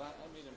I,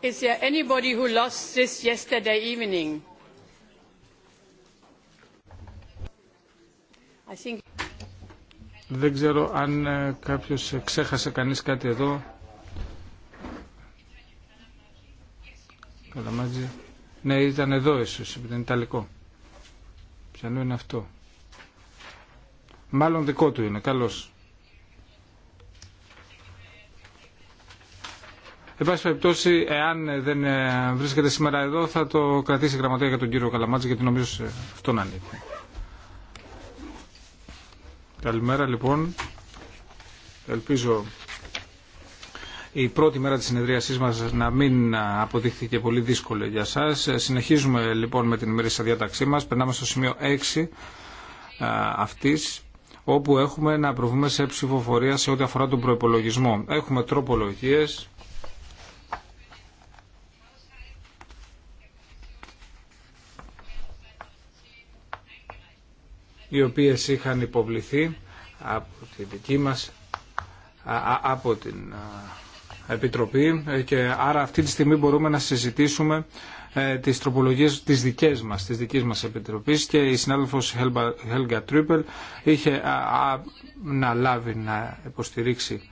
Is there anybody who lost this yesterday evening? Δεν ξέρω αν ε, κάποιος ε, ξέχασε κανείς κάτι εδώ. Καλαμάτζη. Ναι, ήταν εδώ ίσως, είναι Ιταλικό. Ποιανού είναι αυτό. Μάλλον δικό του είναι, καλώς. Εν πάση περιπτώσει, εάν δεν ε, βρίσκεται σήμερα εδώ, θα το κρατήσει η γραμματεία για τον κύριο Καλαμάτζη, γιατί νομίζω σε αυτόν ανήκει. Καλημέρα λοιπόν. Ελπίζω η πρώτη μέρα της συνεδρίασής μας να μην αποδείχθηκε πολύ δύσκολη για σας. Ε, συνεχίζουμε λοιπόν με την ημερήσια διάταξή μας. Περνάμε στο σημείο 6 ε, αυτής όπου έχουμε να προβούμε σε ψηφοφορία σε ό,τι αφορά τον προϋπολογισμό. Έχουμε τροπολογίες οι οποίες είχαν υποβληθεί από τη δική μας από την Επιτροπή ε, και άρα αυτή τη στιγμή μπορούμε να συζητήσουμε ε, τις τροπολογίες της δικές μας, της δικής μας Επιτροπής και η συνάδελφος Helga Trippel είχε να λάβει να υποστηρίξει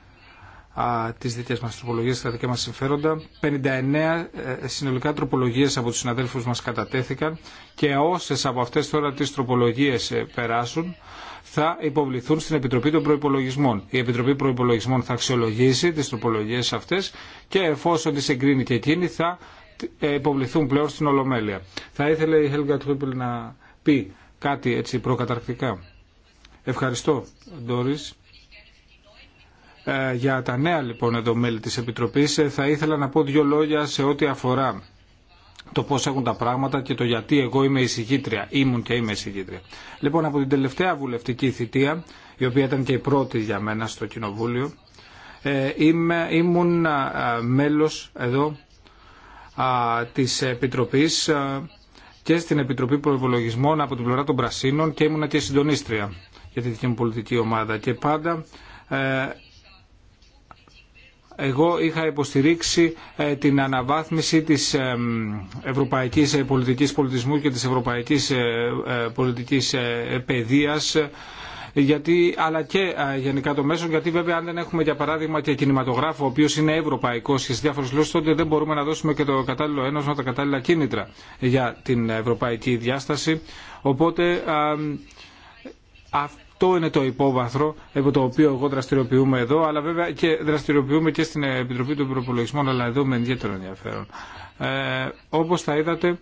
τις δικές μας τροπολογίες, τα δικά μας συμφέροντα. 59 ε, συνολικά τροπολογίες από τους συναδέλφους μας κατατέθηκαν και όσες από αυτές τώρα τις τροπολογίες ε, περάσουν θα υποβληθούν στην Επιτροπή των Προϋπολογισμών. Η Επιτροπή Προϋπολογισμών θα αξιολογήσει τις τροπολογίες αυτές και εφόσον τις εγκρίνει και εκείνη θα ε, υποβληθούν πλέον στην Ολομέλεια. Θα ήθελε η Helga Trüppel να πει κάτι έτσι προκαταρκτικά. Ευχαριστώ, Ντόρις. Ε, για τα νέα λοιπόν εδώ μέλη της Επιτροπής ε, θα ήθελα να πω δύο λόγια σε ό,τι αφορά το πώς έχουν τα πράγματα και το γιατί εγώ είμαι εισηγήτρια, ήμουν και είμαι εισηγήτρια. Λοιπόν, από την τελευταία βουλευτική θητεία, η οποία ήταν και η πρώτη για μένα στο Κοινοβούλιο, ε, είμαι, ήμουν μέλος εδώ της Επιτροπής και στην Επιτροπή Προϋπολογισμών από την πλευρά των Πρασίνων και ήμουν και συντονίστρια για τη δική μου πολιτική ομάδα και πάντα εγώ είχα υποστηρίξει ε, την αναβάθμιση της ε, ευρωπαϊκής ε, πολιτικής πολιτισμού και της ευρωπαϊκής πολιτικής παιδείας γιατί, αλλά και γενικά το μέσο, γιατί βέβαια αν δεν έχουμε για παράδειγμα και κινηματογράφο, ο οποίο είναι ευρωπαϊκό και σε διάφορε γλώσσε, τότε δεν μπορούμε να δώσουμε και το κατάλληλο ένωσμα, τα κατάλληλα κίνητρα για την ευρωπαϊκή διάσταση. Οπότε το είναι το υπόβαθρο από το οποίο εγώ δραστηριοποιούμε εδώ, αλλά βέβαια και δραστηριοποιούμε και στην Επιτροπή των Προπολογισμών, αλλά εδώ με ιδιαίτερο ενδιαφέρον. Ε, όπως θα είδατε,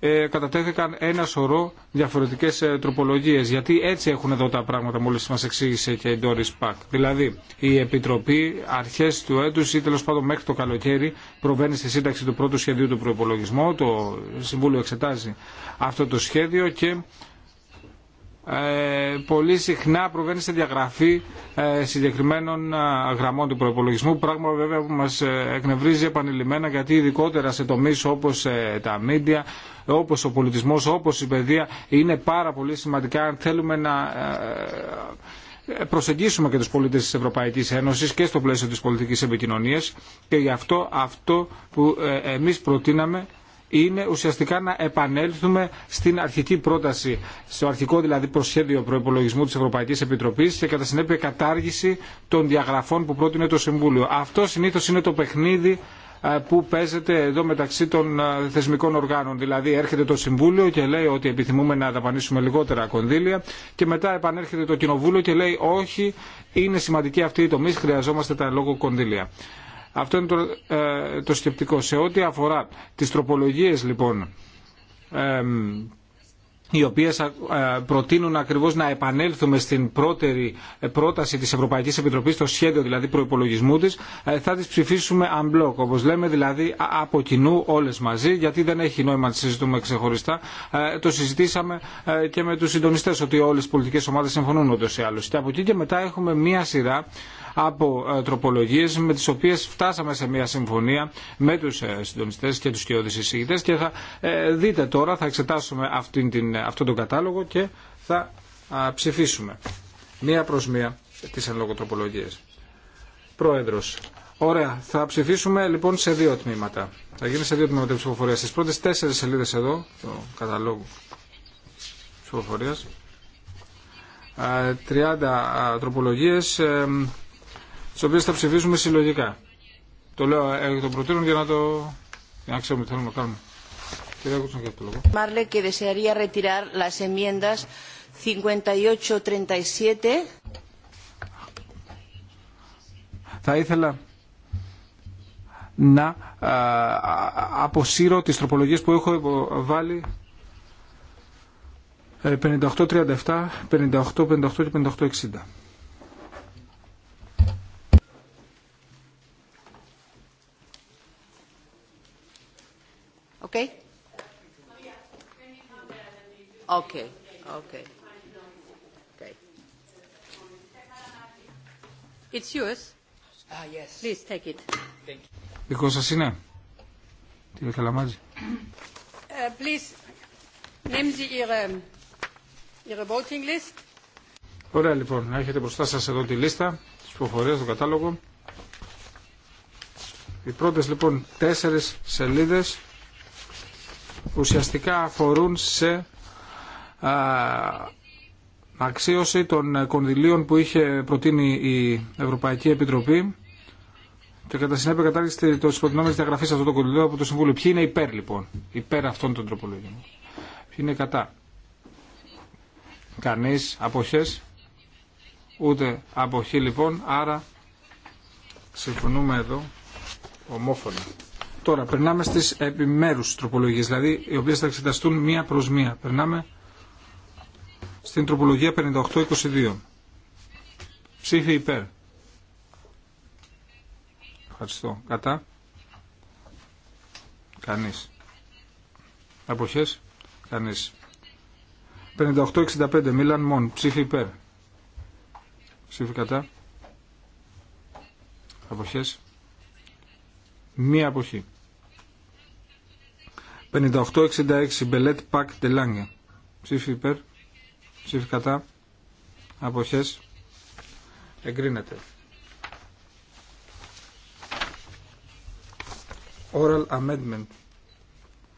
ε, κατατέθηκαν ένα σωρό διαφορετικές ε, τροπολογίες, γιατί έτσι έχουν εδώ τα πράγματα, μόλις μας εξήγησε και η Doris Πακ. Δηλαδή, η Επιτροπή αρχές του έτους ή τέλος πάντων μέχρι το καλοκαίρι προβαίνει στη σύνταξη του πρώτου σχεδίου του προπολογισμού, το Συμβούλιο εξετάζει αυτό το σχέδιο και ε, πολύ συχνά προβαίνει σε διαγραφή ε, συγκεκριμένων ε, γραμμών του προπολογισμού, πράγμα βέβαια που μα εκνευρίζει επανειλημμένα γιατί ειδικότερα σε τομείς όπως τα μίντια, όπως ο πολιτισμός, όπως η παιδεία είναι πάρα πολύ σημαντικά αν θέλουμε να προσεγγίσουμε και τους πολίτες της Ευρωπαϊκής Ένωσης και στο πλαίσιο της πολιτικής επικοινωνίας και γι' αυτό αυτό που εμείς προτείναμε είναι ουσιαστικά να επανέλθουμε στην αρχική πρόταση, στο αρχικό δηλαδή προσχέδιο προπολογισμού τη Ευρωπαϊκή Επιτροπή και κατά συνέπεια κατάργηση των διαγραφών που πρότεινε το Συμβούλιο. Αυτό συνήθω είναι το παιχνίδι ε, που παίζεται εδώ μεταξύ των ε, θεσμικών οργάνων. Δηλαδή έρχεται το Συμβούλιο και λέει ότι επιθυμούμε να δαπανίσουμε λιγότερα κονδύλια και μετά επανέρχεται το Κοινοβούλιο και λέει όχι, είναι σημαντική αυτή η τομή, χρειαζόμαστε τα λόγω κονδύλια. Αυτό είναι το, ε, το σκεπτικό. Σε ό,τι αφορά τις τροπολογίες λοιπόν ε, οι οποίες ε, προτείνουν ακριβώς να επανέλθουμε στην πρώτερη ε, πρόταση της Ευρωπαϊκής Επιτροπής, στο σχέδιο δηλαδή προϋπολογισμού της, ε, θα τις ψηφίσουμε unblock, όπως λέμε δηλαδή από κοινού όλες μαζί, γιατί δεν έχει νόημα να τις συζητούμε ξεχωριστά. Το συζητήσαμε και με τους συντονιστές ότι όλες οι πολιτικές ομάδες συμφωνούν ούτως ή άλλως. Και από εκεί και μετά έχουμε μία σειρά από ε, τροπολογίες με τις οποίες φτάσαμε σε μια συμφωνία με τους ε, συντονιστέ και τους κοιόδης εισηγητέ. και θα ε, δείτε τώρα, θα εξετάσουμε αυτήν την, αυτόν τον κατάλογο και θα ψηφίσουμε μία προ μία τις εν λόγω τροπολογίες. Πρόεδρος, Ωραία. Θα ψηφίσουμε λοιπόν σε δύο τμήματα. Θα γίνει σε δύο τμήματα τη ψηφοφορία. Στι πρώτε τέσσερι σελίδε εδώ, το καταλόγου ψηφοφορία, 30 τροπολογίε τις οποίε θα ψηφίσουμε συλλογικά. Το λέω εκ των προτέρων για να το... για να ξέρουμε τι θέλουμε να κάνουμε. Κυρία Κούτσον, για το λόγο. Μάρλε, και desearía retirar las enmiendas 58-37. Θα ήθελα να ε, αποσύρω τις τροπολογίες που έχω βάλει 58-37, ε, 58-58 και 58-60. Okay? Okay. Okay. Okay. It's yours. Ah, yes. Please take it. Thank you. Δικό σας είναι, κύριε Καλαμάτζη. Ε, please, nehmen Sie voting list. Ωραία λοιπόν, έχετε μπροστά σας εδώ τη λίστα, Οι πρώτες λοιπόν τέσσερις σελίδες ουσιαστικά αφορούν σε αξίωση των κονδυλίων που είχε προτείνει η Ευρωπαϊκή Επιτροπή και κατά συνέπεια κατάργηση το προτινόμενη διαγραφή αυτό το κονδυλίων από το Συμβούλιο. Ποιοι είναι υπέρ λοιπόν, υπέρ αυτών των τροπολογιών. Ποιοι είναι κατά. Κανείς, αποχές, ούτε αποχή λοιπόν, άρα συμφωνούμε εδώ ομόφωνα. Τώρα, περνάμε στις επιμέρους τροπολογίες, δηλαδή οι οποίες θα εξεταστούν μία προς μία. Περνάμε στην τροπολογία 5822. Ψήφι υπέρ. Ευχαριστώ. Κατά. Κανεί. Αποχές. Κανείς. 58-65. Μίλαν Μον. Ψήφι υπέρ. Ψήφι κατά. Αποχέ. Μία αποχή. 58-66 Μπελέτ Πακ Τελάνγκε. Ψήφι υπέρ. Ψήφι κατά. Αποχέ. Εγκρίνεται. Oral amendment.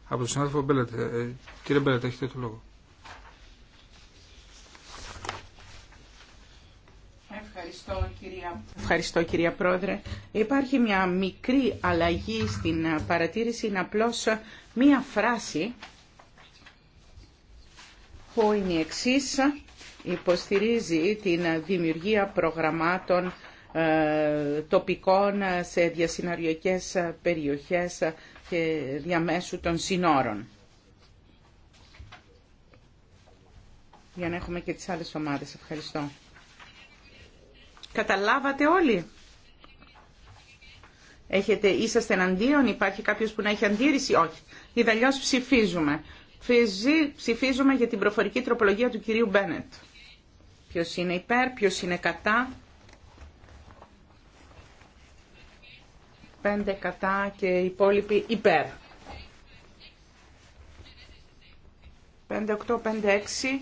Από τον συνάδελφο Μπέλετ. Ε, κύριε Μπέλετ, έχετε το λόγο. Ευχαριστώ κυρία Πρόεδρε. Υπάρχει μια μικρή αλλαγή στην ε, παρατήρηση, είναι απλώς ε, μια φράση που είναι η υποστηρίζει την δημιουργία προγραμμάτων ε, τοπικών σε διασυναριακές περιοχές και διαμέσου των συνόρων. Για να έχουμε και τις άλλες ομάδες. Ευχαριστώ. Καταλάβατε όλοι. Έχετε, είσαστε εναντίον, υπάρχει κάποιος που να έχει αντίρρηση, όχι. Ιδαλλιώς ψηφίζουμε. Ψηφίζουμε για την προφορική τροπολογία του κυρίου Μπένετ. Ποιος είναι υπέρ, ποιος είναι κατά. Πέντε κατά και οι υπόλοιποι υπέρ. 5, 8, 5, 6,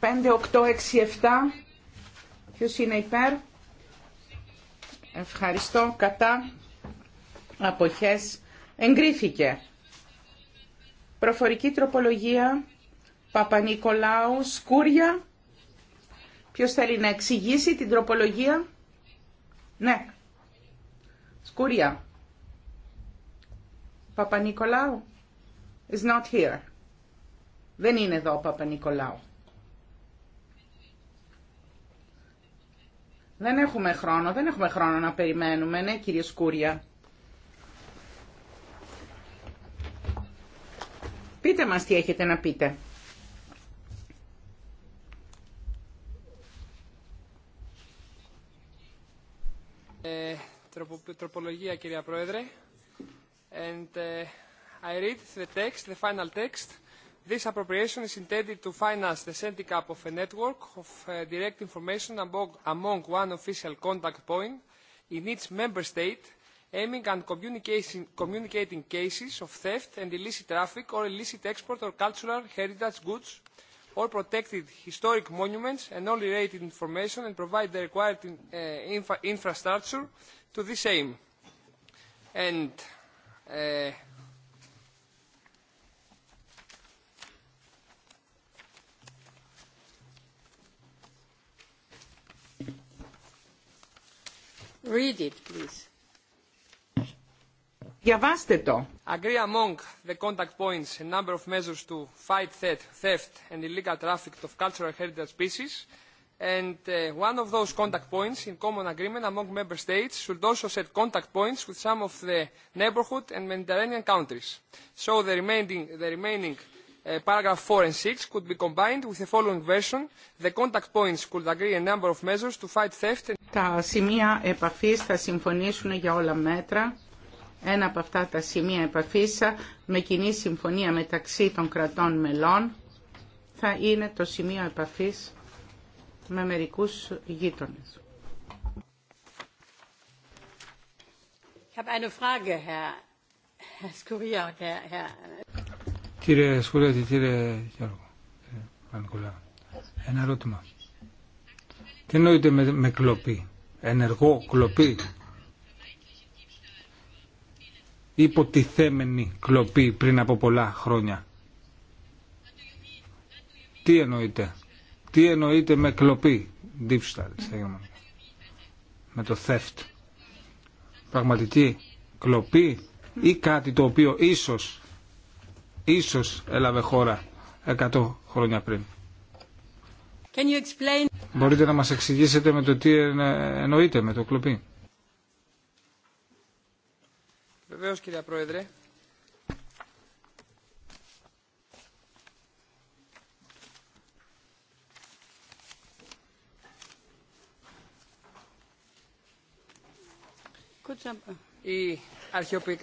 5, 8, 6, 7, Ποιος είναι υπέρ. Ευχαριστώ. Κατά. Αποχές. Εγκρίθηκε. Προφορική τροπολογία. Παπα-Νικολάου. Σκούρια. Ποιος θέλει να εξηγήσει την τροπολογία. Ναι. Σκούρια. Παπα-Νικολάου. Is not here. Δεν είναι εδώ ο Παπα-Νικολάου. Δεν έχουμε χρόνο, δεν έχουμε χρόνο να περιμένουμε, ναι κύριε Σκούρια. Πείτε μας τι έχετε να πείτε. Ε, τροπολογία κυρία Πρόεδρε. And ε, I read the text, the final text. This appropriation is intended to finance the setting up of a network of direct information among one official contact point in each member state, aiming at communicating cases of theft and illicit traffic or illicit export or cultural heritage goods or protected historic monuments and all related information and provide the required infrastructure to this aim. And Read it, please. Διαβάστε το. Agree among the contact points a number of measures to fight theft and illegal traffic of cultural heritage species. And one of those contact points in common agreement among member states should also set contact points with some of the neighborhood and Mediterranean countries. So the remaining, the remaining paragraph 4 and 6 could be combined with the following version. The contact points could agree a number of measures to fight theft. Τα σημεία επαφής θα συμφωνήσουν για όλα μέτρα. Ένα από αυτά τα σημεία επαφής με κοινή συμφωνία μεταξύ των κρατών μελών θα είναι το σημείο επαφής με μερικούς γείτονες. Ich habe eine Frage, Herr, Herr Skurier und Herr, Herr Κύριε Σκουλέτη, κύριε Γιώργο, κύριε ένα ερώτημα. Τι εννοείται με, με κλοπή, ενεργό κλοπή, υποτιθέμενη κλοπή πριν από πολλά χρόνια. Τι εννοείται, τι εννοείται με κλοπή, με το theft. Πραγματική κλοπή ή κάτι το οποίο ίσως ίσως έλαβε χώρα 100 χρόνια πριν. Can you explain... Μπορείτε να μας εξηγήσετε με το τι εννοείτε με το κλοπή. Βεβαίως κυρία Πρόεδρε.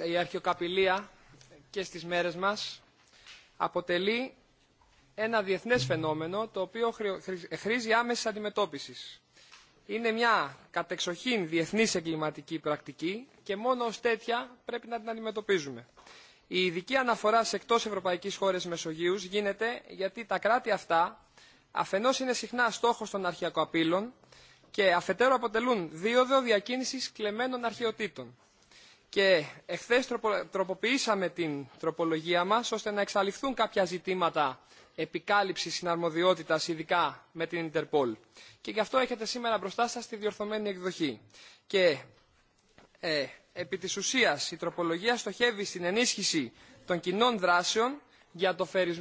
Η αρχαιοκαπηλεία και στις μέρες μας αποτελεί ένα διεθνές φαινόμενο το οποίο χρήζει άμεση αντιμετώπιση. Είναι μια κατεξοχήν διεθνής εγκληματική πρακτική και μόνο ως τέτοια πρέπει να την αντιμετωπίζουμε. Η ειδική αναφορά σε εκτός ευρωπαϊκής χώρες Μεσογείου γίνεται γιατί τα κράτη αυτά αφενός είναι συχνά στόχος των αρχιακοαπείλων και αφετέρου αποτελούν δίωδο διακίνησης κλεμμένων αρχαιοτήτων. Και εχθές τροποποιήσαμε την τροπολογία μας ώστε να εξαλειφθούν κάποια ζητήματα επικάλυψης συναρμοδιότητας ειδικά με την Ιντερπολ. Και γι' αυτό έχετε σήμερα μπροστά σας τη διορθωμένη εκδοχή. Και ε, επί της ουσίας η τροπολογία στοχεύει στην ενίσχυση των κοινών δράσεων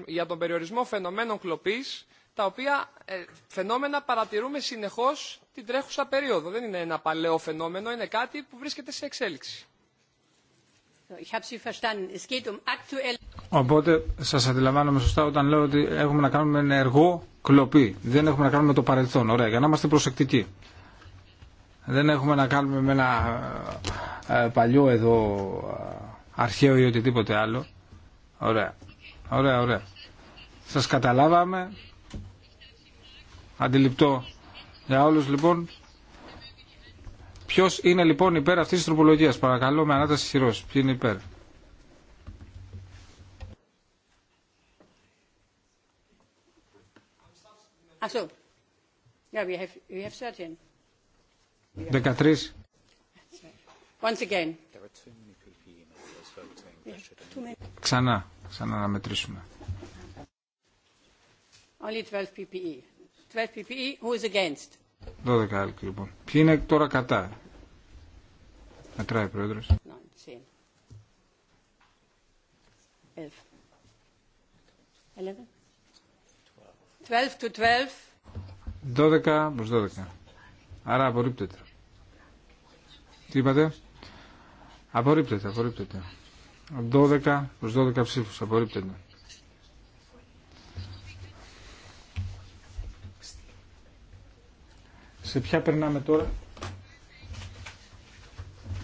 για τον περιορισμό φαινομένων κλοπής τα οποία ε, φαινόμενα παρατηρούμε συνεχώς την τρέχουσα περίοδο. Δεν είναι ένα παλαιό φαινόμενο, είναι κάτι που βρίσκεται σε εξέλιξη. Um Οπότε σα αντιλαμβάνομαι σωστά όταν λέω ότι έχουμε να κάνουμε ενεργό κλοπή. Δεν έχουμε να κάνουμε το παρελθόν. Ωραία, για να είμαστε προσεκτικοί. Δεν έχουμε να κάνουμε με ένα ε, παλιό εδώ ε, αρχαίο ή οτιδήποτε άλλο. Ωραία, ωραία, ωραία. Σας καταλάβαμε. Αντιληπτό για όλους λοιπόν. Ποιο είναι λοιπόν υπέρ αυτή τη τροπολογία, παρακαλώ με ανάταση χειρό. Ποιοι είναι υπέρ. So. Yeah, we have, we have 13. 13. Once again. Ξανά, ξανά να μετρήσουμε. Only 12 PPE. 12 PPE, who is against? 12 άλλοι λοιπόν. Ποιοι είναι τώρα κατά. 12 προς 12. Άρα απορρίπτεται. Τι είπατε? Απορρίπτεται, απορρίπτεται. 12 προς 12 ψήφους, απορρίπτεται. Σε ποια περνάμε τώρα?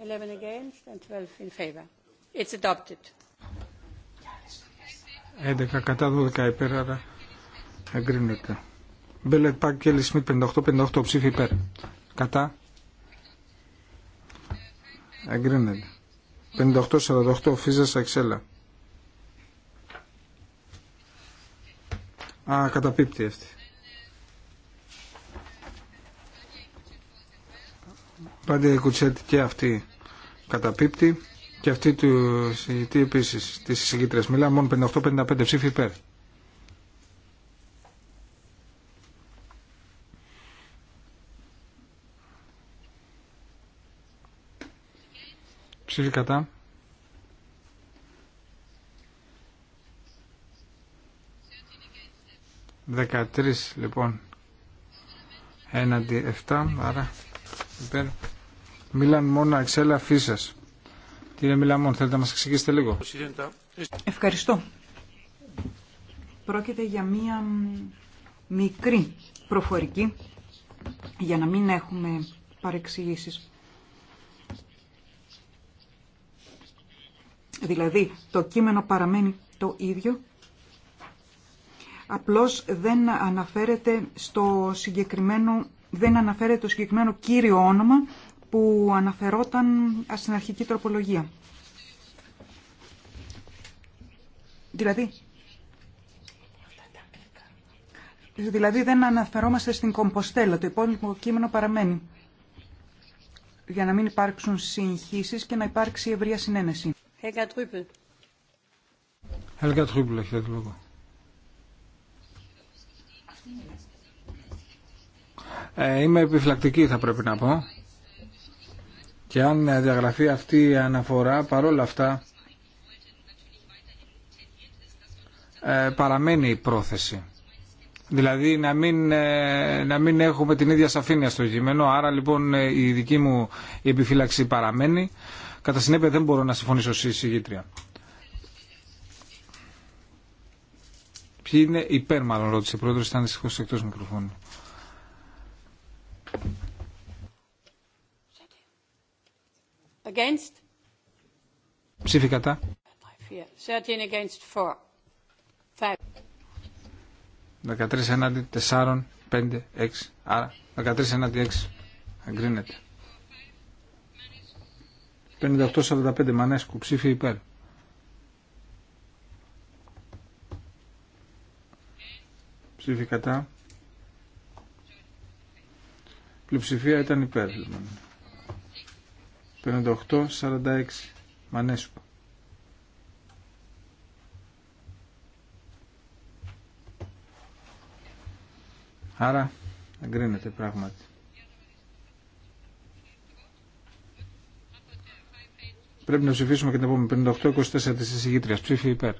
11 against and 12 in favor. It's adopted. 11 κατά 12 υπέρ, άρα εγκρίνεται. Μπέλετ Πακ και Σμιτ 58-58 ψήφι υπέρ. Κατά. Εγκρίνεται. 58-48 Φίζα Αξέλα. Α, καταπίπτει αυτή. Πάντα η Κουτσέτη και αυτή καταπίπτει και αυτή του συγητή επίση, τη συγκητρια μιλαμε Μιλάμε μόνο 58-55 ψήφοι υπέρ. Ψήφι κατά. Δεκατρεις λοιπόν έναντι 7 άρα υπέρ Μιλάν μόνο εξέλαφή σα. Κύριε Μιλαμόν, θέλετε να μας εξηγήσετε λίγο. Ευχαριστώ. Πρόκειται για μία μικρή προφορική, για να μην έχουμε παρεξηγήσεις. Δηλαδή, το κείμενο παραμένει το ίδιο, απλώς δεν αναφέρεται στο συγκεκριμένο, δεν αναφέρεται το συγκεκριμένο κύριο όνομα που αναφερόταν στην αρχική τροπολογία. Δηλαδή, δηλαδή δεν αναφερόμαστε στην κομποστέλα, το υπόλοιπο κείμενο παραμένει για να μην υπάρξουν συγχύσεις και να υπάρξει ευρεία συνένεση. Ε, είμαι επιφυλακτική θα πρέπει να πω και αν διαγραφεί αυτή η αναφορά παρόλα αυτά ε, παραμένει η πρόθεση. Δηλαδή να μην, ε, να μην έχουμε την ίδια σαφήνεια στο κείμενο. Άρα λοιπόν ε, η δική μου επιφύλαξη παραμένει. Κατά συνέπεια δεν μπορώ να συμφωνήσω στη συγγήτρια. Ποιοι είναι υπέρ μάλλον ρώτησε. Πρόεδρος ήταν δυστυχώς εκτός μικροφώνου. Against. Ψήφι κατά. 13 against 4. 5. 13 4, 5, 6. Άρα 13 ενάντια 6. Αγκρίνεται. 58-45 Μανέσκου. Ψήφι υπέρ. Ψήφι κατά. Πλειοψηφία ήταν υπέρ. Λοιπόν. 58-46 Άρα εγκρίνεται πράγματι. Πρέπει να ψηφίσουμε και την επόμενη 58-24 της εισηγήτριας. Ψήφι υπέρ.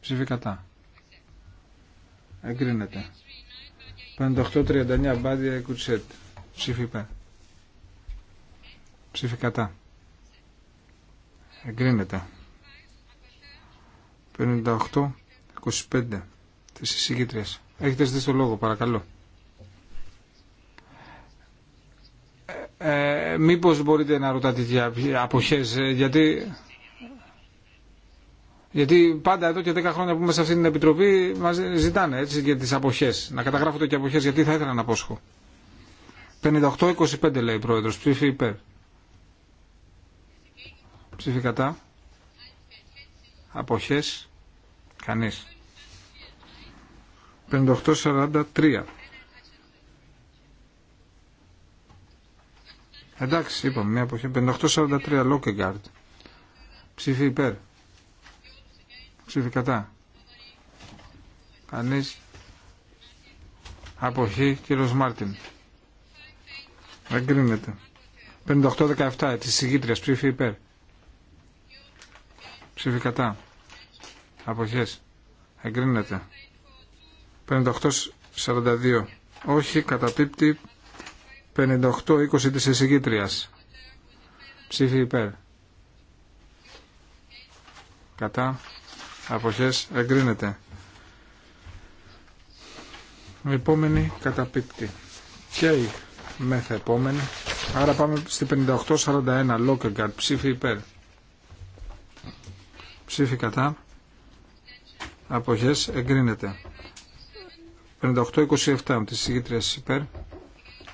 Ψήφι κατά. Εγκρίνεται. 58-39 58-39 Κουτσέτ. Ψήφι υπέρ. Ψήφι κατά. Εγκρίνεται. 58-25 της εισηγήτριας. Έχετε ζητήσει το λόγο, παρακαλώ. Ε, ε, μήπως μπορείτε να ρωτάτε για αποχές, ε, γιατί... Γιατί πάντα εδώ και 10 χρόνια που είμαστε σε αυτή την επιτροπή μας ζητάνε έτσι, για τις αποχές. Να καταγράφονται και αποχές, γιατί θα ήθελα να απόσχω. 58-25 λέει η πρόεδρος, ψήφι υπέρ ψηφικάτα κατά. Αποχές. Κανείς. 58-43. Εντάξει, είπαμε μια αποχή. 58-43 Λόκεγκάρτ. Ψήφι υπέρ. Ψήφι κατά. Κανείς. Αποχή κύριος Μάρτιν. Εγκρίνεται. 58-17 της συγκήτριας ψήφι υπέρ. Ψήφι κατά. Αποχές. Εγκρίνεται. 58-42. Όχι, καταπίπτει 58-20 της εισηγήτριας. Ψήφι υπέρ. Κατά. Αποχές. Εγκρίνεται. Επόμενη καταπίπτει. Και η μεθεπόμενη. Άρα πάμε στη 58-41. Λόκεγκαρτ. Ψήφι υπέρ ψήφι κατά αποχές εγκρίνεται 58-27 της συγκήτριας υπέρ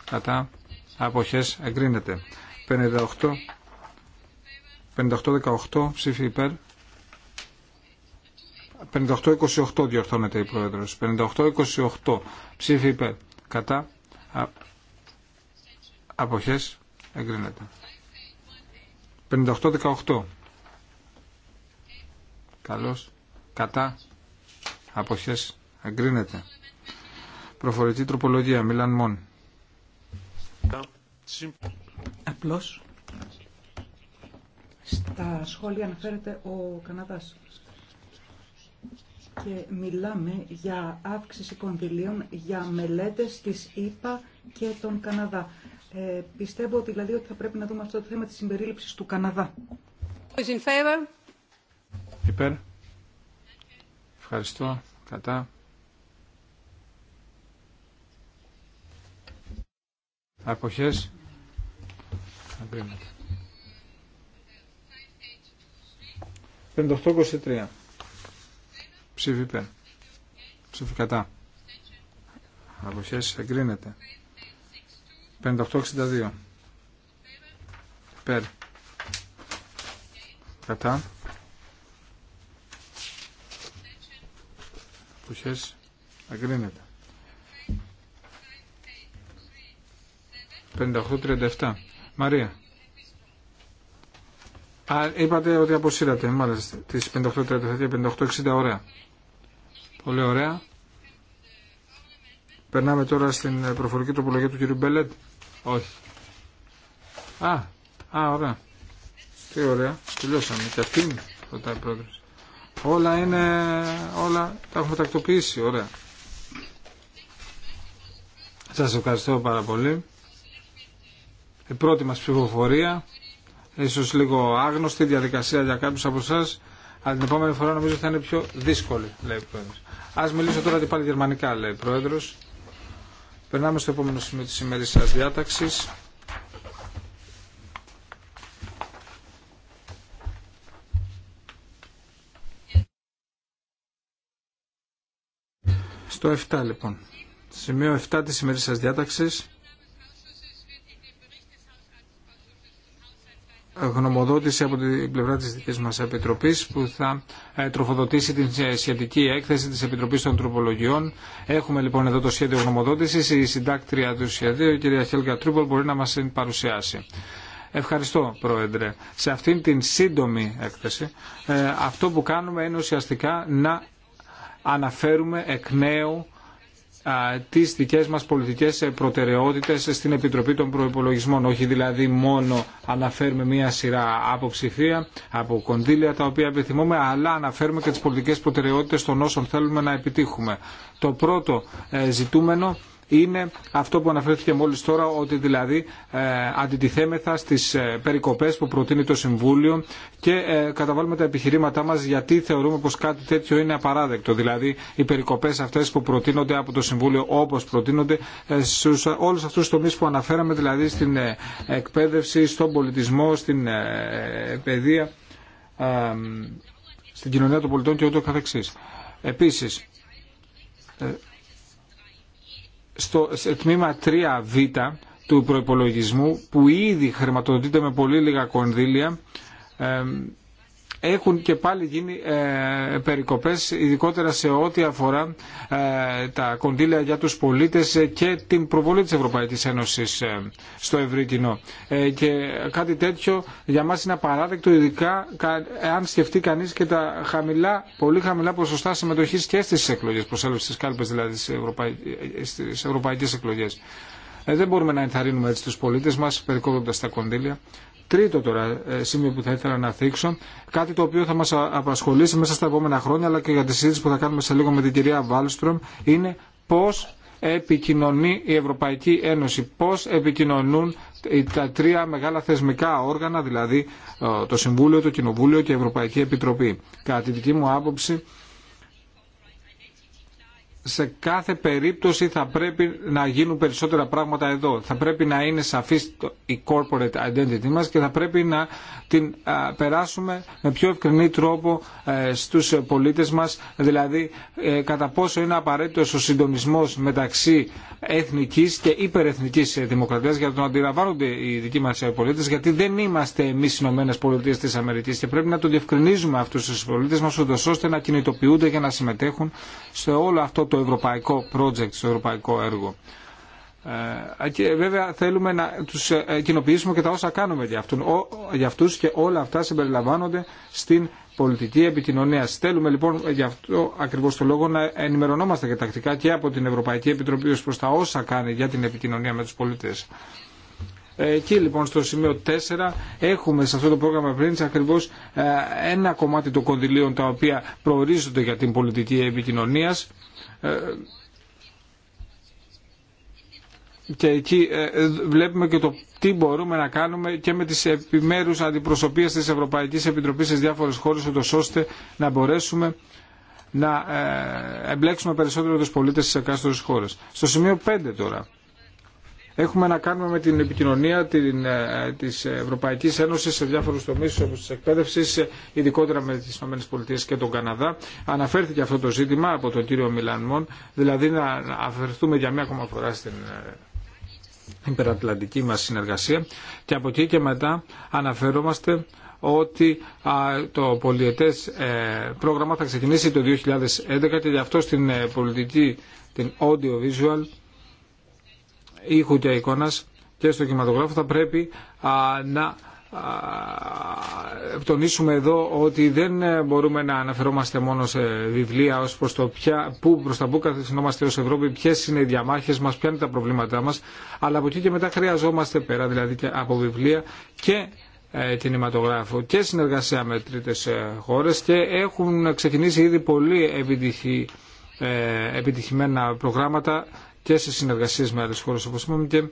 κατά αποχές εγκρίνεται 58-18 ψήφι υπέρ 58-28 διορθώνεται η Πρόεδρος 58-28 ψήφι υπέρ κατά α, αποχές εγκρίνεται 58-18 καλός, κατά, αποχές, Αγκρίνεται. Προφορετή τροπολογία, Μιλάν Μόν. Απλώς, στα σχόλια αναφέρεται ο Καναδάς και μιλάμε για αύξηση κονδυλίων για μελέτες της ΕΠΑ και τον Καναδά. Ε, πιστεύω δηλαδή ότι θα πρέπει να δούμε αυτό το θέμα της συμπερίληψης του Καναδά. Υπέρ. Ευχαριστώ. Κατά. Αποχές. 5823. Ψήφι υπέρ. Ψήφι κατά. Αποχές 5862. Υπέρ. Κατά. φτωχές εγκρίνεται. 58-37. Μαρία. Α, είπατε ότι αποσύρατε, μάλιστα, τις 58-37 58-60, ωραία. Πολύ ωραία. Περνάμε τώρα στην ε, προφορική τροπολογία του κ. Μπέλετ. Όχι. Α, α, ωραία. Τι ωραία. Τελειώσαμε. Και αυτή είναι πρώτα όλα είναι, όλα τα έχουμε τακτοποιήσει, ωραία. Σας ευχαριστώ πάρα πολύ. Η πρώτη μας ψηφοφορία, ίσως λίγο άγνωστη διαδικασία για κάποιους από εσά, αλλά την επόμενη φορά νομίζω θα είναι πιο δύσκολη, λέει ο Πρόεδρος. Ας μιλήσω τώρα και πάλι γερμανικά, λέει ο Πρόεδρος. Περνάμε στο επόμενο σημείο της ημέρης σας διάταξης. Στο 7 λοιπόν. Σημείο 7 της σημερινής σας διάταξης. γνωμοδότηση από την πλευρά της δικής μας Επιτροπής που θα ε, τροφοδοτήσει την ε, σχετική έκθεση της Επιτροπής των Τροπολογιών. Έχουμε λοιπόν εδώ το σχέδιο γνωμοδότησης. Η συντάκτρια του σχεδίου, η κυρία Χέλγα Τρούπολ, μπορεί να μας την παρουσιάσει. Ευχαριστώ, Πρόεδρε. Σε αυτήν την σύντομη έκθεση, ε, αυτό που κάνουμε είναι ουσιαστικά να αναφέρουμε εκ νέου τις δικές μας πολιτικές προτεραιότητες στην Επιτροπή των Προϋπολογισμών. Όχι δηλαδή μόνο αναφέρουμε μία σειρά από ψηφία, από κονδύλια τα οποία επιθυμούμε, αλλά αναφέρουμε και τις πολιτικές προτεραιότητες των όσων θέλουμε να επιτύχουμε. Το πρώτο ε, ζητούμενο είναι αυτό που αναφέρθηκε μόλις τώρα ότι δηλαδή ε, αντιτιθέμεθα στις ε, περικοπές που προτείνει το Συμβούλιο και ε, καταβάλουμε τα επιχειρήματά μας γιατί θεωρούμε πως κάτι τέτοιο είναι απαράδεκτο. Δηλαδή οι περικοπές αυτές που προτείνονται από το Συμβούλιο όπως προτείνονται στους όλους αυτούς τους τομείς που αναφέραμε δηλαδή στην εκπαίδευση, στον πολιτισμό, στην παιδεία, στην κοινωνία των πολιτών και ούτω καθεξής. Επίσης, στο τμήμα 3β του προϋπολογισμού που ήδη χρηματοδοτείται με πολύ λίγα κονδύλια έχουν και πάλι γίνει ε, περικοπές ειδικότερα σε ό,τι αφορά ε, τα κονδύλια για τους πολίτες και την προβολή της Ευρωπαϊκής Ένωσης ε, στο ευρύ κοινό. Και κάτι τέτοιο για μας είναι απαράδεκτο ειδικά αν σκεφτεί κανείς και τα χαμηλά, πολύ χαμηλά ποσοστά συμμετοχής και στις εκλογές, προσέλευση στις κάλπες δηλαδή στις ευρωπαϊκές εκλογές. δεν μπορούμε να ενθαρρύνουμε έτσι τους πολίτες μας περικόπτοντας τα κονδύλια τρίτο τώρα ε, σημείο που θα ήθελα να θίξω, κάτι το οποίο θα μας απασχολήσει μέσα στα επόμενα χρόνια, αλλά και για τη συζήτηση που θα κάνουμε σε λίγο με την κυρία Βάλστρομ, είναι πώς επικοινωνεί η Ευρωπαϊκή Ένωση, πώς επικοινωνούν τα τρία μεγάλα θεσμικά όργανα, δηλαδή ε, το Συμβούλιο, το Κοινοβούλιο και η Ευρωπαϊκή Επιτροπή. Κατά τη δική μου άποψη, σε κάθε περίπτωση θα πρέπει να γίνουν περισσότερα πράγματα εδώ. Θα πρέπει να είναι σαφής η corporate identity μας και θα πρέπει να την περάσουμε με πιο ευκρινή τρόπο ε, στους πολίτες μας, δηλαδή ε, κατά πόσο είναι απαραίτητος ο συντονισμός μεταξύ εθνικής και υπερεθνικής δημοκρατίας για να τον αντιλαμβάνονται οι δικοί μας πολίτες, γιατί δεν είμαστε εμείς Ηνωμένες Πολιτείες της Αμερικής και πρέπει να το διευκρινίζουμε αυτούς τους πολίτες μας, ώστε να κινητοποιούνται και να συμμετέχουν σε όλο αυτό το ευρωπαϊκό project, στο ευρωπαϊκό έργο. Ε, και βέβαια θέλουμε να τους ε, κοινοποιήσουμε και τα όσα κάνουμε για, αυτούς, για αυτούς και όλα αυτά συμπεριλαμβάνονται στην πολιτική επικοινωνία. Θέλουμε λοιπόν γι' αυτό ακριβώ το λόγο να ενημερωνόμαστε και τακτικά και από την Ευρωπαϊκή Επιτροπή ως προς τα όσα κάνει για την επικοινωνία με του πολίτε. Εκεί λοιπόν στο σημείο 4 έχουμε σε αυτό το πρόγραμμα πριν ακριβώς ε, ένα κομμάτι των κονδυλίων τα οποία προορίζονται για την πολιτική επικοινωνία ε, και εκεί ε, ε, βλέπουμε και το τι μπορούμε να κάνουμε και με τις επιμέρους αντιπροσωπείες της Ευρωπαϊκής Επιτροπής στις διάφορες χώρες ώστε να μπορέσουμε να εμπλέξουμε περισσότερο τους πολίτες στις εκάστορες χώρες. Στο σημείο 5 τώρα έχουμε να κάνουμε με την επικοινωνία την, ε, της Ευρωπαϊκής Ένωσης σε διάφορους τομείς όπως της εκπαίδευσης, ειδικότερα με τις ΗΠΑ και τον Καναδά. Αναφέρθηκε αυτό το ζήτημα από τον κύριο Μιλάν Μον, δηλαδή να αφαιρθούμε για μία ακόμα φορά στην ε, υπερατλαντική μας συνεργασία και από εκεί και μετά αναφερόμαστε ότι το πολιετές ε, πρόγραμμα θα ξεκινήσει το 2011 και γι' αυτό στην πολιτική, την audiovisual, ήχου και εικόνας και στο κινηματογράφο θα πρέπει να τονίσουμε εδώ ότι δεν ε, μπορούμε να αναφερόμαστε μόνο σε βιβλία ως προς το που προς τα που καθιστόμαστε ως Ευρώπη, ποιες είναι οι διαμάχες μας, ποια είναι τα προβλήματά μας, αλλά από εκεί και μετά χρειαζόμαστε πέρα δηλαδή και από βιβλία και ε, κινηματογράφο και συνεργασία με τρίτες ε, χώρες και έχουν ξεκινήσει ήδη πολύ επιτυχημένα προγράμματα και σε συνεργασίε με άλλε χώρε όπω είπαμε και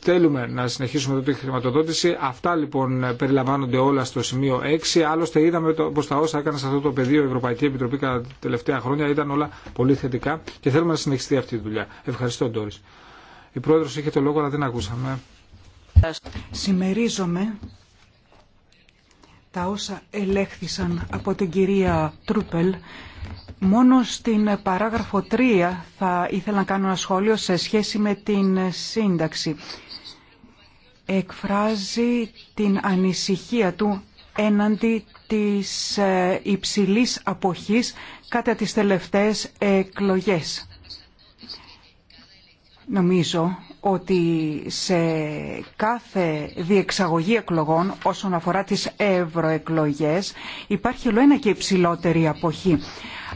θέλουμε να συνεχίσουμε τη χρηματοδότηση. Αυτά λοιπόν περιλαμβάνονται όλα στο σημείο 6. Άλλωστε είδαμε πω τα όσα έκανε σε αυτό το πεδίο η Ευρωπαϊκή Επιτροπή κατά τα τελευταία χρόνια ήταν όλα πολύ θετικά και θέλουμε να συνεχιστεί αυτή η δουλειά. Ευχαριστώ, Ντόρι. Η πρόεδρο είχε το λόγο, αλλά δεν ακούσαμε. Συμμερίζομαι τα όσα ελέγχθησαν από την κυρία Τρούπελ Μόνο στην παράγραφο 3 θα ήθελα να κάνω ένα σχόλιο σε σχέση με την σύνταξη. Εκφράζει την ανησυχία του έναντι της ε, υψηλής αποχής κατά τις τελευταίες εκλογές. Νομίζω ότι σε κάθε διεξαγωγή εκλογών όσον αφορά τις ευρωεκλογές υπάρχει ολοένα και υψηλότερη αποχή.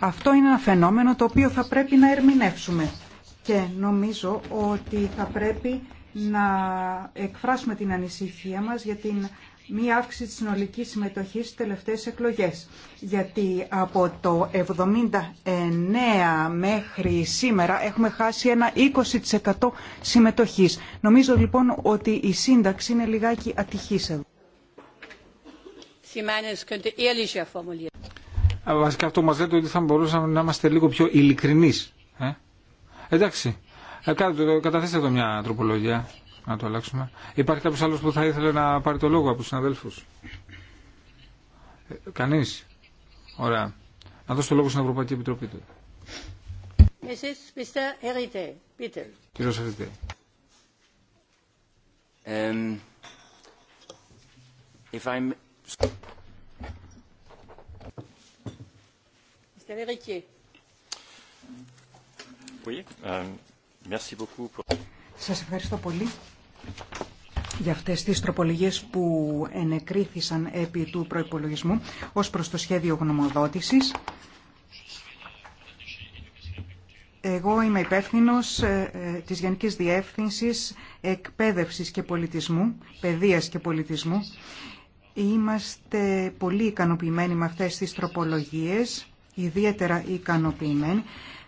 Αυτό είναι ένα φαινόμενο το οποίο θα πρέπει να ερμηνεύσουμε και νομίζω ότι θα πρέπει να εκφράσουμε την ανησυχία μας για την μία αύξηση της συνολικής συμμετοχής στις τελευταίες εκλογές. Γιατί από το 79 μέχρι σήμερα έχουμε χάσει ένα 20% συμμετοχής. Νομίζω λοιπόν ότι η σύνταξη είναι λιγάκι ατυχής εδώ. Βασικά αυτό μας λέτε ότι θα μπορούσαμε να είμαστε λίγο πιο ειλικρινείς. Ε. Εντάξει, ε, καταθέστε εδώ μια τροπολογία να το αλλάξουμε. Υπάρχει κάποιος άλλος που θα ήθελε να πάρει το λόγο από τους συναδέλφους. Ε, κανείς. Ωραία. Να δώσω το λόγο στην Ευρωπαϊκή Επιτροπή του. Κύριος Ερητέ. if I'm... Oui, euh, merci beaucoup pour... Σας ευχαριστώ πολύ για αυτές τις τροπολογίες που ενεκρίθησαν επί του προϋπολογισμού ως προς το σχέδιο γνωμοδότησης. Εγώ είμαι υπεύθυνο ε, ε, της Γενικής Διεύθυνσης Εκπαίδευσης και Πολιτισμού, Παιδείας και Πολιτισμού. Είμαστε πολύ ικανοποιημένοι με αυτές τις τροπολογίες, ιδιαίτερα ικανοποιημένοι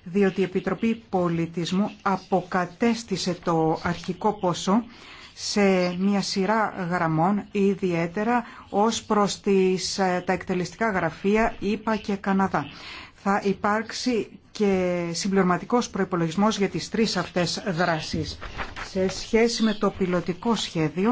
διότι η Επιτροπή Πολιτισμού αποκατέστησε το αρχικό ποσό σε μια σειρά γραμμών, ιδιαίτερα ως προς τις, ε, τα εκτελεστικά γραφεία ΙΠΑ και Καναδά. Θα υπάρξει και συμπληρωματικός προϋπολογισμός για τις τρεις αυτές δράσεις. Σε σχέση με το πιλωτικό σχέδιο,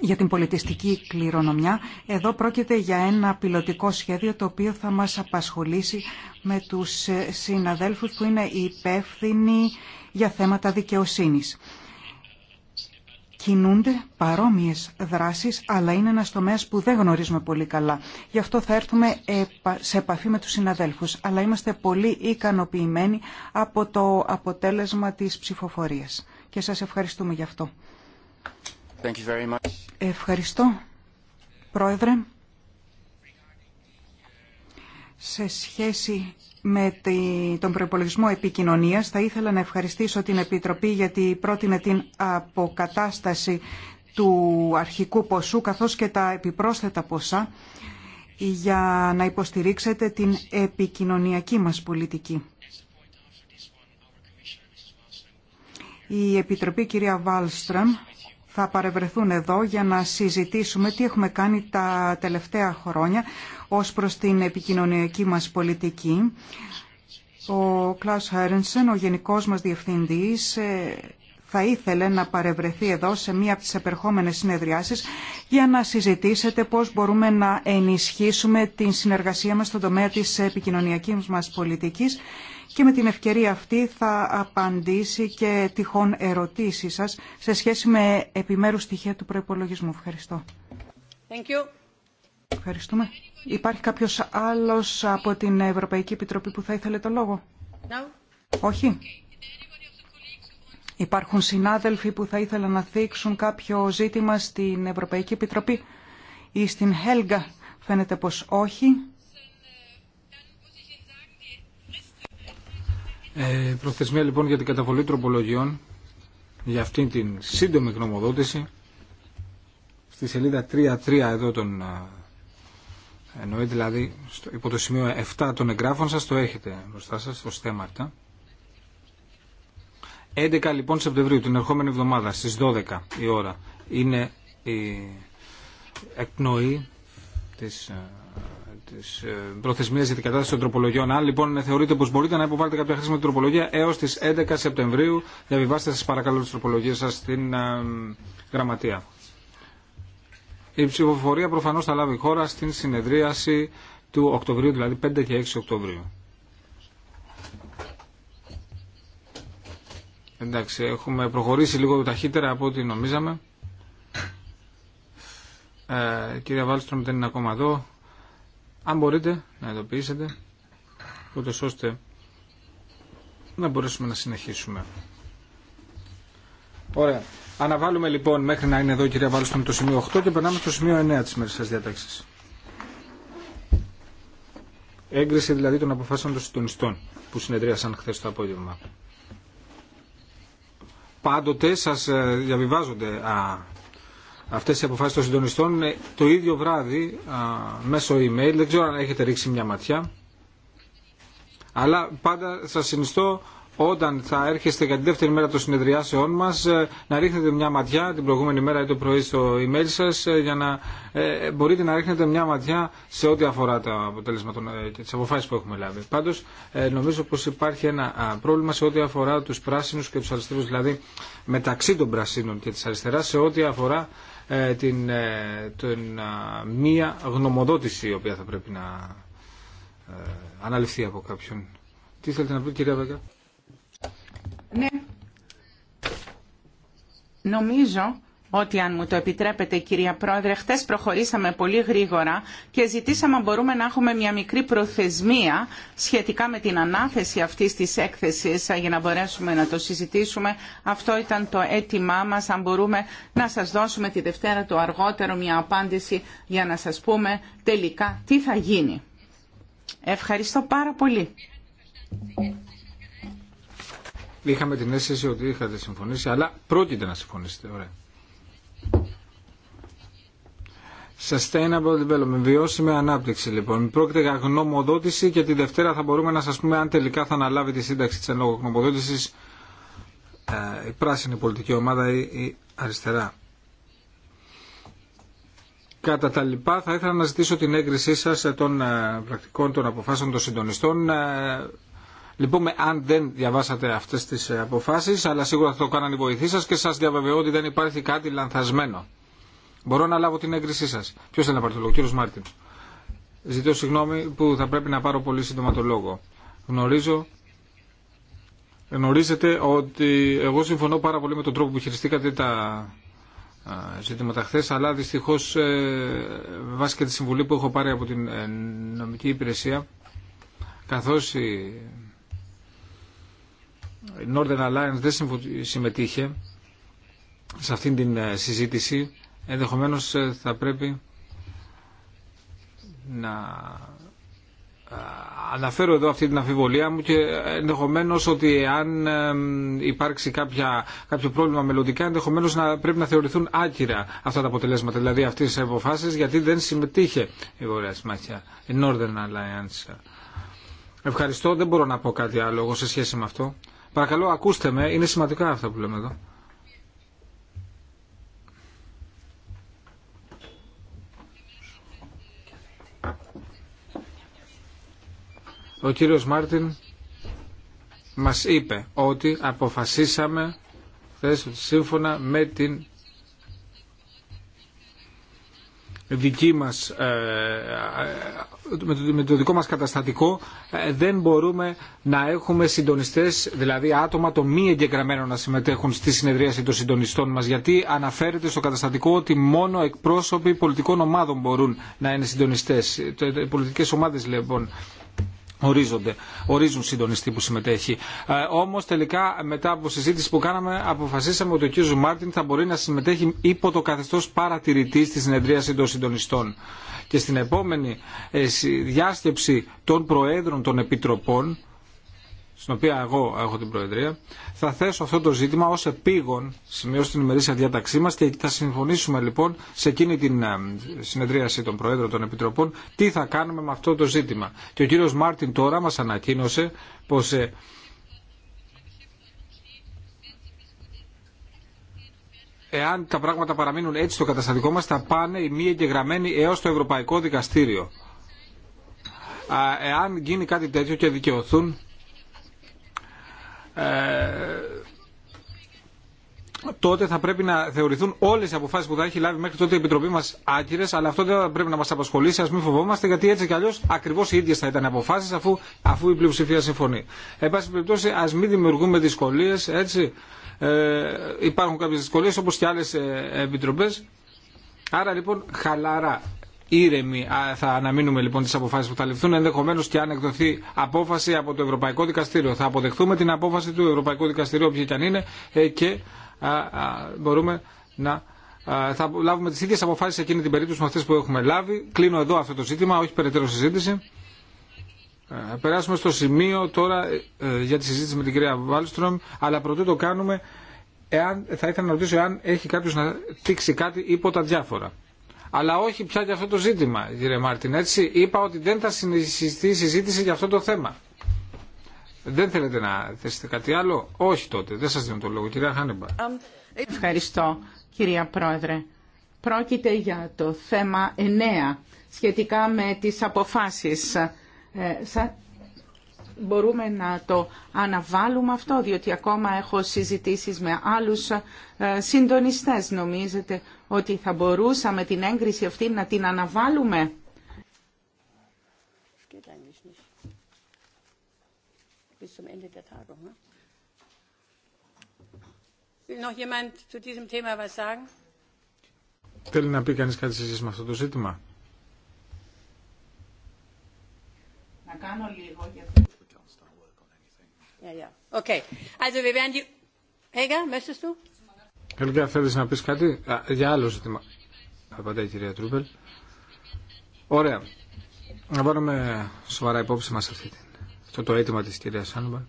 για την πολιτιστική κληρονομιά. Εδώ πρόκειται για ένα πιλωτικό σχέδιο το οποίο θα μας απασχολήσει με τους ε, συναδέλφους που είναι υπεύθυνοι για θέματα δικαιοσύνης. Κινούνται παρόμοιες δράσεις, αλλά είναι ένας τομέας που δεν γνωρίζουμε πολύ καλά. Γι' αυτό θα έρθουμε σε επαφή με τους συναδέλφους, αλλά είμαστε πολύ ικανοποιημένοι από το αποτέλεσμα της ψηφοφορίας. Και σας ευχαριστούμε γι' αυτό. Thank you Ευχαριστώ, Πρόεδρε. Σε σχέση με τον προπολογισμό επικοινωνίας θα ήθελα να ευχαριστήσω την Επιτροπή γιατί πρότεινε την αποκατάσταση του αρχικού ποσού καθώς και τα επιπρόσθετα ποσά για να υποστηρίξετε την επικοινωνιακή μας πολιτική. Η Επιτροπή κυρία Βάλστραμ θα παρευρεθούν εδώ για να συζητήσουμε τι έχουμε κάνει τα τελευταία χρόνια ως προς την επικοινωνιακή μας πολιτική. Ο Κλάους Χέρνσεν, ο γενικός μας διευθυντής, ε, θα ήθελε να παρευρεθεί εδώ σε μία από τις επερχόμενες συνεδριάσεις για να συζητήσετε πώς μπορούμε να ενισχύσουμε την συνεργασία μας στον τομέα της επικοινωνιακής μας πολιτικής και με την ευκαιρία αυτή θα απαντήσει και τυχόν ερωτήσεις σας σε σχέση με επιμέρους στοιχεία του προϋπολογισμού. Ευχαριστώ. Thank you. Ευχαριστούμε. Υπάρχει κάποιος άλλος από την Ευρωπαϊκή Επιτροπή που θα ήθελε το λόγο. Όχι. Υπάρχουν συνάδελφοι που θα ήθελαν να θίξουν κάποιο ζήτημα στην Ευρωπαϊκή Επιτροπή ή στην Χέλγα. Φαίνεται πως όχι. Ε, προθεσμία λοιπόν για την καταβολή τροπολογιών για αυτήν την σύντομη γνωμοδότηση στη σελίδα 3 εδώ τον ε, εννοεί δηλαδή στο, υπό το σημείο 7 των εγγράφων σας το έχετε μπροστά σας το στέμαρτα 11 λοιπόν Σεπτεμβρίου την ερχόμενη εβδομάδα στις 12 η ώρα είναι η εκπνοή της ε, τις ε, προθεσμίες για την κατάσταση των τροπολογιών. Αν λοιπόν θεωρείτε πως μπορείτε να υποβάλλετε κάποια χρήσιμη τροπολογία έως τις 11 Σεπτεμβρίου, διαβιβάστε σας παρακαλώ τις τροπολογίες σας στην ε, γραμματεία. Η ψηφοφορία προφανώς θα λάβει χώρα στην συνεδρίαση του Οκτωβρίου, δηλαδή 5 και 6 Οκτωβρίου. Εντάξει, έχουμε προχωρήσει λίγο ταχύτερα από ό,τι νομίζαμε. Ε, κυρία Βάλστρομ δεν είναι ακόμα εδώ αν μπορείτε να ειδοποιήσετε, ούτως ώστε να μπορέσουμε να συνεχίσουμε. Ωραία. Αναβάλουμε λοιπόν μέχρι να είναι εδώ η κυρία Βάλστον το σημείο 8 και περνάμε στο σημείο 9 της μέρης σας διάταξης. Έγκριση δηλαδή των αποφάσεων των συντονιστών που συνεδρίασαν χθε το απόγευμα. Πάντοτε σας ε, διαβιβάζονται α, αυτές οι αποφάσεις των συντονιστών ε, το ίδιο βράδυ μέσω email. Δεν ξέρω αν έχετε ρίξει μια ματιά. Αλλά πάντα σας συνιστώ όταν θα έρχεστε για την δεύτερη μέρα των συνεδριάσεών μας ε, να ρίχνετε μια ματιά την προηγούμενη μέρα ή το πρωί στο email σας ε, για να ε, μπορείτε να ρίχνετε μια ματιά σε ό,τι αφορά τα αποτέλεσμα των, ε, τις αποφάσεις που έχουμε λάβει. Πάντως νομίζω πως υπάρχει ένα πρόβλημα σε ό,τι αφορά τους πράσινους και τους αριστερούς δηλαδή μεταξύ των πρασίνων και της αριστεράς σε ό,τι αφορά ε, την, ε, την ε, μία γνωμοδότηση η οποία θα πρέπει να αναλυθεί από κάποιον. Τι θέλετε να πει, κυρία Βέγκα. Ναι. Νομίζω ότι αν μου το επιτρέπετε κυρία Πρόεδρε, χτες προχωρήσαμε πολύ γρήγορα και ζητήσαμε αν μπορούμε να έχουμε μια μικρή προθεσμία σχετικά με την ανάθεση αυτής της έκθεσης για να μπορέσουμε να το συζητήσουμε. Αυτό ήταν το αίτημά μας, αν μπορούμε να σας δώσουμε τη Δευτέρα το αργότερο μια απάντηση για να σας πούμε τελικά τι θα γίνει. Ευχαριστώ πάρα πολύ. Είχαμε την αίσθηση ότι είχατε συμφωνήσει, αλλά πρόκειται να συμφωνήσετε. Ωραία. Sustainable Development, βιώσιμη ανάπτυξη λοιπόν. Πρόκειται για γνωμοδότηση και τη Δευτέρα θα μπορούμε να σας πούμε αν τελικά θα αναλάβει τη σύνταξη της ενόγω λόγω ε, η πράσινη πολιτική ομάδα ή η αριστερά. Κατά τα λοιπά θα ήθελα να ζητήσω την έγκρισή σας ε, των ε, πρακτικών των αποφάσεων των συντονιστών Λυπούμε λοιπόν, αν δεν διαβάσατε αυτέ τι ε, αποφάσει, αλλά σίγουρα θα το κάνανε οι βοηθοί σα και σα διαβεβαιώ ότι δεν υπάρχει κάτι λανθασμένο. Μπορώ να λάβω την έγκρισή σα. Ποιο θέλει να πάρει το λόγο, κύριο Μάρτιν. Ζητώ συγγνώμη που θα πρέπει να πάρω πολύ σύντομα το λόγο. Γνωρίζω. Γνωρίζετε ότι εγώ συμφωνώ πάρα πολύ με τον τρόπο που χειριστήκατε τα ζητήματα χθε, αλλά δυστυχώ ε, βάσει και τη συμβουλή που έχω πάρει από την ε, νομική υπηρεσία, καθώ. η η Northern Alliance δεν συμμετείχε σε αυτήν την ε, συζήτηση, ενδεχομένως ε, θα πρέπει να ε, αναφέρω εδώ αυτή την αμφιβολία μου και ενδεχομένως ότι αν υπάρξει κάποια, κάποιο πρόβλημα μελλοντικά ενδεχομένως να πρέπει να θεωρηθούν άκυρα αυτά τα αποτελέσματα, δηλαδή αυτές τις αποφάσεις γιατί δεν συμμετείχε η Βορειά Συμμαχία, η Northern Alliance. Ευχαριστώ, δεν μπορώ να πω κάτι άλλο σε σχέση με αυτό. Παρακαλώ ακούστε με, είναι σημαντικά αυτά που λέμε εδώ. Ο κύριος Μάρτιν μας είπε ότι αποφασίσαμε σύμφωνα με την δική μας, ε, με το δικό μας καταστατικό ε, δεν μπορούμε να έχουμε συντονιστές, δηλαδή άτομα το μη εγγεγραμμένο να συμμετέχουν στη συνεδρίαση των συντονιστών μας γιατί αναφέρεται στο καταστατικό ότι μόνο εκπρόσωποι πολιτικών ομάδων μπορούν να είναι συντονιστές, ε, πολιτικές ομάδες λοιπόν ορίζονται, ορίζουν συντονιστή που συμμετέχει. Ε, Όμω τελικά μετά από συζήτηση που κάναμε αποφασίσαμε ότι ο κ. Μάρτιν θα μπορεί να συμμετέχει υπό το καθεστώ παρατηρητή στη συνεδρίαση των συντονιστών. Και στην επόμενη ε, διάσκεψη των Προέδρων των Επιτροπών στην οποία εγώ έχω την Προεδρία, θα θέσω αυτό το ζήτημα ως επίγον σημείο στην ημερήσια διάταξή μας και θα συμφωνήσουμε λοιπόν σε εκείνη την ε, συνεδρίαση των Προέδρων των Επιτροπών τι θα κάνουμε με αυτό το ζήτημα. Και ο κύριος Μάρτιν τώρα μας ανακοίνωσε πως ε, εάν τα πράγματα παραμείνουν έτσι στο καταστατικό μας θα πάνε οι μη εγγεγραμμένοι έως το Ευρωπαϊκό Δικαστήριο. Εάν γίνει κάτι τέτοιο και δικαιωθούν ε, τότε θα πρέπει να θεωρηθούν όλε οι αποφάσει που θα έχει λάβει μέχρι τότε η Επιτροπή μα άκυρε, αλλά αυτό δεν θα πρέπει να μα απασχολήσει, α μην φοβόμαστε, γιατί έτσι κι αλλιώ ακριβώ οι ίδιε θα ήταν οι αποφάσει αφού, αφού η πλειοψηφία συμφωνεί. Εν πάση περιπτώσει, α μην δημιουργούμε δυσκολίε, έτσι. Ε, υπάρχουν κάποιε δυσκολίε όπω και άλλε επιτροπέ. Άρα λοιπόν χαλαρά ήρεμοι θα αναμείνουμε λοιπόν τις αποφάσεις που θα ληφθούν, ενδεχομένως και αν εκδοθεί απόφαση από το Ευρωπαϊκό Δικαστήριο. Θα αποδεχθούμε την απόφαση του Ευρωπαϊκού Δικαστηρίου, όποια και αν είναι, ε, και μπορούμε να θα λάβουμε τις ίδιες αποφάσεις σε εκείνη την περίπτωση με αυτές που έχουμε λάβει. Κλείνω εδώ αυτό το ζήτημα, όχι περαιτέρω συζήτηση. Ε, περάσουμε στο σημείο τώρα ε, για τη συζήτηση με την κυρία Βάλστρομ, αλλά πρωτού το κάνουμε, εάν, θα ήθελα να ρωτήσω εάν έχει κάποιο να δείξει κάτι υπό τα διάφορα αλλά όχι πια για αυτό το ζήτημα, κύριε Μάρτιν. Έτσι είπα ότι δεν θα συνεχιστεί η συζήτηση για αυτό το θέμα. Δεν θέλετε να θέσετε κάτι άλλο. Όχι τότε. Δεν σας δίνω το λόγο. Κυρία Χάνεμπα. Ευχαριστώ, κυρία Πρόεδρε. Πρόκειται για το θέμα 9 σχετικά με τις αποφάσεις. Ε, μπορούμε να το αναβάλουμε αυτό, διότι ακόμα έχω συζητήσεις με άλλους ε, συντονιστές. Νομίζετε ότι θα μπορούσαμε την έγκριση αυτή να την αναβάλουμε. Θέλει να πει κανείς κάτι σε σχέση με αυτό το ζήτημα. Να κάνω λίγο για το... Yeah, yeah. Okay. Also wir werden die... Helga, möchtest du? Ελγκά, θέλεις να πεις κάτι για άλλο ζήτημα. Απαντάει η κυρία Τρούπελ. Ωραία. Να πάρουμε σοβαρά υπόψη μας αυτή την, αυτό το αίτημα της κυρία Σάνουμπα.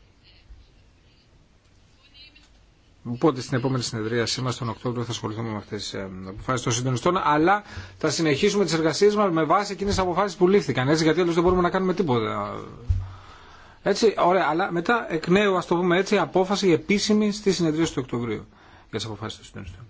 Οπότε στην επόμενη συνεδρίασή μα τον Οκτώβριο θα ασχοληθούμε με αυτέ τι αποφάσει των συντονιστών, αλλά θα συνεχίσουμε τι εργασίε μα με βάση εκείνε τι αποφάσει που λήφθηκαν. Έτσι, γιατί αλλιώ δεν μπορούμε να κάνουμε τίποτα. Έτσι, ωραία, αλλά μετά εκ νέου, α το πούμε έτσι, απόφαση επίσημη στη συνεδρίαση του Οκτωβρίου για τι αποφάσει των συντονιστών.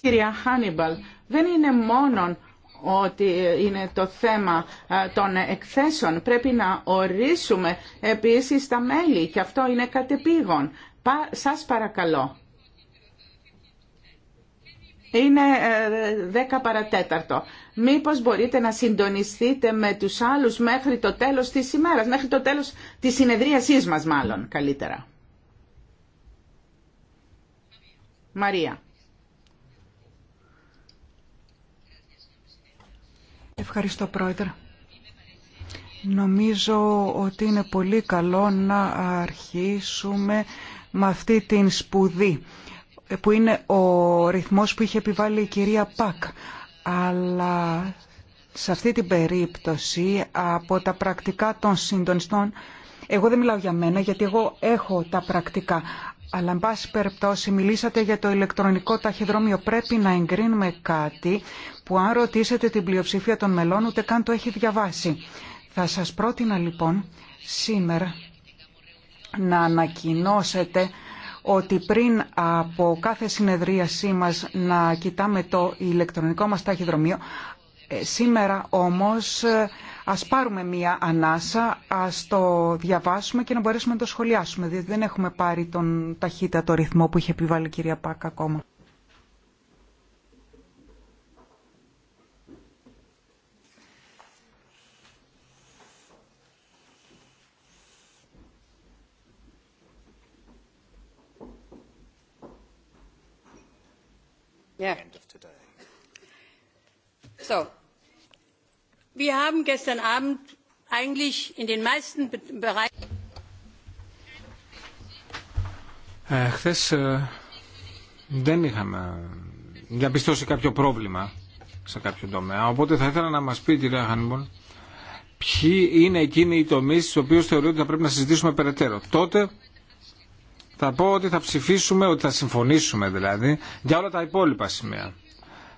Κυρία Χάνιμπαλ, δεν είναι μόνο ότι ε, είναι το θέμα ε, των εκθέσεων. Πρέπει να ορίσουμε επίσης τα μέλη και αυτό είναι κατεπήγον. Σας παρακαλώ. Είναι 10 ε, παρατέταρτο. Μήπως μπορείτε να συντονιστείτε με τους άλλους μέχρι το τέλος της ημέρας, μέχρι το τέλος της συνεδρίασής μας μάλλον καλύτερα. Μαρία. Ευχαριστώ πρόεδρε. Νομίζω ότι είναι πολύ καλό να αρχίσουμε με αυτή την σπουδή που είναι ο ρυθμός που είχε επιβάλει η κυρία Πακ. Αλλά σε αυτή την περίπτωση από τα πρακτικά των συντονιστών, εγώ δεν μιλάω για μένα γιατί εγώ έχω τα πρακτικά, αλλά εν πάση περιπτώσει μιλήσατε για το ηλεκτρονικό ταχυδρόμιο. Πρέπει να εγκρίνουμε κάτι που αν ρωτήσετε την πλειοψηφία των μελών ούτε καν το έχει διαβάσει. Θα σας πρότεινα λοιπόν σήμερα να ανακοινώσετε ότι πριν από κάθε συνεδρίασή μας να κοιτάμε το ηλεκτρονικό μας ταχυδρομείο, ε, σήμερα όμως ε, ας πάρουμε μία ανάσα, ας το διαβάσουμε και να μπορέσουμε να το σχολιάσουμε, διότι δεν έχουμε πάρει τον ταχύτατο ρυθμό που είχε επιβάλει η κυρία Πάκα ακόμα. yeah. end of today. So, wir haben gestern Abend eigentlich in den meisten Bereichen. Ε, χθες ε, δεν είχαμε διαπιστώσει κάποιο πρόβλημα σε κάποιο τομέα. Οπότε θα ήθελα να μας πει, κυρία Χάνιμπον, ποιοι είναι εκείνοι οι τομείς στους οποίους θεωρώ ότι θα πρέπει να συζητήσουμε περαιτέρω. Τότε θα πω ότι θα ψηφίσουμε, ότι θα συμφωνήσουμε δηλαδή, για όλα τα υπόλοιπα σημεία.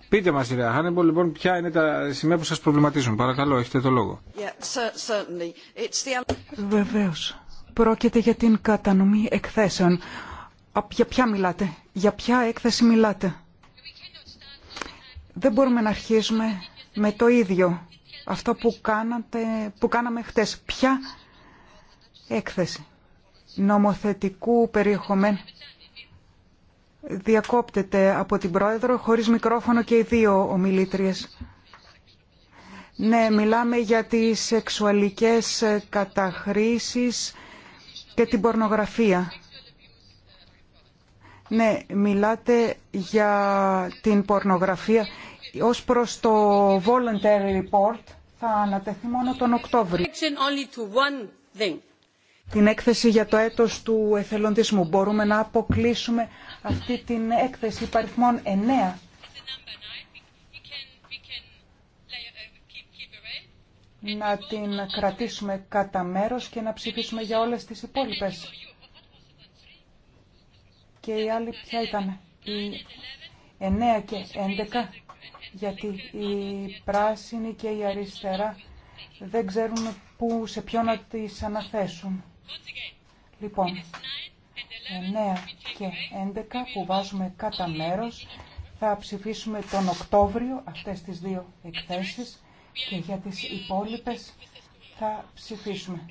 Πείτε μας, κυρία Χάνεμπο, λοιπόν, ποια είναι τα σημεία που σας προβληματίζουν. Παρακαλώ, έχετε το λόγο. Βεβαίως. Πρόκειται για την κατανομή εκθέσεων. Για ποια μιλάτε, για ποια έκθεση μιλάτε. Δεν μπορούμε να αρχίσουμε με το ίδιο. Αυτό που, που κάναμε χτες. Ποια έκθεση νομοθετικού περιεχομένου διακόπτεται από την Πρόεδρο χωρίς μικρόφωνο και οι δύο ομιλήτριες. Ναι, μιλάμε για τις σεξουαλικές καταχρήσεις και την πορνογραφία. Ναι, μιλάτε για την πορνογραφία. Ως προς το voluntary report θα ανατεθεί μόνο τον Οκτώβριο την έκθεση για το έτος του εθελοντισμού. Μπορούμε να αποκλείσουμε αυτή την έκθεση υπαριθμών 9. να την κρατήσουμε κατά μέρος και να ψηφίσουμε για όλες τις υπόλοιπες. Και οι άλλοι ποια ήταν, Οι 9 και 11, γιατί οι πράσινοι και η αριστερά δεν ξέρουν πού, σε ποιο να τις αναθέσουν. Λοιπόν, 9 και 11 που βάζουμε κατά μέρος θα ψηφίσουμε τον Οκτώβριο αυτές τις δύο εκθέσεις και για τις υπόλοιπες θα ψηφίσουμε.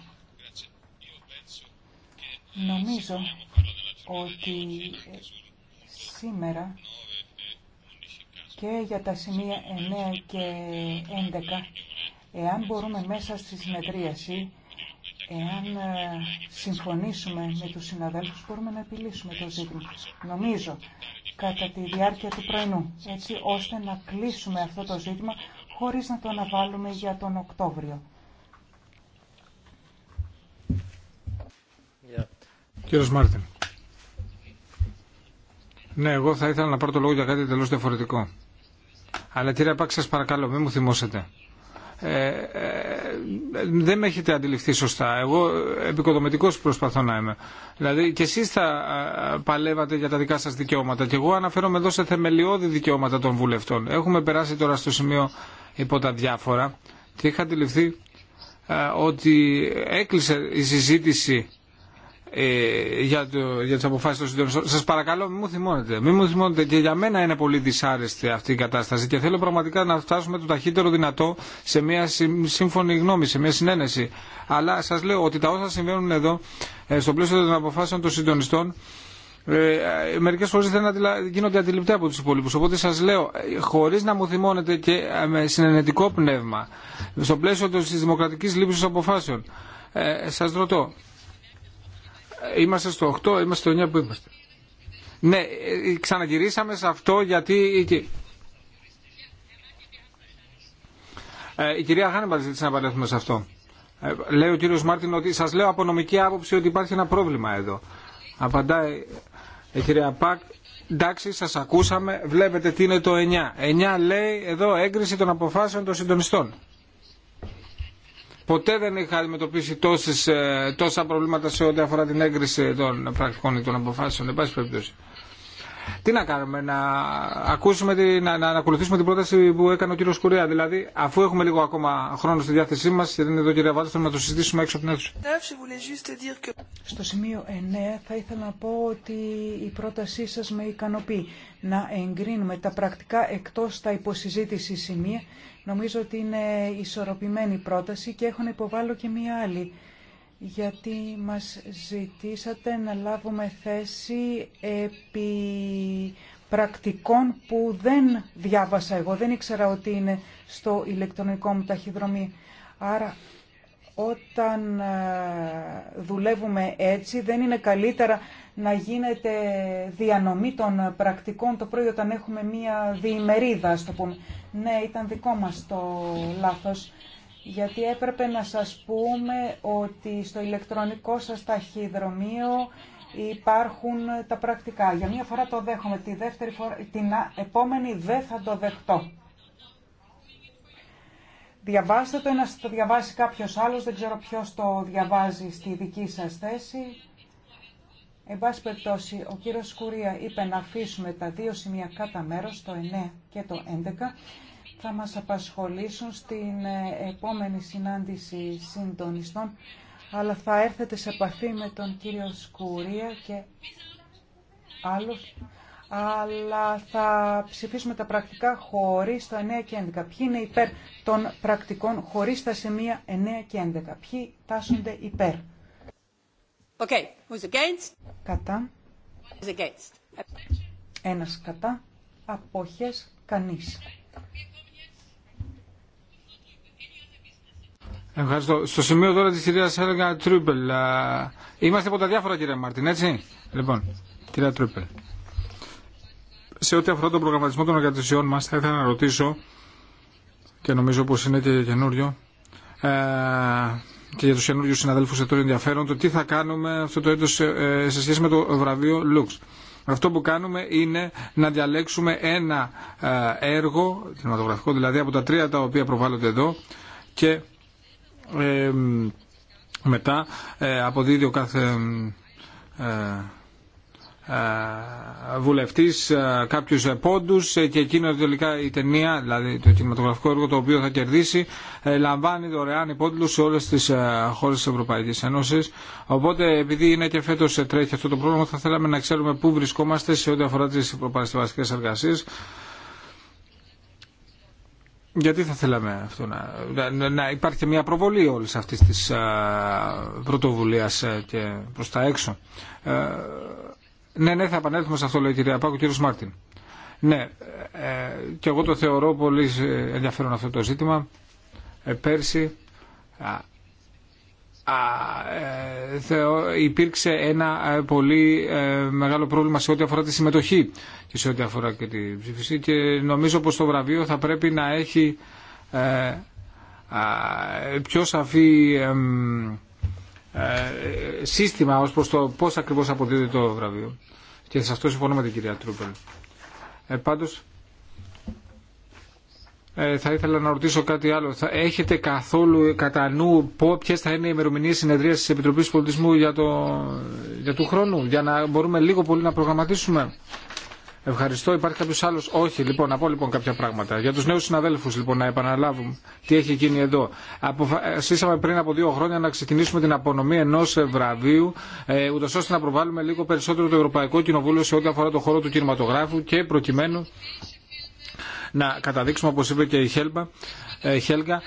Νομίζω ότι ε, σήμερα και για τα σημεία 9 και 11 εάν μπορούμε μέσα στη συνεδρίαση Εάν ε, συμφωνήσουμε με τους συναδέλφους μπορούμε να επιλύσουμε το ζήτημα. Νομίζω κατά τη διάρκεια του πρωινού, έτσι ώστε να κλείσουμε αυτό το ζήτημα χωρίς να το αναβάλουμε για τον Οκτώβριο. Yeah. Κύριος Μάρτιν. Ναι, εγώ θα ήθελα να πάρω το λόγο για κάτι τελώς διαφορετικό. Αλλά κύριε Πάκη, σας παρακαλώ, μην μου θυμώσετε. Ε, ε, δεν με έχετε αντιληφθεί σωστά. Εγώ επικοδομητικός προσπαθώ να είμαι. Δηλαδή και εσείς θα ε, παλεύατε για τα δικά σας δικαιώματα και εγώ αναφέρομαι εδώ σε θεμελιώδη δικαιώματα των βουλευτών. Έχουμε περάσει τώρα στο σημείο υπό τα διάφορα και είχα αντιληφθεί ε, ότι έκλεισε η συζήτηση ε, για, το, για τις αποφάσεις των συντονιστών. Σας παρακαλώ μην μου θυμώνετε. Μην μου θυμώνετε και για μένα είναι πολύ δυσάρεστη αυτή η κατάσταση και θέλω πραγματικά να φτάσουμε το ταχύτερο δυνατό σε μια σύμφωνη γνώμη, σε μια συνένεση. Αλλά σας λέω ότι τα όσα συμβαίνουν εδώ ε, στο πλαίσιο των αποφάσεων των συντονιστών ε, ε, μερικές φορές δεν αντιλα... γίνονται αντιληπτά από τους υπόλοιπους. Οπότε σας λέω, ε, χωρίς να μου θυμώνετε και με συνενετικό πνεύμα, στο πλαίσιο της δημοκρατικής λήψης αποφάσεων, ε, σας ρωτώ, Είμαστε στο 8, είμαστε στο 9 που είμαστε. Ναι, ε, ξαναγυρίσαμε σε αυτό γιατί... Ε, η κυρία Χάνεμπα ζήτησε να παρέλθουμε σε αυτό. Ε, λέει ο κύριος Μάρτιν ότι σας λέω από νομική άποψη ότι υπάρχει ένα πρόβλημα εδώ. Απαντάει η κυρία Πακ, εντάξει σας ακούσαμε, βλέπετε τι είναι το 9. 9 λέει εδώ έγκριση των αποφάσεων των συντονιστών. Ποτέ δεν είχα αντιμετωπίσει τόσες, ε, τόσα προβλήματα σε ό,τι αφορά την έγκριση των πρακτικών ή των αποφάσεων. Εν πάση περιπτώσει. Τι να κάνουμε, να, ακούσουμε τη, να, να, ακολουθήσουμε την πρόταση που έκανε ο κύριο Κουρέα. Δηλαδή, αφού έχουμε λίγο ακόμα χρόνο στη διάθεσή μα, γιατί είναι εδώ κυρία Βάτα, θέλουμε να το συζητήσουμε έξω από την αίθουσα. Στο σημείο 9 θα ήθελα να πω ότι η πρότασή σα με ικανοποιεί. Να εγκρίνουμε τα πρακτικά εκτό τα υποσυζήτηση σημεία Νομίζω ότι είναι ισορροπημένη πρόταση και έχω να υποβάλω και μία άλλη γιατί μας ζητήσατε να λάβουμε θέση επί πρακτικών που δεν διάβασα εγώ, δεν ήξερα ότι είναι στο ηλεκτρονικό μου ταχυδρομή. Άρα όταν ε, δουλεύουμε έτσι δεν είναι καλύτερα να γίνεται διανομή των πρακτικών το πρωί όταν έχουμε μία διημερίδα, στο το πούμε. Ναι, ήταν δικό μας το λάθος, γιατί έπρεπε να σας πούμε ότι στο ηλεκτρονικό σας ταχυδρομείο υπάρχουν τα πρακτικά. Για μία φορά το δέχομαι, τη δεύτερη φορά, την επόμενη δεν θα το δεχτώ. Διαβάστε το, ένας το διαβάσει κάποιος άλλος, δεν ξέρω ποιος το διαβάζει στη δική σας θέση. Εν πάση περιπτώσει, ο κύριος Σκουρία είπε να αφήσουμε τα δύο σημεία κατά μέρο, το 9 και το 11, θα μας απασχολήσουν στην ε, επόμενη συνάντηση συντονιστών, αλλά θα έρθετε σε επαφή με τον κύριο Σκουρία και άλλους, αλλά θα ψηφίσουμε τα πρακτικά χωρίς το 9 και 11. Ποιοι είναι υπέρ των πρακτικών χωρίς τα σημεία 9 και 11. Ποιοι τάσσονται υπέρ. Κατά. κατά. Ευχαριστώ. Στο σημείο τώρα της κυρία Έλγα Τρούπελ. Είμαστε από τα διάφορα κύριε Μάρτιν, έτσι. Λοιπόν, κυρία Τρούπελ. Σε ό,τι αφορά τον προγραμματισμό των εργατησιών μας, θα ήθελα να ρωτήσω και νομίζω πως είναι και καινούριο. Ε, και για τους καινούριου συναδέλφους σε ενδιαφέρον το τι θα κάνουμε αυτό το έτος ε, ε, σε σχέση με το βραβείο Lux. Αυτό που κάνουμε είναι να διαλέξουμε ένα ε, έργο, κινηματογραφικό δηλαδή, από τα τρία τα οποία προβάλλονται εδώ και μετά αποδίδει ο κάθε βουλευτής κάποιους πόντους ε, και εκείνο τελικά η ταινία, δηλαδή το κινηματογραφικό έργο το οποίο θα κερδίσει ε, λαμβάνει δωρεάν υπότιτλους σε όλες τις χώρες της Ευρωπαϊκής Ένωσης οπότε επειδή είναι και φέτος ε, τρέχει αυτό το πρόγραμμα θα θέλαμε να ξέρουμε πού βρισκόμαστε σε ό,τι αφορά τις προπαρασκευαστικές εργασίες γιατί θα θέλαμε αυτό να, να υπάρχει και μια προβολή όλης αυτής της πρωτοβουλίας και προς τα έξω. Ναι, ναι, θα επανέλθουμε σε αυτό, λέει η κυρία Πάκου, κύριο Μάρτιν. Ναι, ε, και εγώ το θεωρώ πολύ ε, ενδιαφέρον αυτό το ζήτημα. Ε, πέρσι α, ε, υπήρξε ένα ε, πολύ μεγάλο πρόβλημα σε ό,τι αφορά τη συμμετοχή και σε ό,τι αφορά και τη ψήφιση και νομίζω πως το βραβείο θα πρέπει να έχει πιο σαφή ε, σύστημα ως προς το πώς ακριβώς αποδίδεται το βραβείο. Και σε αυτό συμφωνώ με την κυρία Τρούπελ. Ε, πάντως, ε, θα ήθελα να ρωτήσω κάτι άλλο. Θα έχετε καθόλου κατά νου ποιε θα είναι οι ημερομηνίε συνεδρία τη Επιτροπή Πολιτισμού για, το, για του χρόνου, για να μπορούμε λίγο πολύ να προγραμματίσουμε Ευχαριστώ. Υπάρχει κάποιο άλλο. Όχι, λοιπόν, να πω λοιπόν κάποια πράγματα. Για του νέου συναδέλφου, λοιπόν, να επαναλάβουμε τι έχει γίνει εδώ. Αποφασίσαμε πριν από δύο χρόνια να ξεκινήσουμε την απονομή ενό βραβείου, ε, ούτω ώστε να προβάλλουμε λίγο περισσότερο το Ευρωπαϊκό Κοινοβούλιο σε ό,τι αφορά το χώρο του κινηματογράφου και προκειμένου να καταδείξουμε, όπω είπε και η Χέλμπα, ε, Χέλγα,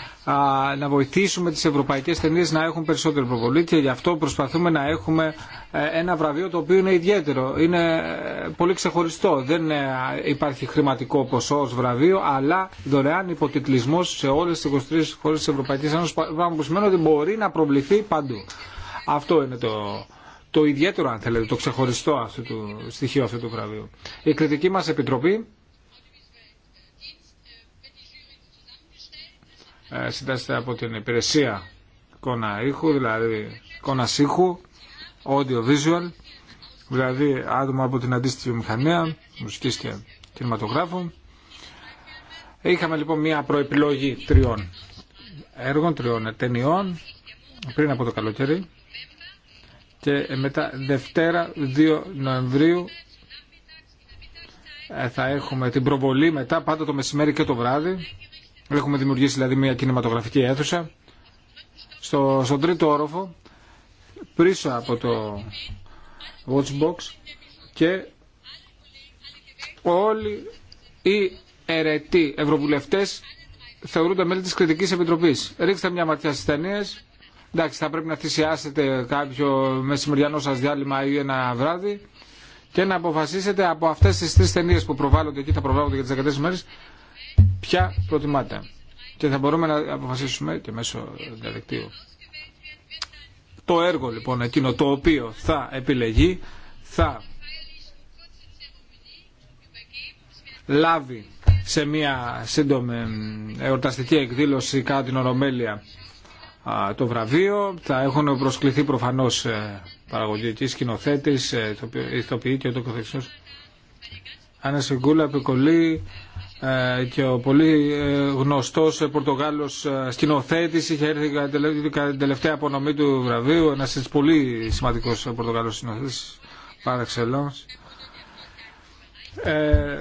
να βοηθήσουμε τις ευρωπαϊκές ταινίες να έχουν περισσότερη προβολή και γι' αυτό προσπαθούμε να έχουμε ε, ένα βραβείο το οποίο είναι ιδιαίτερο. Είναι ε, πολύ ξεχωριστό. Δεν υπάρχει χρηματικό ποσό ως βραβείο, αλλά δωρεάν υποτιτλισμός σε όλες τις 23 χώρες της Ευρωπαϊκής Ένωσης, πράγμα που σημαίνει ότι μπορεί να προβληθεί παντού. Αυτό είναι το, το ιδιαίτερο, αν θέλετε, το ξεχωριστό του στοιχείο αυτού του βραβείου. Η κριτική μας επιτροπή Ε, συντάσσεται από την υπηρεσία εικόνα ήχου, δηλαδή εικόνα ήχου, audio visual, δηλαδή άτομα από την αντίστοιχη μηχανία, μουσική και κινηματογράφου. Είχαμε λοιπόν μια προεπιλογή τριών έργων, τριών ταινιών πριν από το καλοκαίρι και ε, μετά Δευτέρα 2 Νοεμβρίου ε, θα έχουμε την προβολή μετά πάντα το μεσημέρι και το βράδυ Έχουμε δημιουργήσει δηλαδή μια κινηματογραφική αίθουσα στο, στον τρίτο όροφο πίσω από το Watchbox και όλοι οι ερετοί ευρωβουλευτές θεωρούνται μέλη της Κριτικής Επιτροπής. Ρίξτε μια ματιά στις ταινίες. Εντάξει, θα πρέπει να θυσιάσετε κάποιο μεσημεριανό σας διάλειμμα ή ένα βράδυ και να αποφασίσετε από αυτές τις τρεις ταινίες που προβάλλονται εκεί, θα προβάλλονται για τις 14 μέρες, ποια προτιμάτε. Και θα μπορούμε να αποφασίσουμε και μέσω διαδικτύου. Το έργο λοιπόν εκείνο το οποίο θα επιλεγεί θα λάβει σε μια σύντομη εορταστική εκδήλωση κατά την Ορομέλεια το βραβείο. Θα έχουν προσκληθεί προφανώς ε, παραγωγική σκηνοθέτης, ε, ηθοποιή και ούτω καθεξής. Άννα Σιγκούλα, ε, και ο πολύ ε, γνωστός ε, Πορτογάλος σκηνοθέτης είχε έρθει κατά την τελευταία απονομή του βραβείου ένας πολύ σημαντικός Πορτογάλος σκηνοθέτης παραξελώς ε,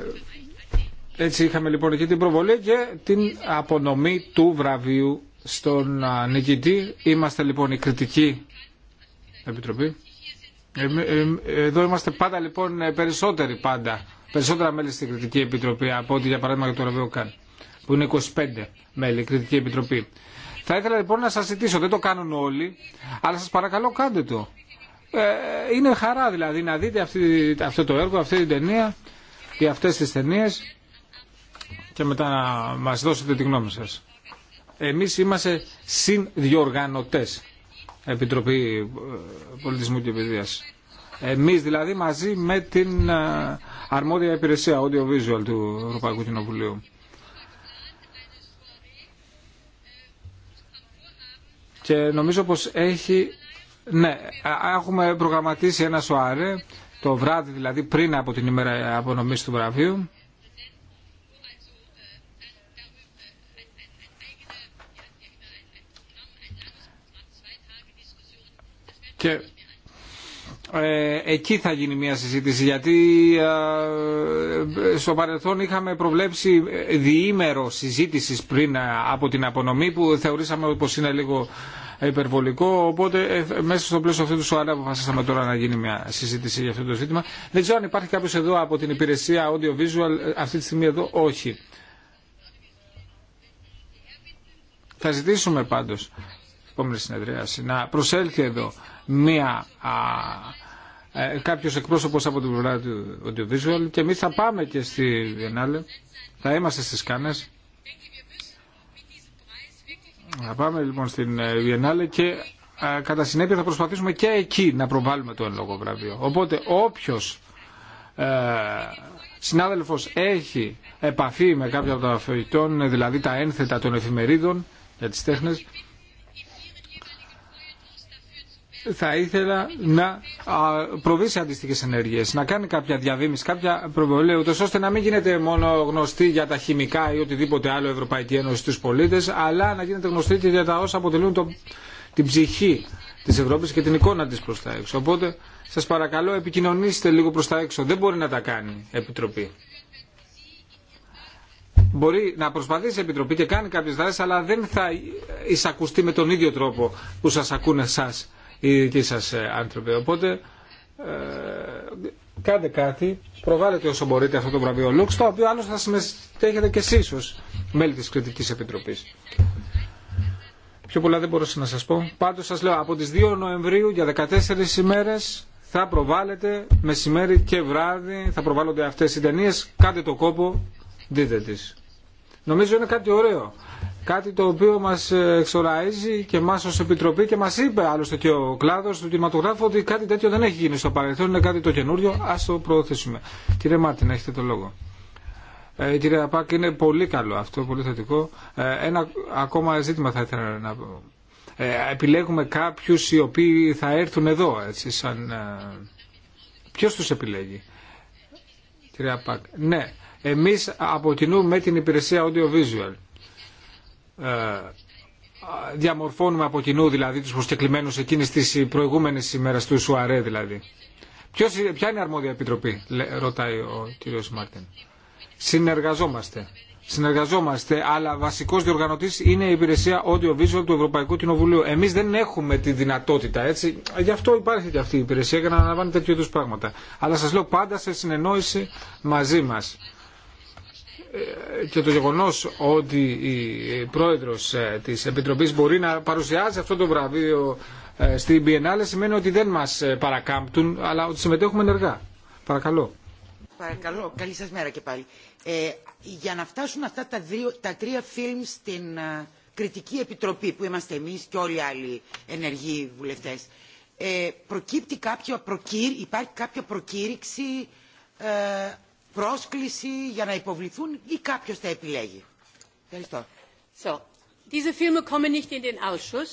έτσι είχαμε λοιπόν εκεί την προβολή και την απονομή του βραβείου στον νικητή είμαστε λοιπόν η κριτική επιτροπή εδώ είμαστε πάντα λοιπόν περισσότεροι πάντα περισσότερα μέλη στην Κρητική Επιτροπή από ό,τι για παράδειγμα για το Ρεβέο Καν, που είναι 25 μέλη Κρητική Επιτροπή. Θα ήθελα λοιπόν να σα ζητήσω, δεν το κάνουν όλοι, αλλά σα παρακαλώ κάντε το. Ε, είναι χαρά δηλαδή να δείτε αυτό το έργο, αυτή την ταινία ή αυτές τις ταινίες και μετά να μας δώσετε τη γνώμη σας. Εμείς είμαστε συνδιοργανωτές Επιτροπή ε, Πολιτισμού και Παιδείας. Εμείς δηλαδή μαζί με την ε, αρμόδια υπηρεσία audiovisual του Ευρωπαϊκού Κοινοβουλίου. Και νομίζω πως έχει... Ναι, έχουμε προγραμματίσει ένα σοάρε, το βράδυ δηλαδή πριν από την ημέρα απονομής του βραβείου. Και ε, εκεί θα γίνει μια συζήτηση γιατί στο παρελθόν είχαμε προβλέψει διήμερο συζήτησης πριν από την απονομή που θεωρήσαμε πως είναι λίγο υπερβολικό οπότε ε, μέσα στο πλαίσιο αυτού του ΣΟΑΡΑ αποφασίσαμε τώρα να γίνει μια συζήτηση για αυτό το ζήτημα δεν ξέρω αν υπάρχει κάποιος εδώ από την υπηρεσία audiovisual ε, αυτή τη στιγμή εδώ όχι θα ζητήσουμε πάντως επόμενη συνεδρίαση να προσέλθει εδώ μία, α, ε, κάποιος εκπρόσωπος από την πλευρά του Audiovisual και εμείς θα πάμε και στη Βιενάλε, θα είμαστε στις σκάνες Θα πάμε λοιπόν στην Βιενάλε και α, κατά συνέπεια θα προσπαθήσουμε και εκεί να προβάλλουμε το εν λόγω βραβείο. Οπότε όποιος ε, συνάδελφος έχει επαφή με κάποια από τα φοιτών, δηλαδή τα ένθετα των εφημερίδων για τις τέχνες, θα ήθελα να προβεί αντίστοιχε ενέργειε, να κάνει κάποια διαβήμιση, κάποια προβολή, ούτω ώστε να μην γίνεται μόνο γνωστή για τα χημικά ή οτιδήποτε άλλο Ευρωπαϊκή Ένωση στου πολίτε, αλλά να γίνεται γνωστή και για τα όσα αποτελούν το, την ψυχή τη Ευρώπη και την εικόνα τη προ τα έξω. Οπότε σα παρακαλώ επικοινωνήστε λίγο προ τα έξω. Δεν μπορεί να τα κάνει Επιτροπή. Μπορεί να προσπαθήσει η Επιτροπή και κάνει κάποιε δράσει, αλλά δεν θα εισακουστεί με τον ίδιο τρόπο που σα ακούνε εσά οι δικοί σα ε, άνθρωποι. Οπότε ε, κάντε κάτι, προβάλλετε όσο μπορείτε αυτό το βραβείο Λουξ, το οποίο άλλωστε θα συμμετέχετε και εσεί ω μέλη της Κριτικής Επιτροπής. Πιο πολλά δεν μπορούσα να σας πω. Πάντως σας λέω, από τις 2 Νοεμβρίου για 14 ημέρες θα προβάλλετε μεσημέρι και βράδυ, θα προβάλλονται αυτές οι ταινίε. κάντε το κόπο, δείτε τις. Νομίζω είναι κάτι ωραίο. Κάτι το οποίο μα ε, εξοραίζει και εμά ω Επιτροπή και μα είπε άλλωστε και ο κλάδο του κινηματογράφου ότι κάτι τέτοιο δεν έχει γίνει στο παρελθόν, είναι κάτι το καινούριο, α το προωθήσουμε. Κύριε Μάρτιν, έχετε το λόγο. Ε, κύριε Απάκ, είναι πολύ καλό αυτό, πολύ θετικό. Ε, ένα ακόμα ζήτημα θα ήθελα να πω. Ε, επιλέγουμε κάποιους οι οποίοι θα έρθουν εδώ, έτσι, σαν... Ε, ποιος τους επιλέγει, Κύριε Απάκ. Ναι, εμείς από κοινού με την υπηρεσία audiovisual ε, διαμορφώνουμε από κοινού δηλαδή τους προσκεκλημένους εκείνες τις προηγούμενες ημέρες του Σουαρέ δηλαδή. Ποιος, ποια είναι η αρμόδια επιτροπή, ρωτάει ο κύριος Μάρτιν. Συνεργαζόμαστε. Συνεργαζόμαστε, αλλά βασικός διοργανωτής είναι η υπηρεσία audiovisual του Ευρωπαϊκού Κοινοβουλίου. Εμείς δεν έχουμε τη δυνατότητα, έτσι. Γι' αυτό υπάρχει και αυτή η υπηρεσία για να αναλαμβάνει τέτοιου είδους πράγματα. Αλλά σας λέω πάντα σε συνεννόηση μαζί μας και το γεγονός ότι η πρόεδρος ε, της Επιτροπής μπορεί να παρουσιάζει αυτό το βραβείο ε, στην Biennale σημαίνει ότι δεν μας ε, παρακάμπτουν αλλά ότι συμμετέχουμε ενεργά. Παρακαλώ. Παρακαλώ. Καλή σας μέρα και πάλι. Ε, για να φτάσουν αυτά τα, τα τρία φιλμ στην α, Κριτική Επιτροπή που είμαστε εμείς και όλοι οι άλλοι ενεργοί βουλευτές ε, προκύπτει κάποια υπάρχει κάποια προκήρυξη ε, πρόσκληση για να υποβληθούν ή κάποιο τα επιλέγει. Ευχαριστώ. So, diese Filme kommen nicht in den Ausschuss.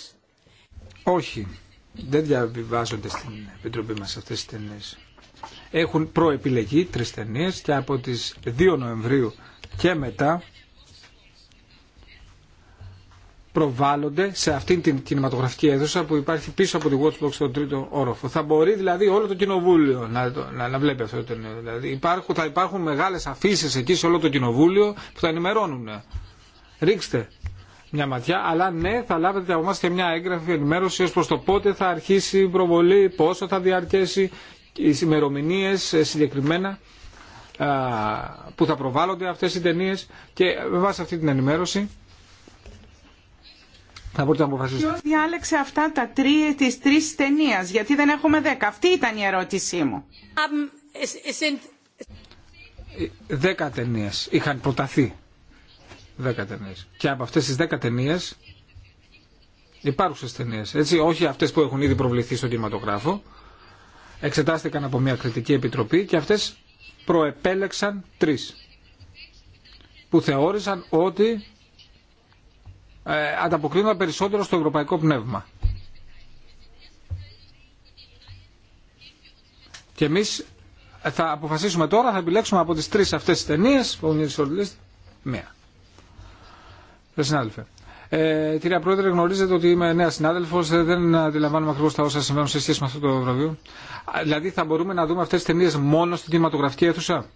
Όχι, δεν διαβιβάζονται στην Επιτροπή μας αυτές τις ταινίες. Έχουν προεπιλεγεί τρεις ταινίες και από τις 2 Νοεμβρίου και μετά προβάλλονται σε αυτήν την κινηματογραφική αίθουσα που υπάρχει πίσω από τη Watchbox στον τρίτο όροφο. Θα μπορεί δηλαδή όλο το κοινοβούλιο να, να, να βλέπει αυτό το ταινίο. Δηλαδή υπάρχουν, θα υπάρχουν μεγάλε αφήσει εκεί σε όλο το κοινοβούλιο που θα ενημερώνουν. Ρίξτε μια ματιά, αλλά ναι, θα λάβετε από εμά και μια έγγραφη ενημέρωση ω προ το πότε θα αρχίσει η προβολή, πόσο θα διαρκέσει, οι ημερομηνίε ε, συγκεκριμένα που θα προβάλλονται αυτές οι ταινίες και με βάση αυτή την ενημέρωση θα μπορείτε να αποφασίσετε. διάλεξε αυτά τα τρία τη τρεις ταινία, γιατί δεν έχουμε δέκα. Αυτή ήταν η ερώτησή μου. Ε, δέκα ταινίε είχαν προταθεί. Δέκα ταινίε. Και από αυτές τις δέκα ταινίε υπάρχουν ταινίε. έτσι, όχι αυτές που έχουν ήδη προβληθεί στον κινηματογράφο, εξετάστηκαν από μια κριτική επιτροπή και αυτές προεπέλεξαν τρεις που θεώρησαν ότι ε, ανταποκρίνονταν περισσότερο στο ευρωπαϊκό πνεύμα. Και εμείς θα αποφασίσουμε τώρα, θα επιλέξουμε από τις τρεις αυτές τις ταινίες που έχουν γίνει μία. Ε, συνάδελφε. Ε, κυρία Πρόεδρε, γνωρίζετε ότι είμαι νέα συνάδελφο. Ε, δεν αντιλαμβάνομαι ακριβώ τα όσα συμβαίνουν σε σχέση με αυτό το βραβείο. Δηλαδή, θα μπορούμε να δούμε αυτέ τι ταινίε μόνο στην κινηματογραφική αίθουσα.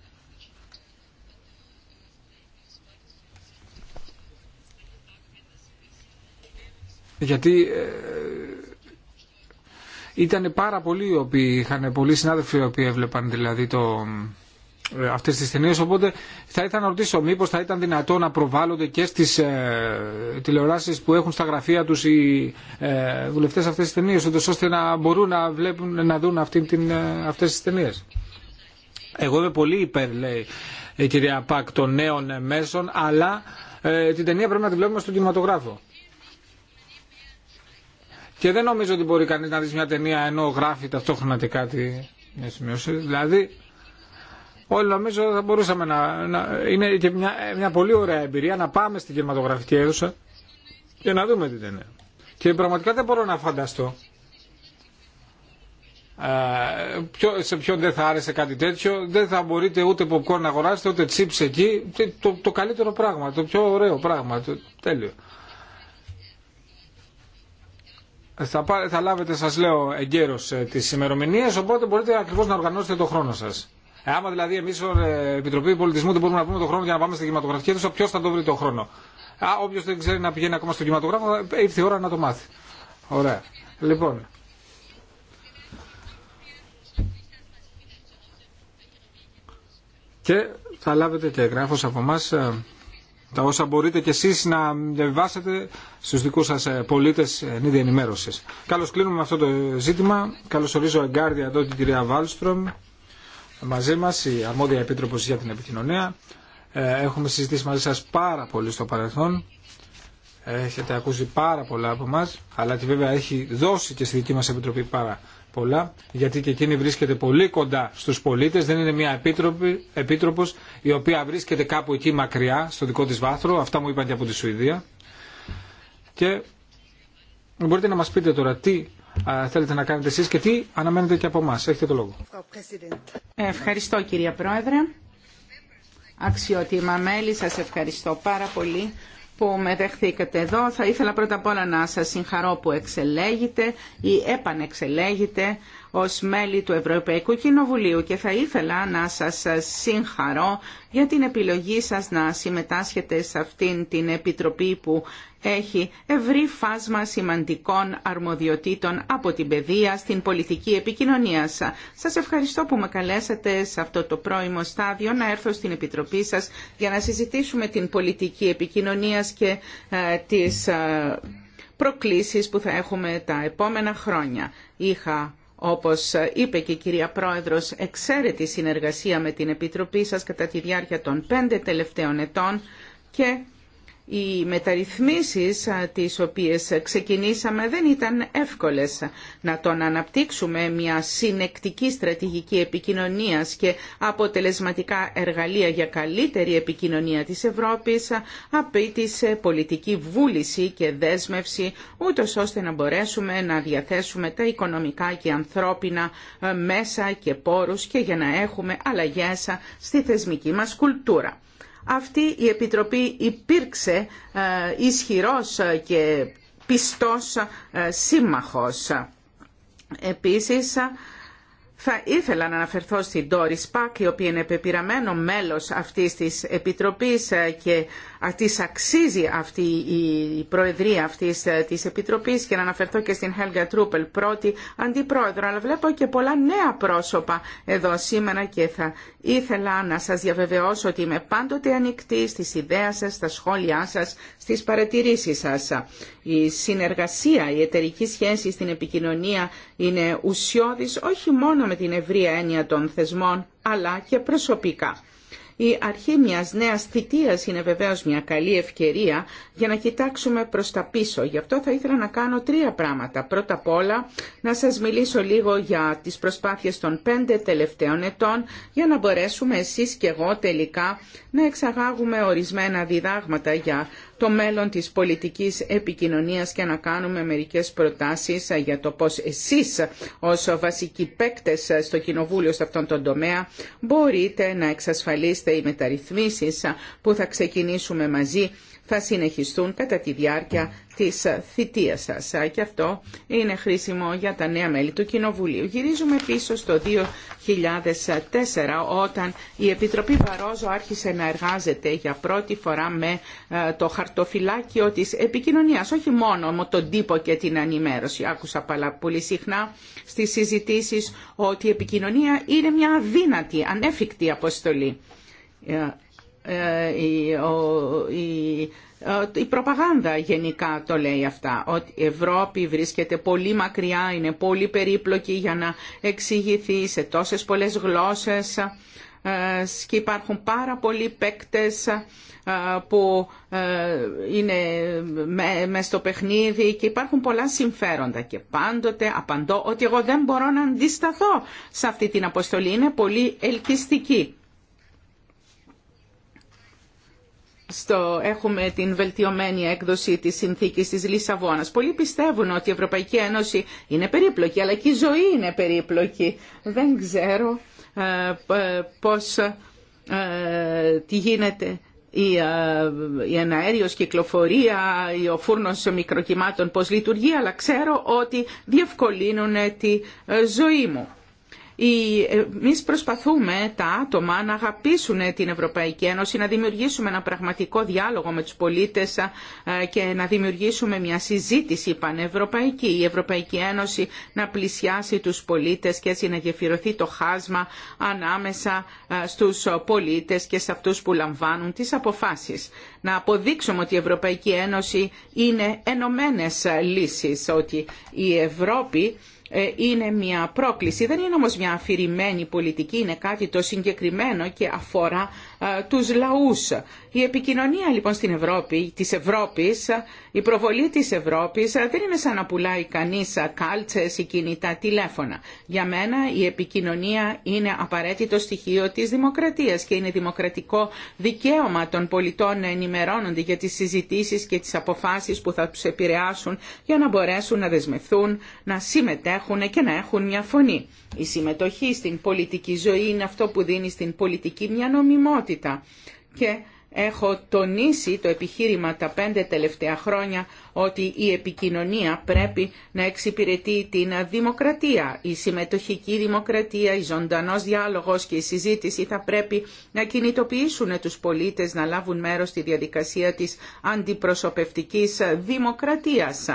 Γιατί ε, ήταν πάρα πολλοί οι οποίοι είχαν πολλοί συνάδελφοι οι οποίοι έβλεπαν δηλαδή το, ε, αυτές τις ταινίες οπότε θα ήθελα να ρωτήσω μήπως θα ήταν δυνατό να προβάλλονται και στις ε, τηλεοράσεις που έχουν στα γραφεία τους οι ε, βουλευτές αυτές τις ταινίες ώστε να μπορούν να, βλέπουν, να δουν αυτή, την, ε, αυτές τις ταινίες. Εγώ είμαι πολύ υπέρ λέει η κυρία Πακ των νέων μέσων αλλά ε, την ταινία πρέπει να τη βλέπουμε στον κινηματογράφο. Και δεν νομίζω ότι μπορεί κανείς να δει μια ταινία ενώ γράφει ταυτόχρονα και κάτι μια σημείωση. Δηλαδή, όλοι νομίζω θα μπορούσαμε να, να... είναι και μια, μια πολύ ωραία εμπειρία να πάμε στην κινηματογραφική αίθουσα και να δούμε τι ταινία. Και πραγματικά δεν μπορώ να φανταστώ ε, σε ποιον δεν θα άρεσε κάτι τέτοιο, δεν θα μπορείτε ούτε popcorn να αγοράσετε, ούτε chips εκεί. Το, το καλύτερο πράγμα, το πιο ωραίο πράγμα, το τέλειο. Θα, πάρε, θα λάβετε, σας λέω, εγκαίρως ε, τις ημερομηνίε, οπότε μπορείτε ακριβώ να οργανώσετε το χρόνο σας. Ε, άμα δηλαδή εμείς ως ε, Επιτροπή Πολιτισμού δεν μπορούμε να πούμε το χρόνο για να πάμε στην κινηματογραφική αίθουσα, ποιο θα το βρει το χρόνο. Α, όποιος δεν ξέρει να πηγαίνει ακόμα στον κινηματογράφο, ε, ήρθε η ώρα να το μάθει. Ωραία. Λοιπόν, και θα λάβετε και εγγράφος από εμάς τα όσα μπορείτε κι εσείς να διαβάσετε στους δικούς σας ε, πολίτες ε, εν ενημέρωσης. Καλώς κλείνουμε με αυτό το ζήτημα. Καλώς ορίζω εγκάρδια εδώ την κυρία Βάλστρομ μαζί μας, η αρμόδια επίτροπος για την επικοινωνία. Ε, έχουμε συζητήσει μαζί σας πάρα πολύ στο παρελθόν. Έχετε ακούσει πάρα πολλά από εμά, αλλά και βέβαια έχει δώσει και στη δική μας επιτροπή πάρα πολλά, γιατί και εκείνη βρίσκεται πολύ κοντά στους πολίτες, δεν είναι μια επίτροπη, επίτροπος η οποία βρίσκεται κάπου εκεί μακριά, στο δικό της βάθρο, αυτά μου είπαν και από τη Σουηδία. Και μπορείτε να μας πείτε τώρα τι θέλετε να κάνετε εσείς και τι αναμένετε και από εμά. Έχετε το λόγο. Ευχαριστώ κυρία Πρόεδρε. Αξιότιμα μέλη, σας ευχαριστώ πάρα πολύ που με δεχθήκατε εδώ. Θα ήθελα πρώτα απ' όλα να σας συγχαρώ που εξελέγετε ή επανεξελέγετε ως μέλη του Ευρωπαϊκού Κοινοβουλίου και θα ήθελα να σας συγχαρώ για την επιλογή σας να συμμετάσχετε σε αυτήν την Επιτροπή που έχει ευρύ φάσμα σημαντικών αρμοδιοτήτων από την παιδεία στην πολιτική επικοινωνία. Σας ευχαριστώ που με καλέσατε σε αυτό το πρώιμο στάδιο να έρθω στην Επιτροπή σας για να συζητήσουμε την πολιτική επικοινωνία και ε, τις ε, που θα έχουμε τα επόμενα χρόνια. Είχα όπως είπε και η κυρία Πρόεδρος, εξαίρετη συνεργασία με την Επιτροπή σας κατά τη διάρκεια των πέντε τελευταίων ετών και οι μεταρρυθμίσεις τις οποίες ξεκινήσαμε δεν ήταν εύκολες. Να τον αναπτύξουμε μια συνεκτική στρατηγική επικοινωνίας και αποτελεσματικά εργαλεία για καλύτερη επικοινωνία της Ευρώπης απαιτήσε πολιτική βούληση και δέσμευση ούτως ώστε να μπορέσουμε να διαθέσουμε τα οικονομικά και ανθρώπινα ε, μέσα και πόρους και για να έχουμε αλλαγές στη θεσμική μας κουλτούρα αυτή η Επιτροπή υπήρξε ε, ισχυρός και πιστός ε, σύμμαχος. Επίσης, θα ήθελα να αναφερθώ στην Doris Πακ, η οποία είναι πεπειραμένο μέλος αυτής της Επιτροπής ε, και της αξίζει αυτή η προεδρία αυτής ε, της Επιτροπής και να αναφερθώ και στην Helga Τρούπελ πρώτη αντιπρόεδρο αλλά βλέπω και πολλά νέα πρόσωπα εδώ σήμερα και θα ήθελα να σας διαβεβαιώσω ότι είμαι πάντοτε ανοιχτή στις ιδέες σας, στα σχόλιά σας, στις παρατηρήσεις σας. Η συνεργασία, η εταιρική σχέση στην επικοινωνία είναι ουσιώδης όχι μόνο με την ευρία έννοια των θεσμών αλλά και προσωπικά. Η αρχή μιας νέας θητείας είναι βεβαίως μια καλή ευκαιρία για να κοιτάξουμε προς τα πίσω. Γι' αυτό θα ήθελα να κάνω τρία πράγματα. Πρώτα απ' όλα να σας μιλήσω λίγο για τις προσπάθειες των πέντε τελευταίων ετών για να μπορέσουμε εσείς και εγώ τελικά να εξαγάγουμε ορισμένα διδάγματα για το μέλλον της πολιτικής επικοινωνίας και να κάνουμε μερικές προτάσεις για το πώς εσείς ως βασικοί παίκτες στο Κοινοβούλιο σε αυτόν τον τομέα μπορείτε να εξασφαλίσετε οι μεταρρυθμίσεις που θα ξεκινήσουμε μαζί θα συνεχιστούν κατά τη διάρκεια της θητείας σας. Και αυτό είναι χρήσιμο για τα νέα μέλη του Κοινοβουλίου. Γυρίζουμε πίσω στο 2004 όταν η Επιτροπή Βαρόζο άρχισε να εργάζεται για πρώτη φορά με ε, το χαρτοφυλάκιο της επικοινωνίας, όχι μόνο με τον τύπο και την ανημέρωση. Άκουσα πολύ συχνά στις συζητήσεις ότι η επικοινωνία είναι μια αδύνατη, ανέφικτη αποστολή ε, ε, η, η προπαγάνδα γενικά το λέει αυτά, ότι η Ευρώπη βρίσκεται πολύ μακριά, είναι πολύ περίπλοκη για να εξηγηθεί σε τόσες πολλές γλώσσες ε, και υπάρχουν πάρα πολλοί παίκτες ε, που είναι με στο παιχνίδι και υπάρχουν πολλά συμφέροντα και πάντοτε απαντώ ότι εγώ δεν μπορώ να αντισταθώ σε αυτή την αποστολή, είναι πολύ ελκυστική στο, έχουμε την βελτιωμένη έκδοση της συνθήκης της Λισαβόνας. Πολλοί πιστεύουν ότι η Ευρωπαϊκή Ένωση είναι περίπλοκη, αλλά και η ζωή είναι περίπλοκη. Δεν ξέρω ε, πώς, ε, τι γίνεται η, ε, η κυκλοφορία, ο φούρνος μικροκυμάτων πώς λειτουργεί, αλλά ξέρω ότι διευκολύνουν τη ε, ζωή μου. Εμεί προσπαθούμε τα άτομα να αγαπήσουν την Ευρωπαϊκή Ένωση, να δημιουργήσουμε ένα πραγματικό διάλογο με τους πολίτες και να δημιουργήσουμε μια συζήτηση πανευρωπαϊκή. Η Ευρωπαϊκή Ένωση να πλησιάσει τους πολίτες και έτσι να γεφυρωθεί το χάσμα ανάμεσα στους πολίτες και σε αυτούς που λαμβάνουν τις αποφάσεις. Να αποδείξουμε ότι η Ευρωπαϊκή Ένωση είναι ενωμένες λύσεις, ότι η Ευρώπη ε, είναι μια πρόκληση. Δεν είναι όμως μια αφηρημένη πολιτική, είναι κάτι το συγκεκριμένο και αφορά ε, τους λαούς. Η επικοινωνία λοιπόν στην Ευρώπη, της Ευρώπης, η προβολή της Ευρώπης ε, δεν είναι σαν να πουλάει κανείς ε, κάλτσες ή κινητά τηλέφωνα. Για μένα η επικοινωνία είναι απαραίτητο στοιχείο της δημοκρατίας και είναι δημοκρατικό δικαίωμα των πολιτών να ενημερώνονται για τις συζητήσεις και τις αποφάσεις που θα τους επηρεάσουν για να μπορέσουν να δεσμευθούν, να συμμετέχουν και να έχουν μια φωνή. Η συμμετοχή στην πολιτική ζωή είναι αυτό που δίνει στην πολιτική μια νομιμότητα και έχω τονίσει το επιχείρημα τα πέντε τελευταία χρόνια ότι η επικοινωνία πρέπει να εξυπηρετεί την δημοκρατία. Η συμμετοχική δημοκρατία, η ζωντανός διάλογος και η συζήτηση θα πρέπει να κινητοποιήσουν τους πολίτες να λάβουν μέρος στη διαδικασία της αντιπροσωπευτικής δημοκρατίας.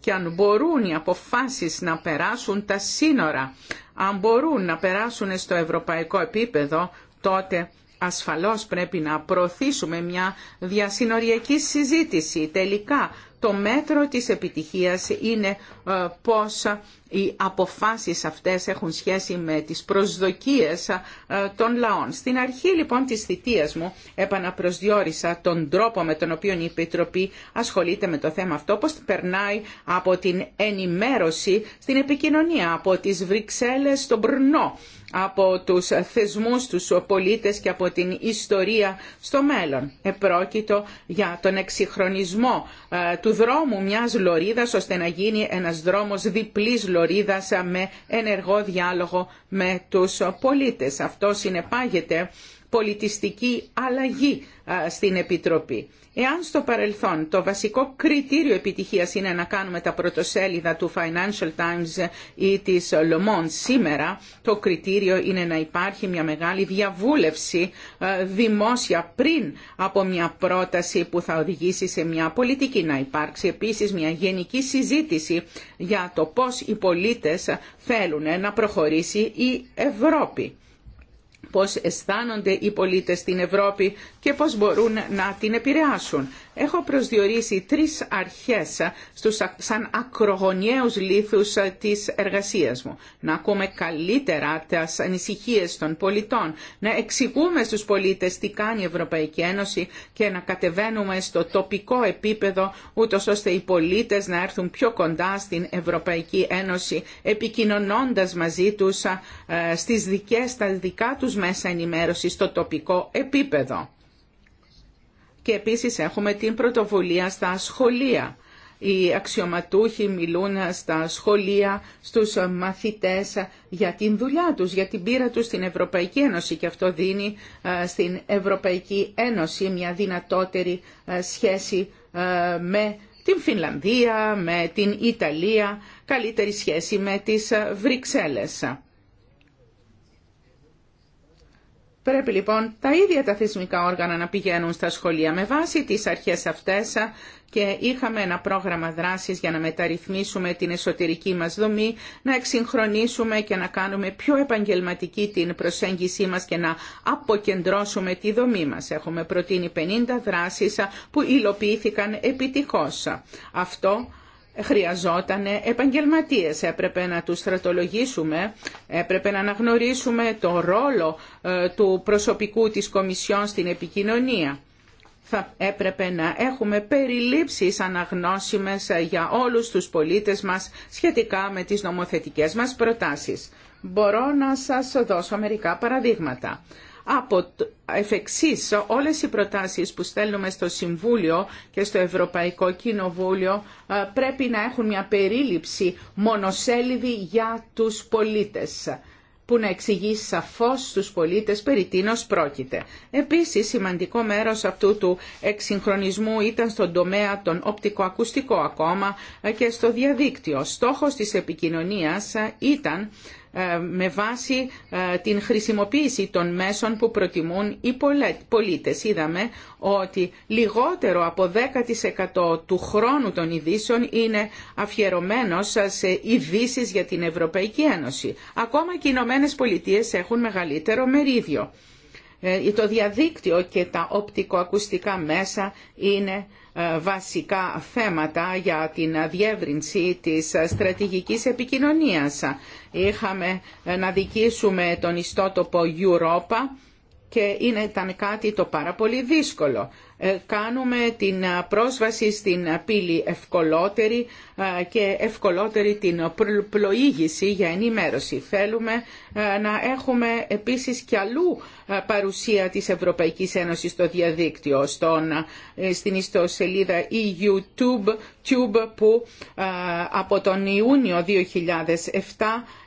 Και αν μπορούν οι αποφάσεις να περάσουν τα σύνορα, αν μπορούν να περάσουν στο ευρωπαϊκό επίπεδο, τότε Ασφαλώς πρέπει να προωθήσουμε μια διασυνοριακή συζήτηση. Τελικά το μέτρο της επιτυχίας είναι ε, πώς οι αποφάσεις αυτές έχουν σχέση με τις προσδοκίες ε, των λαών. Στην αρχή λοιπόν της θητείας μου επαναπροσδιορίσα τον τρόπο με τον οποίο η Επιτροπή ασχολείται με το θέμα αυτό, πώς περνάει από την ενημέρωση στην επικοινωνία, από τις Βρυξέλλες στον Πρνό από τους θεσμούς, τους πολίτες και από την ιστορία στο μέλλον. Επρόκειτο για τον εξυγχρονισμό ε, του δρόμου μιας λωρίδας ώστε να γίνει ένας δρόμος διπλής λωρίδας με ενεργό διάλογο με τους πολίτες. Αυτό συνεπάγεται πολιτιστική αλλαγή στην Επιτροπή. Εάν στο παρελθόν το βασικό κριτήριο επιτυχίας είναι να κάνουμε τα πρωτοσέλιδα του Financial Times ή της Le Monde σήμερα, το κριτήριο είναι να υπάρχει μια μεγάλη διαβούλευση δημόσια πριν από μια πρόταση που θα οδηγήσει σε μια πολιτική. Να υπάρξει επίσης μια γενική συζήτηση για το πώς οι πολίτες θέλουν να προχωρήσει η Ευρώπη πώς αισθάνονται οι πολίτες στην Ευρώπη και πώς μπορούν να την επηρεάσουν. Έχω προσδιορίσει τρεις αρχές στους, σαν ακρογωνιαίους λίθους της εργασίας μου. Να ακούμε καλύτερα τις ανησυχίες των πολιτών, να εξηγούμε στους πολίτες τι κάνει η Ευρωπαϊκή Ένωση και να κατεβαίνουμε στο τοπικό επίπεδο, ούτως ώστε οι πολίτες να έρθουν πιο κοντά στην Ευρωπαϊκή Ένωση, επικοινωνώντας μαζί τους ε, στις δικές, στα δικά τους μέσα ενημέρωση στο τοπικό επίπεδο και επίσης έχουμε την πρωτοβουλία στα σχολεία. Οι αξιωματούχοι μιλούν στα σχολεία, στους μαθητές για την δουλειά τους, για την πείρα τους στην Ευρωπαϊκή Ένωση και αυτό δίνει ε, στην Ευρωπαϊκή Ένωση μια δυνατότερη ε, σχέση ε, με την Φινλανδία, με την Ιταλία, καλύτερη σχέση με τις Βρυξέλλες. Πρέπει λοιπόν τα ίδια τα θεσμικά όργανα να πηγαίνουν στα σχολεία με βάση τις αρχές αυτές και είχαμε ένα πρόγραμμα δράσης για να μεταρρυθμίσουμε την εσωτερική μας δομή, να εξυγχρονίσουμε και να κάνουμε πιο επαγγελματική την προσέγγιση μας και να αποκεντρώσουμε τη δομή μας. Έχουμε προτείνει 50 δράσεις που υλοποιήθηκαν επιτυχώς. Αυτό χρειαζόταν επαγγελματίες. Έπρεπε να τους στρατολογήσουμε, έπρεπε να αναγνωρίσουμε το ρόλο ε, του προσωπικού της Κομισιόν στην επικοινωνία. Θα έπρεπε να έχουμε περιλήψεις αναγνώσιμες ε, για όλους τους πολίτες μας σχετικά με τις νομοθετικές μας προτάσεις. Μπορώ να σας δώσω μερικά παραδείγματα από εφ' εξής, όλες οι προτάσεις που στέλνουμε στο Συμβούλιο και στο Ευρωπαϊκό Κοινοβούλιο ε, πρέπει να έχουν μια περίληψη μονοσέλιδη για τους πολίτες που να εξηγεί σαφώς στους πολίτες περί τίνος πρόκειται. Επίσης, σημαντικό μέρος αυτού του εξυγχρονισμού ήταν στον τομέα των οπτικοακουστικών ακόμα ε, και στο διαδίκτυο. Στόχος της επικοινωνίας ε, ήταν ε, με βάση ε, την χρησιμοποίηση των μέσων που προτιμούν οι πολίτες. Είδαμε ότι λιγότερο από 10% του χρόνου των ειδήσεων είναι αφιερωμένος σε ειδήσει για την Ευρωπαϊκή Ένωση. Ακόμα και οι Ηνωμένε Πολιτείε έχουν μεγαλύτερο μερίδιο. Ε, το διαδίκτυο και τα οπτικοακουστικά μέσα είναι ε, βασικά θέματα για την διεύρυνση της ε, στρατηγικής επικοινωνίας. Είχαμε να δικήσουμε τον ιστότοπο Europa και ήταν κάτι το πάρα πολύ δύσκολο. Ε, κάνουμε την πρόσβαση στην πύλη ευκολότερη ε, και ευκολότερη την πλοήγηση για ενημέρωση. Θέλουμε ε, να έχουμε επίσης και αλλού παρουσία της Ευρωπαϊκής Ένωσης στο διαδίκτυο, στον, στην ιστοσελίδα YouTube, Tube που από τον Ιούνιο 2007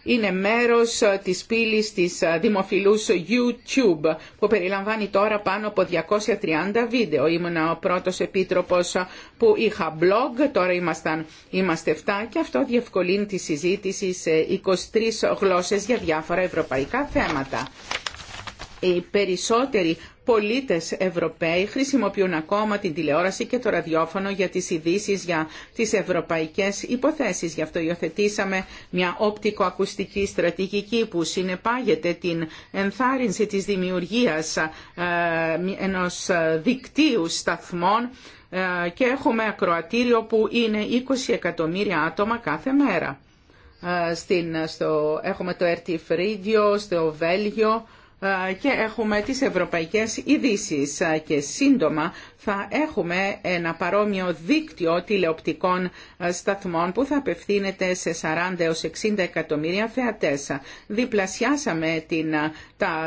είναι μέρος της πύλης της δημοφιλούς YouTube που περιλαμβάνει τώρα πάνω από 230 βίντεο ήμουν ο πρώτος επίτροπος που είχα blog, τώρα είμαστε 7 και αυτό διευκολύνει τη συζήτηση σε 23 γλώσσες για διάφορα ευρωπαϊκά θέματα. Οι περισσότεροι πολίτες Ευρωπαίοι χρησιμοποιούν ακόμα την τηλεόραση και το ραδιόφωνο για τις ειδήσει για τις ευρωπαϊκές υποθέσεις. Γι' αυτό υιοθετήσαμε μια οπτικοακουστική στρατηγική που συνεπάγεται την ενθάρρυνση της δημιουργία ε, ενός δικτύου σταθμών ε, και έχουμε ακροατήριο που είναι 20 εκατομμύρια άτομα κάθε μέρα. Ε, στην, στο, έχουμε το RT Radio στο Βέλγιο, ε, και έχουμε τις ευρωπαϊκές ειδήσει ε, και σύντομα θα έχουμε ένα παρόμοιο δίκτυο τηλεοπτικών ε, σταθμών που θα απευθύνεται σε 40 έως 60 εκατομμύρια θεατές. Διπλασιάσαμε την,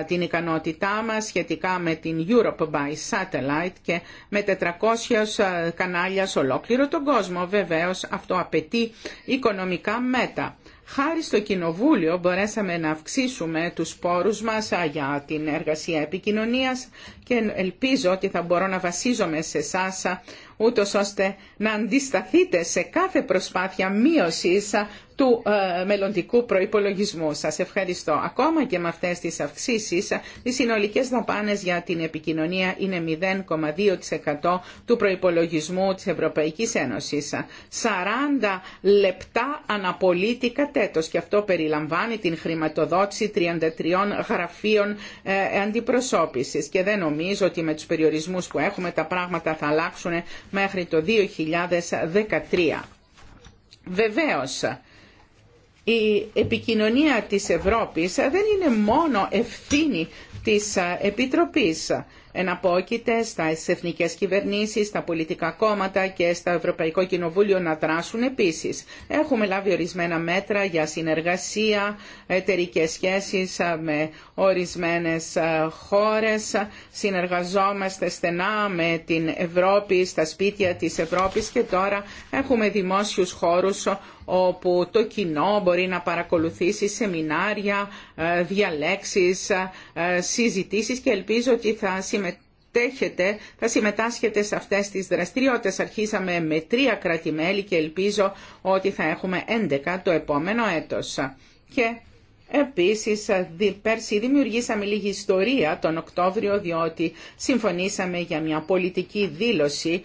την ικανότητά μας σχετικά με την Europe by Satellite και με 400 κανάλια σε ολόκληρο τον κόσμο. Βεβαίως αυτό απαιτεί οικονομικά μέτα Χάρη στο Κοινοβούλιο μπορέσαμε να αυξήσουμε τους πόρους μας για την εργασία επικοινωνίας και ελπίζω ότι θα μπορώ να βασίζομαι σε εσά ούτως ώστε να αντισταθείτε σε κάθε προσπάθεια μείωσης του ε, μελλοντικού προϋπολογισμού. Σας ευχαριστώ. Ακόμα και με αυτές τις αυξήσεις, οι συνολικές δαπάνες για την επικοινωνία είναι 0,2% του προϋπολογισμού της Ευρωπαϊκής Ένωσης. 40 λεπτά κατ' κατέτος και αυτό περιλαμβάνει την χρηματοδότηση 33 γραφείων ε, αντιπροσώπησης και δεν νομίζω ότι με τους περιορισμούς που έχουμε τα πράγματα θα αλλάξουν μέχρι το 2013. Βεβαίως, η επικοινωνία της Ευρώπης δεν είναι μόνο ευθύνη της Επιτροπής. Εναπόκειται στα εθνικές κυβερνήσεις, στα πολιτικά κόμματα και στο Ευρωπαϊκό Κοινοβούλιο να δράσουν επίσης. Έχουμε λάβει ορισμένα μέτρα για συνεργασία, εταιρικέ σχέσεις με ορισμένες ε, χώρες. Συνεργαζόμαστε στενά με την Ευρώπη, στα σπίτια της Ευρώπης και τώρα έχουμε δημόσιους χώρους όπου το κοινό μπορεί να παρακολουθήσει σεμινάρια, ε, διαλέξεις, ε, συζητήσεις και ελπίζω ότι θα συμμετέχετε, θα συμμετάσχετε σε αυτές τις δραστηριότητες. Αρχίσαμε με τρία κράτη-μέλη και ελπίζω ότι θα έχουμε 11 το επόμενο έτος. Και Επίσης, πέρσι δημιουργήσαμε λίγη ιστορία τον Οκτώβριο, διότι συμφωνήσαμε για μια πολιτική δήλωση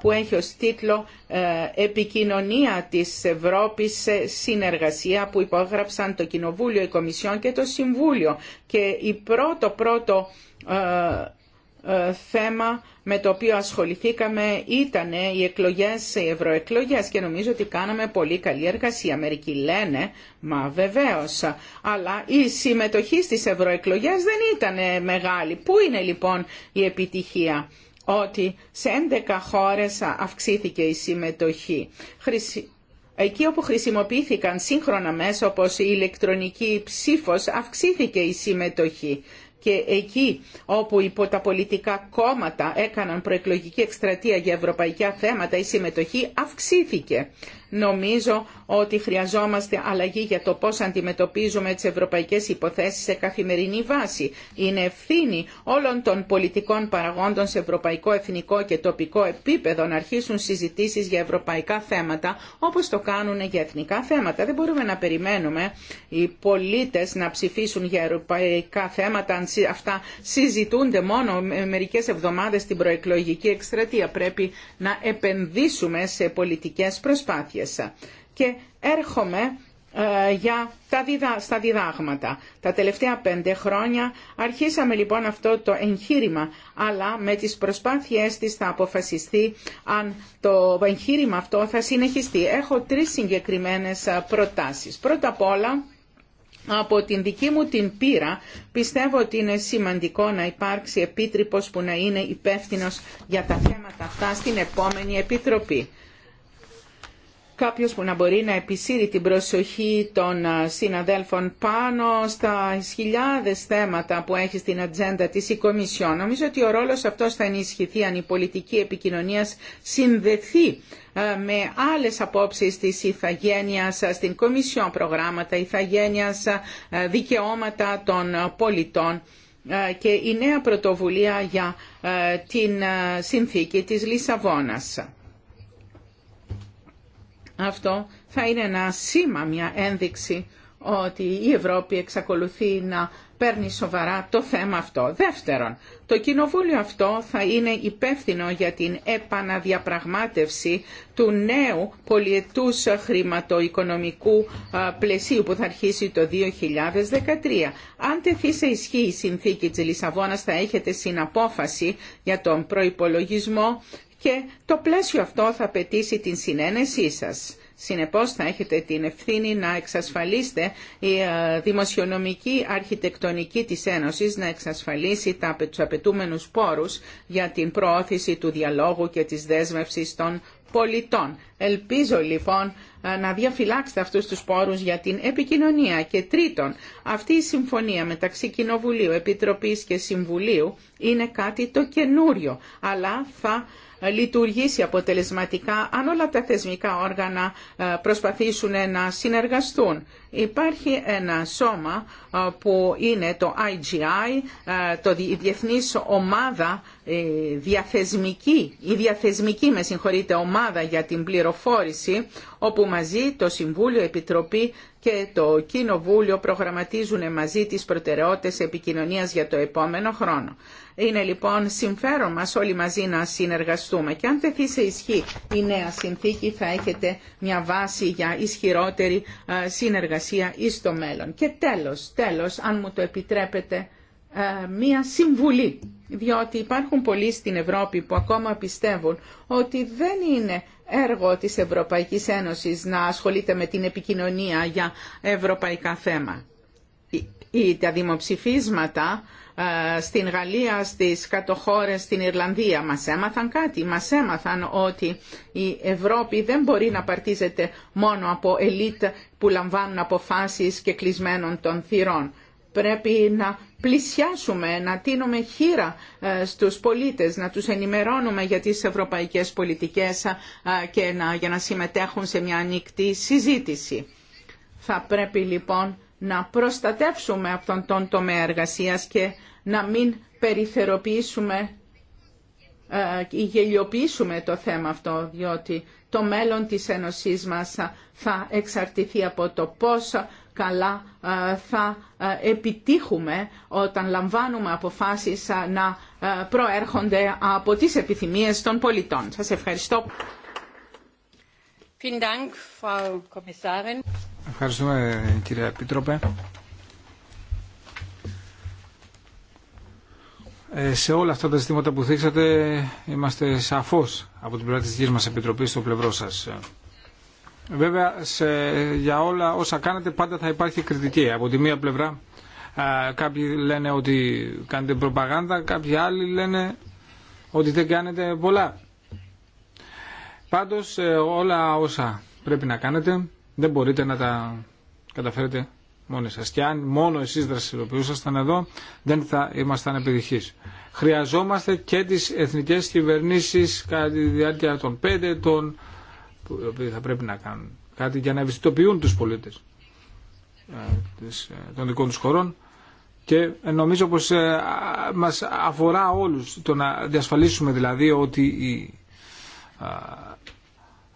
που έχει ως τίτλο ε, «Επικοινωνία της Ευρώπης σε συνεργασία» που υπόγραψαν το Κοινοβούλιο, η Κομισιόν και το Συμβούλιο. Και η πρώτο-πρώτο ε, ε, θέμα με το οποίο ασχοληθήκαμε ήταν οι εκλογές, οι ευρωεκλογές και νομίζω ότι κάναμε πολύ καλή εργασία. Μερικοί λένε, μα βεβαίως, αλλά η συμμετοχή στις ευρωεκλογές δεν ήταν μεγάλη. Πού είναι λοιπόν η επιτυχία ότι σε 11 χώρες αυξήθηκε η συμμετοχή. Εκεί όπου χρησιμοποιήθηκαν σύγχρονα μέσα όπως η ηλεκτρονική ψήφος αυξήθηκε η συμμετοχή και εκεί όπου υπό τα πολιτικά κόμματα έκαναν προεκλογική εκστρατεία για ευρωπαϊκά θέματα η συμμετοχή αυξήθηκε. Νομίζω ότι χρειαζόμαστε αλλαγή για το πώς αντιμετωπίζουμε τις ευρωπαϊκές υποθέσεις σε καθημερινή βάση. Είναι ευθύνη όλων των πολιτικών παραγόντων σε ευρωπαϊκό, εθνικό και τοπικό επίπεδο να αρχίσουν συζητήσεις για ευρωπαϊκά θέματα όπως το κάνουν για εθνικά θέματα. Δεν μπορούμε να περιμένουμε οι πολίτες να ψηφίσουν για ευρωπαϊκά θέματα αν αυτά συζητούνται μόνο με μερικές εβδομάδες στην προεκλογική εκστρατεία. Πρέπει να επενδύσουμε σε πολιτικές προσπάθειες. Και έρχομαι ε, για τα στα διδάγματα. Τα τελευταία πέντε χρόνια αρχίσαμε λοιπόν αυτό το εγχείρημα, αλλά με τις προσπάθειές της θα αποφασιστεί αν το εγχείρημα αυτό θα συνεχιστεί. Έχω τρεις συγκεκριμένες ε, προτάσεις. Πρώτα απ' όλα, από την δική μου την πείρα, πιστεύω ότι είναι σημαντικό να υπάρξει επίτροπος που να είναι υπεύθυνος για τα θέματα αυτά στην επόμενη Επιτροπή κάποιος που να μπορεί να επισύρει την προσοχή των συναδέλφων πάνω στα χιλιάδες θέματα που έχει στην ατζέντα της η Νομίζω ότι ο ρόλος αυτός θα ενισχυθεί αν η πολιτική επικοινωνία συνδεθεί με άλλες απόψεις της ηθαγένειας στην Κομισιόν, προγράμματα ηθαγένειας, δικαιώματα των πολιτών και η νέα πρωτοβουλία για την συνθήκη της Λισαβόνας αυτό θα είναι ένα σήμα, μια ένδειξη ότι η Ευρώπη εξακολουθεί να παίρνει σοβαρά το θέμα αυτό. Δεύτερον, το κοινοβούλιο αυτό θα είναι υπεύθυνο για την επαναδιαπραγμάτευση του νέου πολιετούς χρηματοοικονομικού πλαισίου που θα αρχίσει το 2013. Αν τεθεί σε ισχύ η συνθήκη της Λισαβόνας θα έχετε συναπόφαση για τον προϋπολογισμό και το πλαίσιο αυτό θα απαιτήσει την συνένεσή σας. Συνεπώς θα έχετε την ευθύνη να εξασφαλίσετε η ε, δημοσιονομική αρχιτεκτονική της Ένωσης να εξασφαλίσει τα, τους απαιτούμενους πόρους για την προώθηση του διαλόγου και της δέσμευσης των πολιτών. Ελπίζω λοιπόν ε, να διαφυλάξετε αυτούς τους πόρους για την επικοινωνία. Και τρίτον, αυτή η συμφωνία μεταξύ Κοινοβουλίου, Επιτροπής και Συμβουλίου είναι κάτι το καινούριο, αλλά θα λειτουργήσει αποτελεσματικά αν όλα τα θεσμικά όργανα ε, προσπαθήσουν να συνεργαστούν. Υπάρχει ένα σώμα ε, που είναι το IGI, ε, το Διεθνής Ομάδα ε, διαθεσμική, η διαθεσμική με συγχωρείτε, ομάδα για την πληροφόρηση, όπου μαζί το Συμβούλιο, Επιτροπή και το Κοινοβούλιο προγραμματίζουν μαζί τις προτεραιότητες επικοινωνίας για το επόμενο χρόνο. Είναι λοιπόν συμφέρον μας όλοι μαζί να συνεργαστούμε και αν τεθεί σε ισχύ η νέα συνθήκη θα έχετε μια βάση για ισχυρότερη συνεργασία εις το μέλλον. Και τέλος, τέλος, αν μου το επιτρέπετε, ε, μία συμβουλή, διότι υπάρχουν πολλοί στην Ευρώπη που ακόμα πιστεύουν ότι δεν είναι έργο της Ευρωπαϊκής Ένωσης να ασχολείται με την επικοινωνία για ευρωπαϊκά θέματα. Ή τα δημοψηφίσματα ε, στην Γαλλία, στις κατοχώρες, στην Ιρλανδία. Μας έμαθαν κάτι, μας έμαθαν ότι η Ευρώπη δεν μπορεί να παρτίζεται μόνο από ελίτ που λαμβάνουν αποφάσεις και κλεισμένων των θυρών. Πρέπει να πλησιάσουμε, να τίνουμε χείρα ε, στους πολίτες, να τους ενημερώνουμε για τις ευρωπαϊκές πολιτικές ε, και να, για να συμμετέχουν σε μια ανοιχτή συζήτηση. Θα πρέπει λοιπόν να προστατεύσουμε αυτόν τον τομέα εργασίας και να μην περιθεροποιήσουμε ε, ή γελιοποιήσουμε το θέμα αυτό, διότι το μέλλον της Ένωσής μας θα εξαρτηθεί από το πώς καλά ε, θα ε, επιτύχουμε όταν λαμβάνουμε αποφάσεις ε, να προέρχονται από τις επιθυμίες των πολιτών. Σας ευχαριστώ. Ευχαριστούμε κύριε Επίτροπε. σε όλα αυτά τα ζητήματα που θίξατε είμαστε σαφώς από την πλευρά της δικής μας Επιτροπής στο πλευρό σας. Βέβαια, για όλα όσα κάνετε πάντα θα υπάρχει κριτική. Από τη μία πλευρά κάποιοι λένε ότι κάνετε προπαγάνδα, κάποιοι άλλοι λένε ότι δεν κάνετε πολλά. Πάντως ε, όλα όσα πρέπει να κάνετε δεν μπορείτε να τα καταφέρετε μόνοι σας. Και αν μόνο εσείς δραστηριοποιούσασταν εδώ δεν θα ήμασταν επιτυχείς. Χρειαζόμαστε και τις εθνικές κυβερνήσεις κατά τη διάρκεια των 5 ετών, που οποίοι θα πρέπει να κάνουν κάτι για να ευαισθητοποιούν τους πολίτες ε, ε, των δικών τους χωρών και ε, νομίζω πως μας αφορά όλους το να διασφαλίσουμε δηλαδή ότι η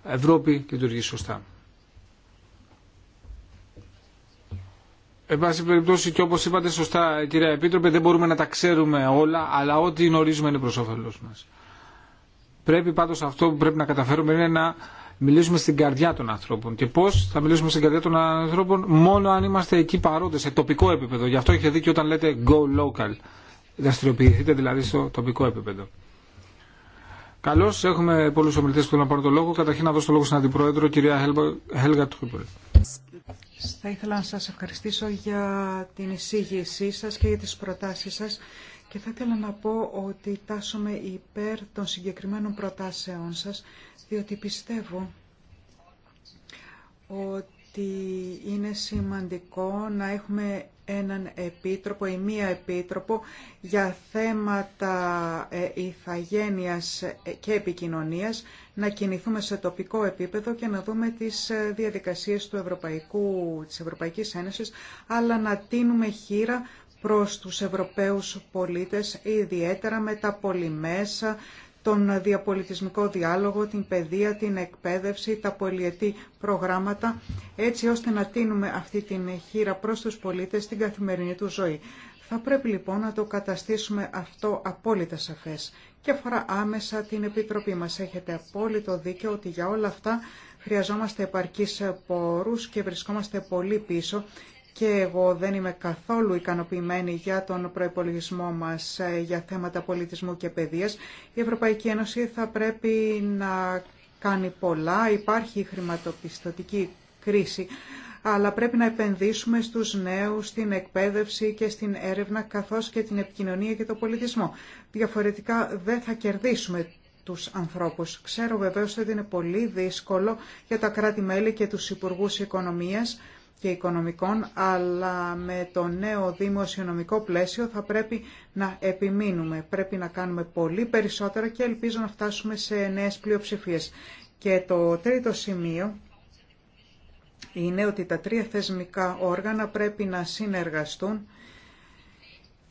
Ευρώπη λειτουργεί σωστά. Εν πάση περιπτώσει και όπως είπατε σωστά κυρία Επίτροπε δεν μπορούμε να τα ξέρουμε όλα αλλά ό,τι γνωρίζουμε είναι προς όφελος μας. Πρέπει πάντως αυτό που πρέπει να καταφέρουμε είναι να μιλήσουμε στην καρδιά των ανθρώπων. Και πώ θα μιλήσουμε στην καρδιά των ανθρώπων μόνο αν είμαστε εκεί παρόντε, σε τοπικό επίπεδο. Γι' αυτό έχετε δίκιο όταν λέτε go local. Δραστηριοποιηθείτε δηλαδή στο τοπικό επίπεδο. Καλώ, έχουμε πολλού ομιλητέ που θέλουν να πάρουν το λόγο. Καταρχήν να δώσω το λόγο στην Αντιπρόεδρο, κυρία Χέλγα Τρούπελ. Θα ήθελα να σα ευχαριστήσω για την εισήγησή σα και για τι προτάσει σα. Και θα ήθελα να πω ότι τάσσομαι υπέρ των συγκεκριμένων προτάσεών σας, διότι πιστεύω ότι είναι σημαντικό να έχουμε έναν επίτροπο ή μία επίτροπο για θέματα ε, ηθαγένειας ε, και επικοινωνίας, να κινηθούμε σε τοπικό επίπεδο και να δούμε τις ε, διαδικασίες του Ευρωπαϊκού, της Ευρωπαϊκής Ένωσης, αλλά να τίνουμε χείρα προς τους Ευρωπαίους πολίτες, ιδιαίτερα με τα πολυμέσα, τον διαπολιτισμικό διάλογο, την παιδεία, την εκπαίδευση, τα πολιετή προγράμματα, έτσι ώστε να τίνουμε αυτή την χείρα προς τους πολίτες στην καθημερινή του ζωή. Θα πρέπει λοιπόν να το καταστήσουμε αυτό απόλυτα σαφές και αφορά άμεσα την Επιτροπή μας. Έχετε απόλυτο δίκαιο ότι για όλα αυτά χρειαζόμαστε επαρκείς πόρους και βρισκόμαστε πολύ πίσω και εγώ δεν είμαι καθόλου ικανοποιημένη για τον προϋπολογισμό μας ε, για θέματα πολιτισμού και παιδείας. Η Ευρωπαϊκή Ένωση θα πρέπει να κάνει πολλά. Υπάρχει η χρηματοπιστωτική κρίση, αλλά πρέπει να επενδύσουμε στους νέους, στην εκπαίδευση και στην έρευνα, καθώς και την επικοινωνία και τον πολιτισμό. Διαφορετικά δεν θα κερδίσουμε τους ανθρώπους. Ξέρω βεβαίως ότι είναι πολύ δύσκολο για τα κράτη-μέλη και τους Υπουργούς Οικονομίας και οικονομικών, αλλά με το νέο δημοσιονομικό πλαίσιο θα πρέπει να επιμείνουμε. Πρέπει να κάνουμε πολύ περισσότερα και ελπίζω να φτάσουμε σε νέες πλειοψηφίες. Και το τρίτο σημείο είναι ότι τα τρία θεσμικά όργανα πρέπει να συνεργαστούν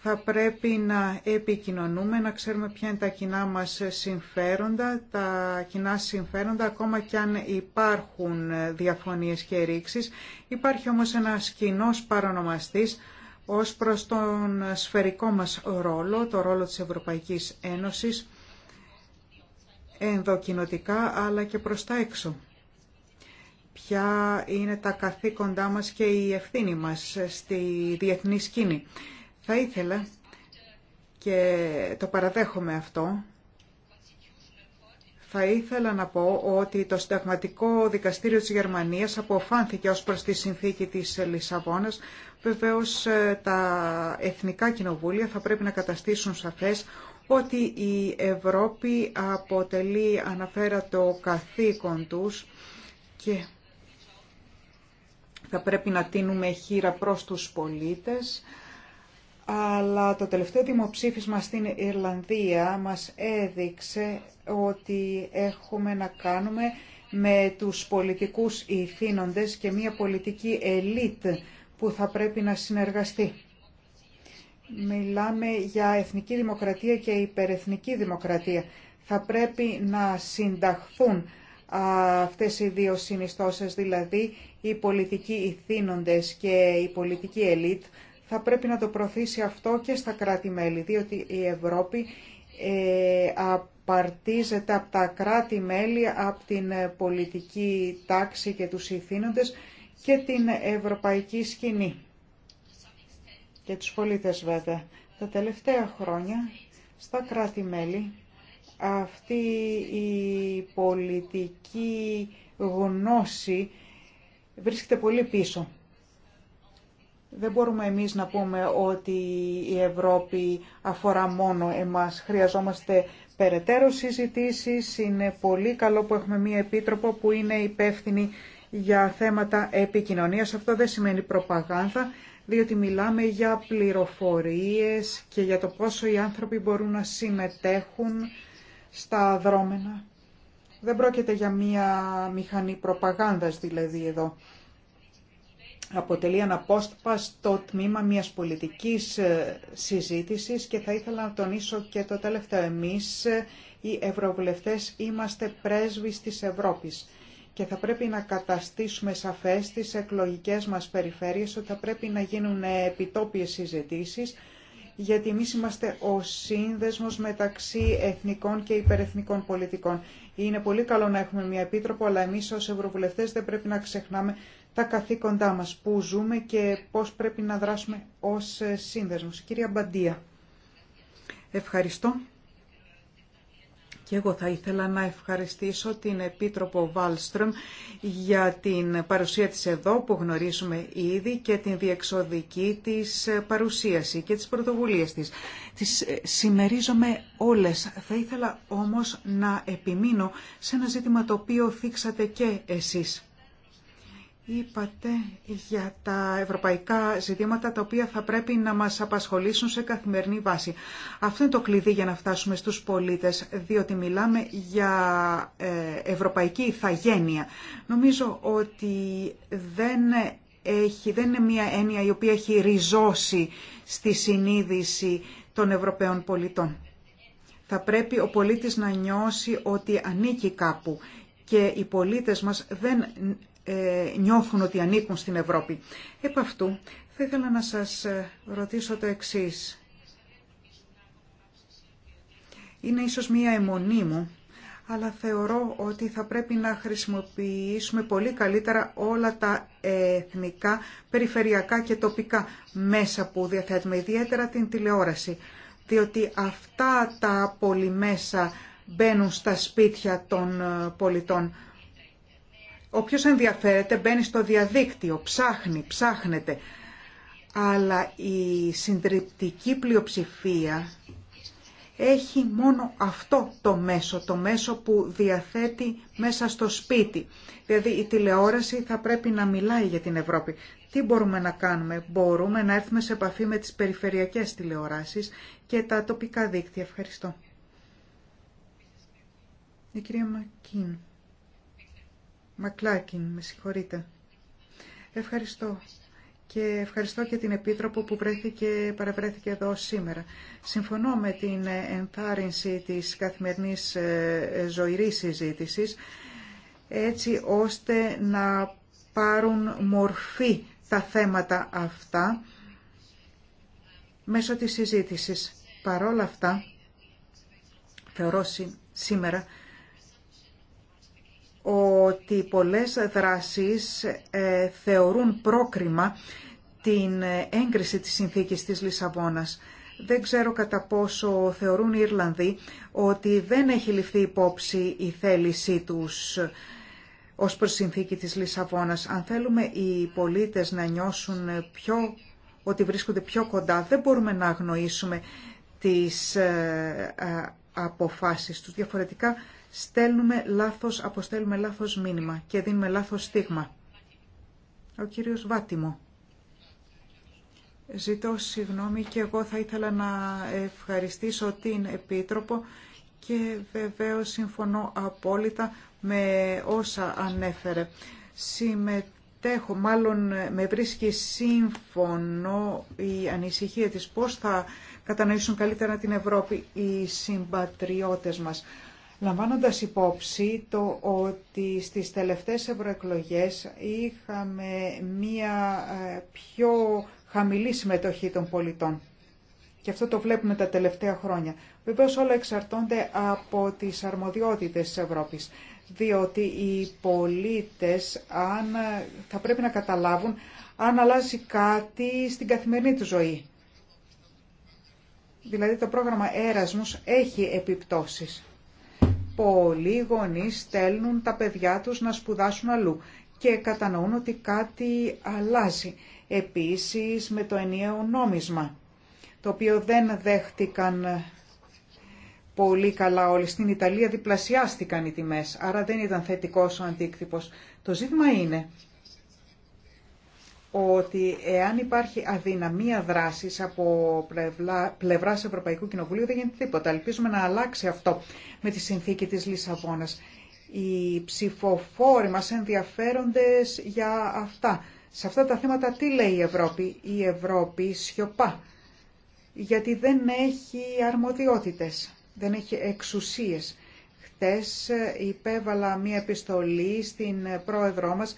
θα πρέπει να επικοινωνούμε, να ξέρουμε ποια είναι τα κοινά μας συμφέροντα, τα κοινά συμφέροντα, ακόμα κι αν υπάρχουν διαφωνίες και ρήξεις. Υπάρχει όμως ένας κοινό παρονομαστής ως προς τον σφαιρικό μας ρόλο, το ρόλο της Ευρωπαϊκής Ένωσης, ενδοκινοτικά αλλά και προς τα έξω. Ποια είναι τα καθήκοντά μας και η ευθύνη μας στη διεθνή σκηνή. Θα ήθελα και το παραδέχομαι αυτό. Θα ήθελα να πω ότι το Συνταγματικό Δικαστήριο της Γερμανίας αποφάνθηκε ως προς τη συνθήκη της Λισαβόνας. Βεβαίως ε, τα εθνικά κοινοβούλια θα πρέπει να καταστήσουν σαφές ότι η Ευρώπη αποτελεί αναφέρατο καθήκον τους και θα πρέπει να τίνουμε χείρα προς τους πολίτες αλλά το τελευταίο δημοψήφισμα στην Ιρλανδία μας έδειξε ότι έχουμε να κάνουμε με τους πολιτικούς ηθήνοντες και μια πολιτική ελίτ που θα πρέπει να συνεργαστεί. Μιλάμε για εθνική δημοκρατία και υπερεθνική δημοκρατία. Θα πρέπει να συνταχθούν αυτές οι δύο συνιστώσεις, δηλαδή οι πολιτικοί ηθήνοντες και η πολιτική ελίτ θα πρέπει να το προωθήσει αυτό και στα κράτη-μέλη, διότι η Ευρώπη ε, απαρτίζεται από τα κράτη-μέλη, από την πολιτική τάξη και τους ηθήνοντες και την ευρωπαϊκή σκηνή και τους πολίτες βέβαια. Τα τελευταία χρόνια στα κράτη-μέλη αυτή η πολιτική γνώση βρίσκεται πολύ πίσω. Δεν μπορούμε εμείς να πούμε ότι η Ευρώπη αφορά μόνο εμάς. Χρειαζόμαστε περαιτέρω συζητήσεις. Είναι πολύ καλό που έχουμε μία επίτροπο που είναι υπεύθυνη για θέματα επικοινωνίας. Αυτό δεν σημαίνει προπαγάνδα, διότι μιλάμε για πληροφορίες και για το πόσο οι άνθρωποι μπορούν να συμμετέχουν στα δρόμενα. Δεν πρόκειται για μία μηχανή προπαγάνδας δηλαδή εδώ αποτελεί στο τμήμα μιας πολιτικής ε, συζήτησης και θα ήθελα να τονίσω και το τελευταίο. Εμείς ε, οι ευρωβουλευτές είμαστε πρέσβεις της Ευρώπης και θα πρέπει να καταστήσουμε σαφές τις εκλογικές μας περιφέρειες ότι θα πρέπει να γίνουν επιτόπιες συζητήσεις γιατί εμείς είμαστε ο σύνδεσμος μεταξύ εθνικών και υπερεθνικών πολιτικών. Είναι πολύ καλό να έχουμε μια επίτροπο, αλλά εμείς ως Ευρωβουλευτές δεν πρέπει να ξεχνάμε τα καθήκοντά μας, πού ζούμε και πώς πρέπει να δράσουμε ως σύνδεσμος. Κυρία Μπαντία, ευχαριστώ. Και εγώ θα ήθελα να ευχαριστήσω την Επίτροπο Βάλστρομ για την παρουσία της εδώ που γνωρίζουμε ήδη και την διεξοδική της παρουσίαση και τις πρωτοβουλίες της. Τις ε, συμμερίζομαι όλες. Θα ήθελα όμως να επιμείνω σε ένα ζήτημα το οποίο θίξατε και εσείς. Είπατε για τα ευρωπαϊκά ζητήματα τα οποία θα πρέπει να μας απασχολήσουν σε καθημερινή βάση. Αυτό είναι το κλειδί για να φτάσουμε στους πολίτες, διότι μιλάμε για ε, ευρωπαϊκή ηθαγένεια. Νομίζω ότι δεν, έχει, δεν είναι μια έννοια η οποία έχει ριζώσει στη συνείδηση των Ευρωπαίων πολιτών. Θα πρέπει ο πολίτης να νιώσει ότι ανήκει κάπου και οι πολίτες μας δεν ε, νιώθουν ότι ανήκουν στην Ευρώπη. Επ' αυτού θα ήθελα να σας ε, ρωτήσω το εξής. Είναι ίσως μία αιμονή μου, αλλά θεωρώ ότι θα πρέπει να χρησιμοποιήσουμε πολύ καλύτερα όλα τα εθνικά, περιφερειακά και τοπικά μέσα που διαθέτουμε, ιδιαίτερα την τηλεόραση, διότι αυτά τα πολυμέσα μπαίνουν στα σπίτια των ε, πολιτών. Όποιος ενδιαφέρεται μπαίνει στο διαδίκτυο, ψάχνει, ψάχνεται. Αλλά η συντριπτική πλειοψηφία έχει μόνο αυτό το μέσο, το μέσο που διαθέτει μέσα στο σπίτι. Δηλαδή η τηλεόραση θα πρέπει να μιλάει για την Ευρώπη. Τι μπορούμε να κάνουμε. Μπορούμε να έρθουμε σε επαφή με τις περιφερειακές τηλεοράσεις και τα τοπικά δίκτυα. Ευχαριστώ. Η κυρία Μακίνου. Μακλάκιν, με συγχωρείτε. Ευχαριστώ. Και ευχαριστώ και την Επίτροπο που βρέθηκε, παραβρέθηκε εδώ σήμερα. Συμφωνώ με την ενθάρρυνση της καθημερινής ε, ε, ζωηρής συζήτησης, έτσι ώστε να πάρουν μορφή τα θέματα αυτά μέσω της συζήτησης. Παρόλα αυτά, θεωρώ σήμερα ότι πολλές δράσεις ε, θεωρούν πρόκριμα την έγκριση της συνθήκης της Λισαβόνας. Δεν ξέρω κατά πόσο θεωρούν οι Ιρλανδοί ότι δεν έχει ληφθεί υπόψη η θέλησή τους ως προς συνθήκη της Λισαβόνας. Αν θέλουμε οι πολίτες να νιώσουν πιο, ότι βρίσκονται πιο κοντά, δεν μπορούμε να αγνοήσουμε τις ε, ε, αποφάσεις τους. Διαφορετικά στέλνουμε λάθος, αποστέλνουμε λάθος μήνυμα και δίνουμε λάθος στίγμα. Ο κύριος Βάτιμο. Ζητώ συγγνώμη και εγώ θα ήθελα να ευχαριστήσω την Επίτροπο και βεβαίω συμφωνώ απόλυτα με όσα ανέφερε. Συμμετέχω, μάλλον με βρίσκει σύμφωνο η ανησυχία της πώς θα κατανοήσουν καλύτερα την Ευρώπη οι συμπατριώτες μας. Λαμβάνοντας υπόψη το ότι στις τελευταίες ευρωεκλογέ είχαμε μία ε, πιο χαμηλή συμμετοχή των πολιτών. Και αυτό το βλέπουμε τα τελευταία χρόνια. Βεβαίω όλα εξαρτώνται από τις αρμοδιότητες της Ευρώπης, διότι οι πολίτες αν, θα πρέπει να καταλάβουν αν αλλάζει κάτι στην καθημερινή του ζωή. Δηλαδή το πρόγραμμα Έρασμους έχει επιπτώσεις πολλοί γονείς στέλνουν τα παιδιά τους να σπουδάσουν αλλού και κατανοούν ότι κάτι αλλάζει. Επίσης με το ενιαίο νόμισμα, το οποίο δεν δέχτηκαν πολύ καλά όλοι. Στην Ιταλία διπλασιάστηκαν οι τιμές, άρα δεν ήταν θετικός ο αντίκτυπος. Το ζήτημα είναι ότι εάν υπάρχει αδυναμία δράσης από πλευρά, πλευράς Ευρωπαϊκού Κοινοβουλίου δεν γίνεται τίποτα. Ελπίζουμε να αλλάξει αυτό με τη συνθήκη της Λισαβόνας. Οι ψηφοφόροι μας ενδιαφέρονται για αυτά. Σε αυτά τα θέματα τι λέει η Ευρώπη. Η Ευρώπη σιωπά, γιατί δεν έχει αρμοδιότητες, δεν έχει εξουσίες. Χτες υπέβαλα μία επιστολή στην πρόεδρό μας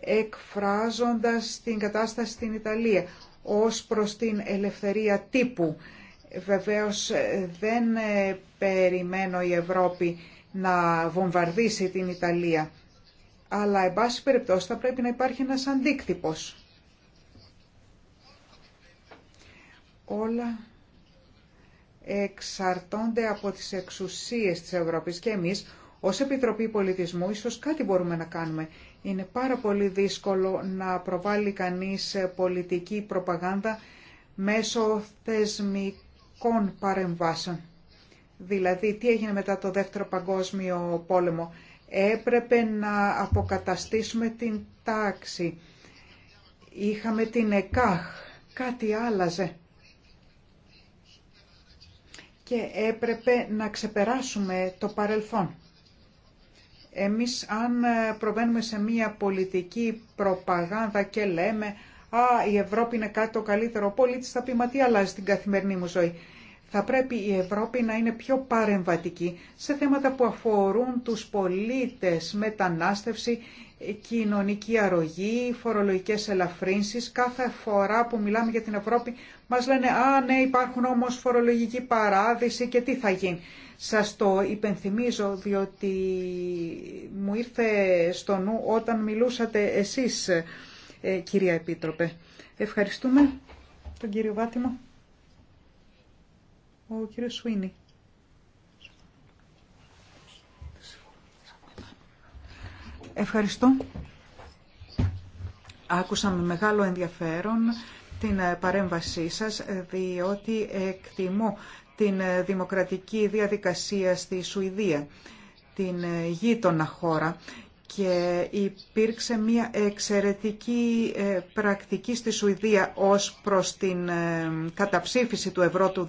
εκφράζοντας την κατάσταση στην Ιταλία ως προς την ελευθερία τύπου. Βεβαίως ε, δεν ε, περιμένω η Ευρώπη να βομβαρδίσει την Ιταλία, αλλά εν πάση περιπτώσει θα πρέπει να υπάρχει ένας αντίκτυπος. Όλα εξαρτώνται από τις εξουσίες της Ευρώπης και εμείς ως Επιτροπή Πολιτισμού ίσως κάτι μπορούμε να κάνουμε είναι πάρα πολύ δύσκολο να προβάλλει κανείς πολιτική προπαγάνδα μέσω θεσμικών παρεμβάσεων. Δηλαδή, τι έγινε μετά το Δεύτερο Παγκόσμιο Πόλεμο. Έπρεπε να αποκαταστήσουμε την τάξη. Είχαμε την ΕΚΑΧ. Κάτι άλλαζε. Και έπρεπε να ξεπεράσουμε το παρελθόν. Εμείς αν ε, προβαίνουμε σε μία πολιτική προπαγάνδα και λέμε «Α, η Ευρώπη είναι κάτι το καλύτερο, ο πολίτης θα πει «Μα τι αλλάζει την καθημερινή μου ζωή». Θα πρέπει η Ευρώπη να είναι πιο παρεμβατική σε θέματα που αφορούν τους πολίτες, μετανάστευση, κοινωνική αρρωγή, φορολογικές ελαφρύνσεις. Κάθε φορά που μιλάμε για την Ευρώπη μας λένε «Α, ναι, υπάρχουν όμως φορολογική παράδειση και τι θα γίνει». Σας το υπενθυμίζω διότι μου ήρθε στο νου όταν μιλούσατε εσείς, ε, κυρία Επίτροπε. Ευχαριστούμε τον κύριο Βάτιμο. Ο κύριος Σουίνι. Ευχαριστώ. Άκουσα με μεγάλο ενδιαφέρον την ε, παρέμβασή σας, ε, διότι εκτιμώ την ε, δημοκρατική διαδικασία στη Σουηδία, την ε, γείτονα χώρα και υπήρξε μια εξαιρετική ε, πρακτική στη Σουηδία ως προς την καταψήφιση του ευρώ του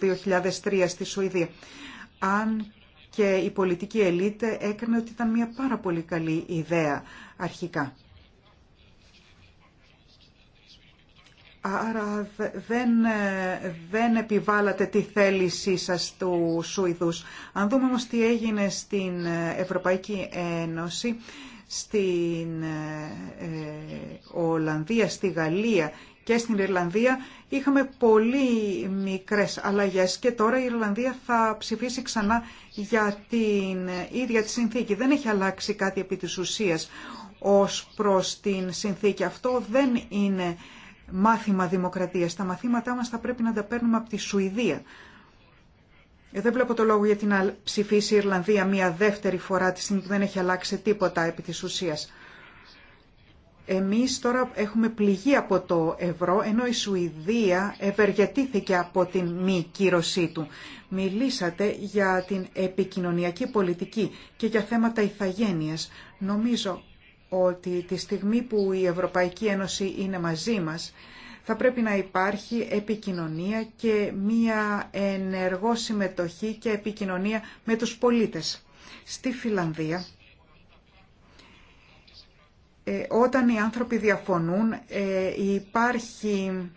2003 στη Σουηδία. Αν και η πολιτική ελίτ έκανε ότι ήταν μια πάρα πολύ καλή ιδέα αρχικά. Άρα δεν, ε, δεν επιβάλλατε τη θέλησή σας του Σουηδούς. Αν δούμε όμως τι έγινε στην ε, Ευρωπαϊκή Ένωση, στην ε, Ολλανδία, στη Γαλλία και στην Ιρλανδία είχαμε πολύ μικρές αλλαγές και τώρα η Ιρλανδία θα ψηφίσει ξανά για την ίδια τη συνθήκη. Δεν έχει αλλάξει κάτι επί της ουσίας ως προς την συνθήκη. Αυτό δεν είναι μάθημα δημοκρατίας. Τα μαθήματά μα θα πρέπει να τα παίρνουμε από τη Σουηδία. Ε, δεν βλέπω το λόγο γιατί να ψηφίσει η Ιρλανδία μία δεύτερη φορά τη στιγμή που δεν έχει αλλάξει τίποτα επί τη ουσία. Εμείς τώρα έχουμε πληγεί από το ευρώ, ενώ η Σουηδία ευεργετήθηκε από την μη κύρωσή του. Μιλήσατε για την επικοινωνιακή πολιτική και για θέματα ηθαγένειας. Νομίζω ότι τη στιγμή που η Ευρωπαϊκή Ένωση είναι μαζί μας, θα πρέπει να υπάρχει επικοινωνία και μία ενεργό συμμετοχή και επικοινωνία με τους πολίτες. Στη Φιλανδία, ε, όταν οι άνθρωποι διαφωνούν, ε, υπάρχει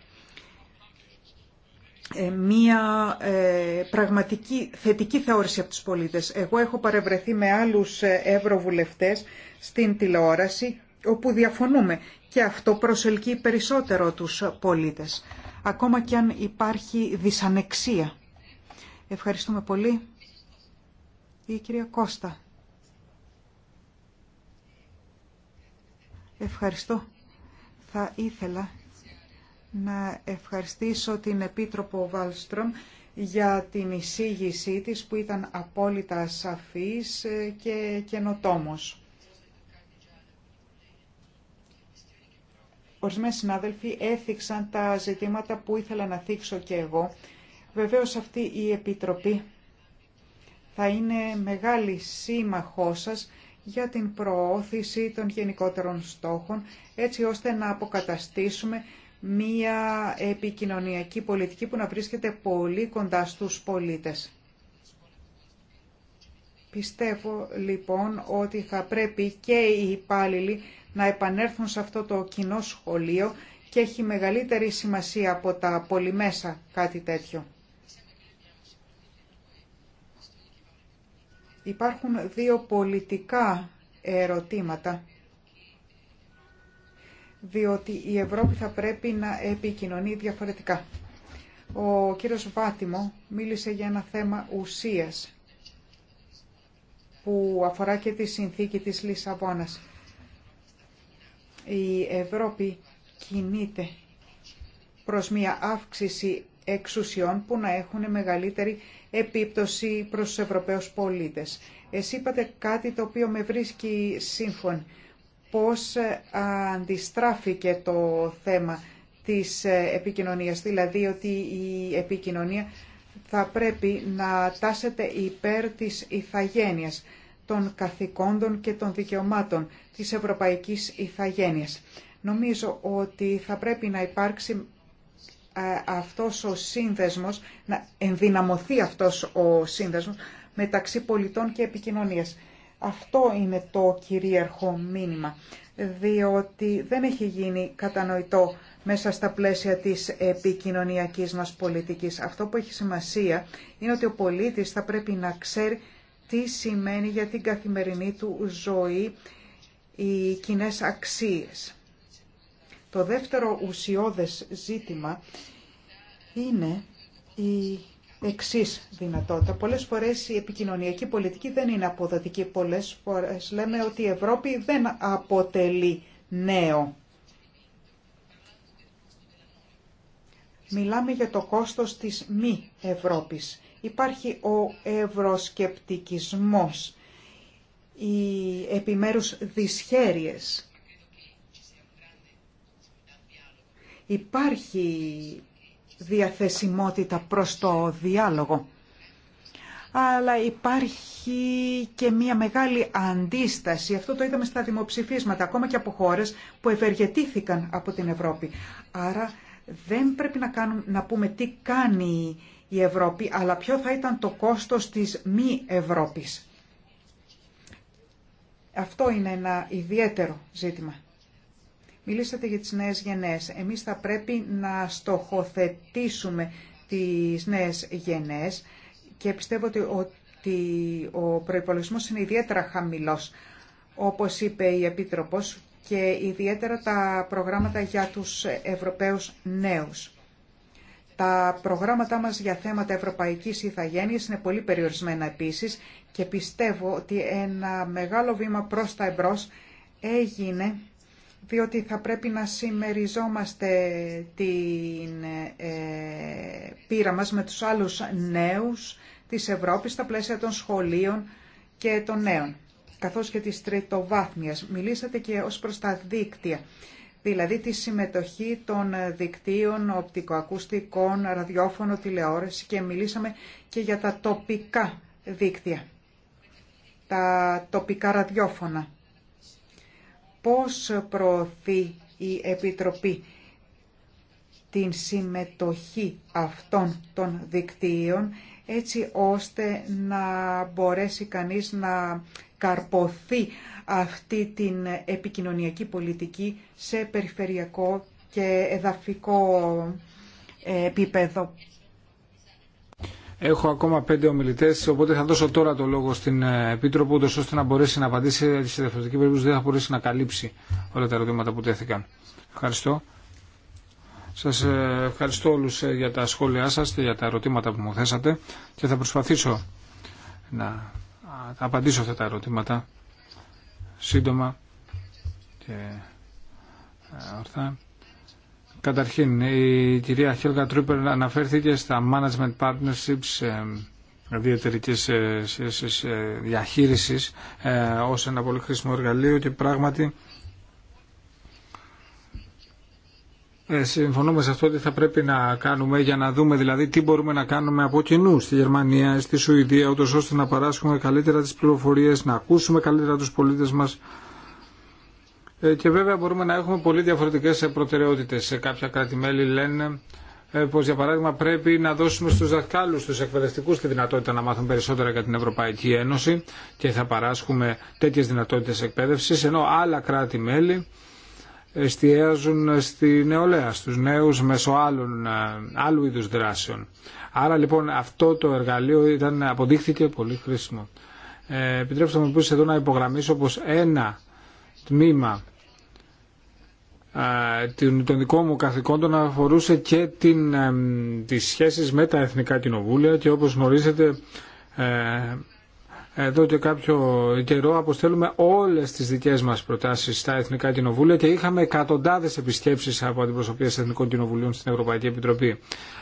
ε, μία ε, πραγματική θετική θεώρηση από τους πολίτες. Εγώ έχω παρευρεθεί με άλλους ε, ευρωβουλευτές στην τηλεόραση όπου διαφωνούμε και αυτό προσελκύει περισσότερο τους πολίτες, ακόμα και αν υπάρχει δυσανεξία. Ευχαριστούμε πολύ. Η κυρία Κώστα. Ευχαριστώ. Θα ήθελα να ευχαριστήσω την Επίτροπο Βάλστρομ για την εισήγησή της που ήταν απόλυτα σαφής ε, και καινοτόμος. Ορισμένοι συνάδελφοι έθιξαν τα ζητήματα που ήθελα να θίξω και εγώ. Βεβαίως αυτή η Επιτροπή θα είναι μεγάλη σύμμαχό σας για την προώθηση των γενικότερων στόχων, έτσι ώστε να αποκαταστήσουμε μία επικοινωνιακή πολιτική που να βρίσκεται πολύ κοντά στους πολίτες. Πιστεύω λοιπόν ότι θα πρέπει και οι υπάλληλοι να επανέλθουν σε αυτό το κοινό σχολείο και έχει μεγαλύτερη σημασία από τα πολυμέσα κάτι τέτοιο. Υπάρχουν δύο πολιτικά ερωτήματα διότι η Ευρώπη θα πρέπει να επικοινωνεί διαφορετικά. Ο κύριος Βάτιμο μίλησε για ένα θέμα ουσίας που αφορά και τη συνθήκη της Λισαβόνας. Η Ευρώπη κινείται προς μια αύξηση εξουσιών που να έχουν μεγαλύτερη επίπτωση προς τους Ευρωπαίους πολίτες. Εσύ είπατε κάτι το οποίο με βρίσκει σύμφωνο πώς ε, αντιστράφηκε το θέμα της ε, επικοινωνίας, δηλαδή ότι η επικοινωνία θα πρέπει να τάσεται υπέρ της ηθαγένειας, των καθηκόντων και των δικαιωμάτων της ευρωπαϊκής ηθαγένειας. Νομίζω ότι θα πρέπει να υπάρξει ε, αυτός ο σύνδεσμος, να ενδυναμωθεί αυτός ο σύνδεσμος μεταξύ πολιτών και επικοινωνίας. Αυτό είναι το κυρίαρχο μήνυμα, διότι δεν έχει γίνει κατανοητό μέσα στα πλαίσια της επικοινωνιακής μας πολιτικής. Αυτό που έχει σημασία είναι ότι ο πολίτης θα πρέπει να ξέρει τι σημαίνει για την καθημερινή του ζωή οι κοινέ αξίες. Το δεύτερο ουσιώδες ζήτημα είναι η Εξή δυνατότητα. Πολλές φορές η επικοινωνιακή πολιτική δεν είναι αποδοτική. Πολλές φορέ. λέμε ότι η Ευρώπη δεν αποτελεί νέο. Μιλάμε για το κόστος της μη Ευρώπης. Υπάρχει ο ευρωσκεπτικισμός, οι επιμέρους δυσχέρειες. Υπάρχει διαθεσιμότητα προς το διάλογο. Αλλά υπάρχει και μια μεγάλη αντίσταση. Αυτό το είδαμε στα δημοψηφίσματα, ακόμα και από χώρες που ευεργετήθηκαν από την Ευρώπη. Άρα δεν πρέπει να, κάνουμε, να πούμε τι κάνει η Ευρώπη, αλλά ποιο θα ήταν το κόστος της μη Ευρώπης. Αυτό είναι ένα ιδιαίτερο ζήτημα. Μιλήσατε για τις νέες γενναίες. Εμείς θα πρέπει να στοχοθετήσουμε τις νέες γενναίες και πιστεύω ότι ο προϋπολογισμός είναι ιδιαίτερα χαμηλός, όπως είπε η Επίτροπος, και ιδιαίτερα τα προγράμματα για τους Ευρωπαίους νέους. Τα προγράμματά μας για θέματα ευρωπαϊκής ηθαγένειας είναι πολύ περιορισμένα επίσης και πιστεύω ότι ένα μεγάλο βήμα προς τα εμπρός έγινε διότι θα πρέπει να συμμεριζόμαστε την ε, πείρα μας με τους άλλους νέους της Ευρώπης στα πλαίσια των σχολείων και των νέων, καθώς και της τριτοβάθμιας. Μιλήσατε και ως προς τα δίκτυα, δηλαδή τη συμμετοχή των δικτύων οπτικοακουστικών, ραδιόφωνο, τηλεόραση και μιλήσαμε και για τα τοπικά δίκτυα, τα τοπικά ραδιόφωνα πώς προωθεί η Επιτροπή την συμμετοχή αυτών των δικτύων έτσι ώστε να μπορέσει κανείς να καρποθεί αυτή την επικοινωνιακή πολιτική σε περιφερειακό και εδαφικό ε, επίπεδο. Έχω ακόμα πέντε ομιλητέ, οπότε θα δώσω τώρα το λόγο στην ε, Επίτροπο, ώστε να μπορέσει να απαντήσει. Ε, σε διαφορετική περίπτωση δεν θα μπορέσει να καλύψει όλα τα ερωτήματα που τέθηκαν. Ευχαριστώ. Σα ε, ευχαριστώ όλου για τα σχόλιά σα και για τα ερωτήματα που μου θέσατε και θα προσπαθήσω να απαντήσω αυτά τα ερωτήματα σύντομα και ορθά. Καταρχήν, η κυρία Χέλγα Τρούπερ αναφέρθηκε στα management partnerships, ε, διαιτερικές ε, διαχείρισης ε, ως ένα πολύ χρήσιμο εργαλείο και πράγματι συμφωνούμε σε αυτό ότι θα πρέπει να κάνουμε για να δούμε δηλαδή τι μπορούμε να κάνουμε από κοινού στη Γερμανία, στη Σουηδία, ούτως ώστε να παράσχουμε καλύτερα τις πληροφορίες, να ακούσουμε καλύτερα τους πολίτες μας ε, και βέβαια μπορούμε να έχουμε πολύ διαφορετικές ε, προτεραιότητες. Σε κάποια κράτη-μέλη λένε ε, πω για παράδειγμα πρέπει να δώσουμε στου δασκάλου, στου εκπαιδευτικού τη δυνατότητα να μάθουν περισσότερα για την Ευρωπαϊκή Ένωση και θα παράσχουμε τέτοιε δυνατότητε εκπαίδευση, ενώ άλλα κράτη-μέλη εστιάζουν στη νεολαία, στους νέους μέσω άλλων, άλλου είδους δράσεων. Άρα λοιπόν αυτό το εργαλείο ήταν, αποδείχθηκε πολύ χρήσιμο. επιτρέψτε μου επίσης εδώ να υπογραμμίσω πως ένα τμήμα των δικό μου να αφορούσε και την, τις σχέσεις με τα Εθνικά Κοινοβούλια και όπως γνωρίζετε ε, εδώ και κάποιο καιρό αποστέλουμε όλες τις δικές μας προτάσεις στα Εθνικά Κοινοβούλια και είχαμε εκατοντάδες επισκέψεις από αντιπροσωπείες Εθνικών Κοινοβουλίων στην Ευρωπαϊκή Επιτροπή.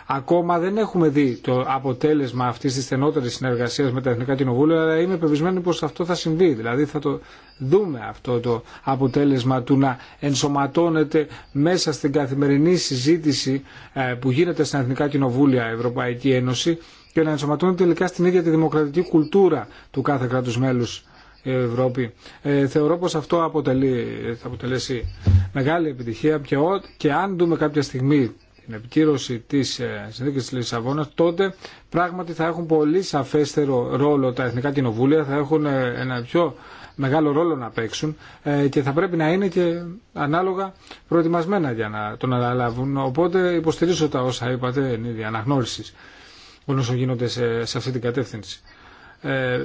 Ακόμα δεν έχουμε δει το αποτέλεσμα αυτή τη στενότερη συνεργασία με τα Εθνικά Κοινοβούλια, αλλά είμαι πεπισμένο πω αυτό θα συμβεί. Δηλαδή θα το δούμε αυτό το αποτέλεσμα του να ενσωματώνεται μέσα στην καθημερινή συζήτηση ε, που γίνεται στα Εθνικά Κοινοβούλια Ευρωπαϊκή Ένωση και να ενσωματώνεται τελικά στην ίδια τη δημοκρατική κουλτούρα του κάθε κράτου μέλου. Ε, Ευρώπη. Ε, θεωρώ πως αυτό αποτελεί, θα αποτελέσει μεγάλη επιτυχία και, ό, και αν δούμε κάποια στιγμή την επικύρωση της ε, συνθήκης της Λισαβόνας, τότε πράγματι θα έχουν πολύ σαφέστερο ρόλο τα εθνικά κοινοβούλια, θα έχουν ε, ένα πιο μεγάλο ρόλο να παίξουν ε, και θα πρέπει να είναι και ανάλογα προετοιμασμένα για να τον αναλάβουν. Οπότε υποστηρίζω τα όσα είπατε εν είδη αναγνώρισης όσο γίνονται σε, σε αυτή την κατεύθυνση. Ε,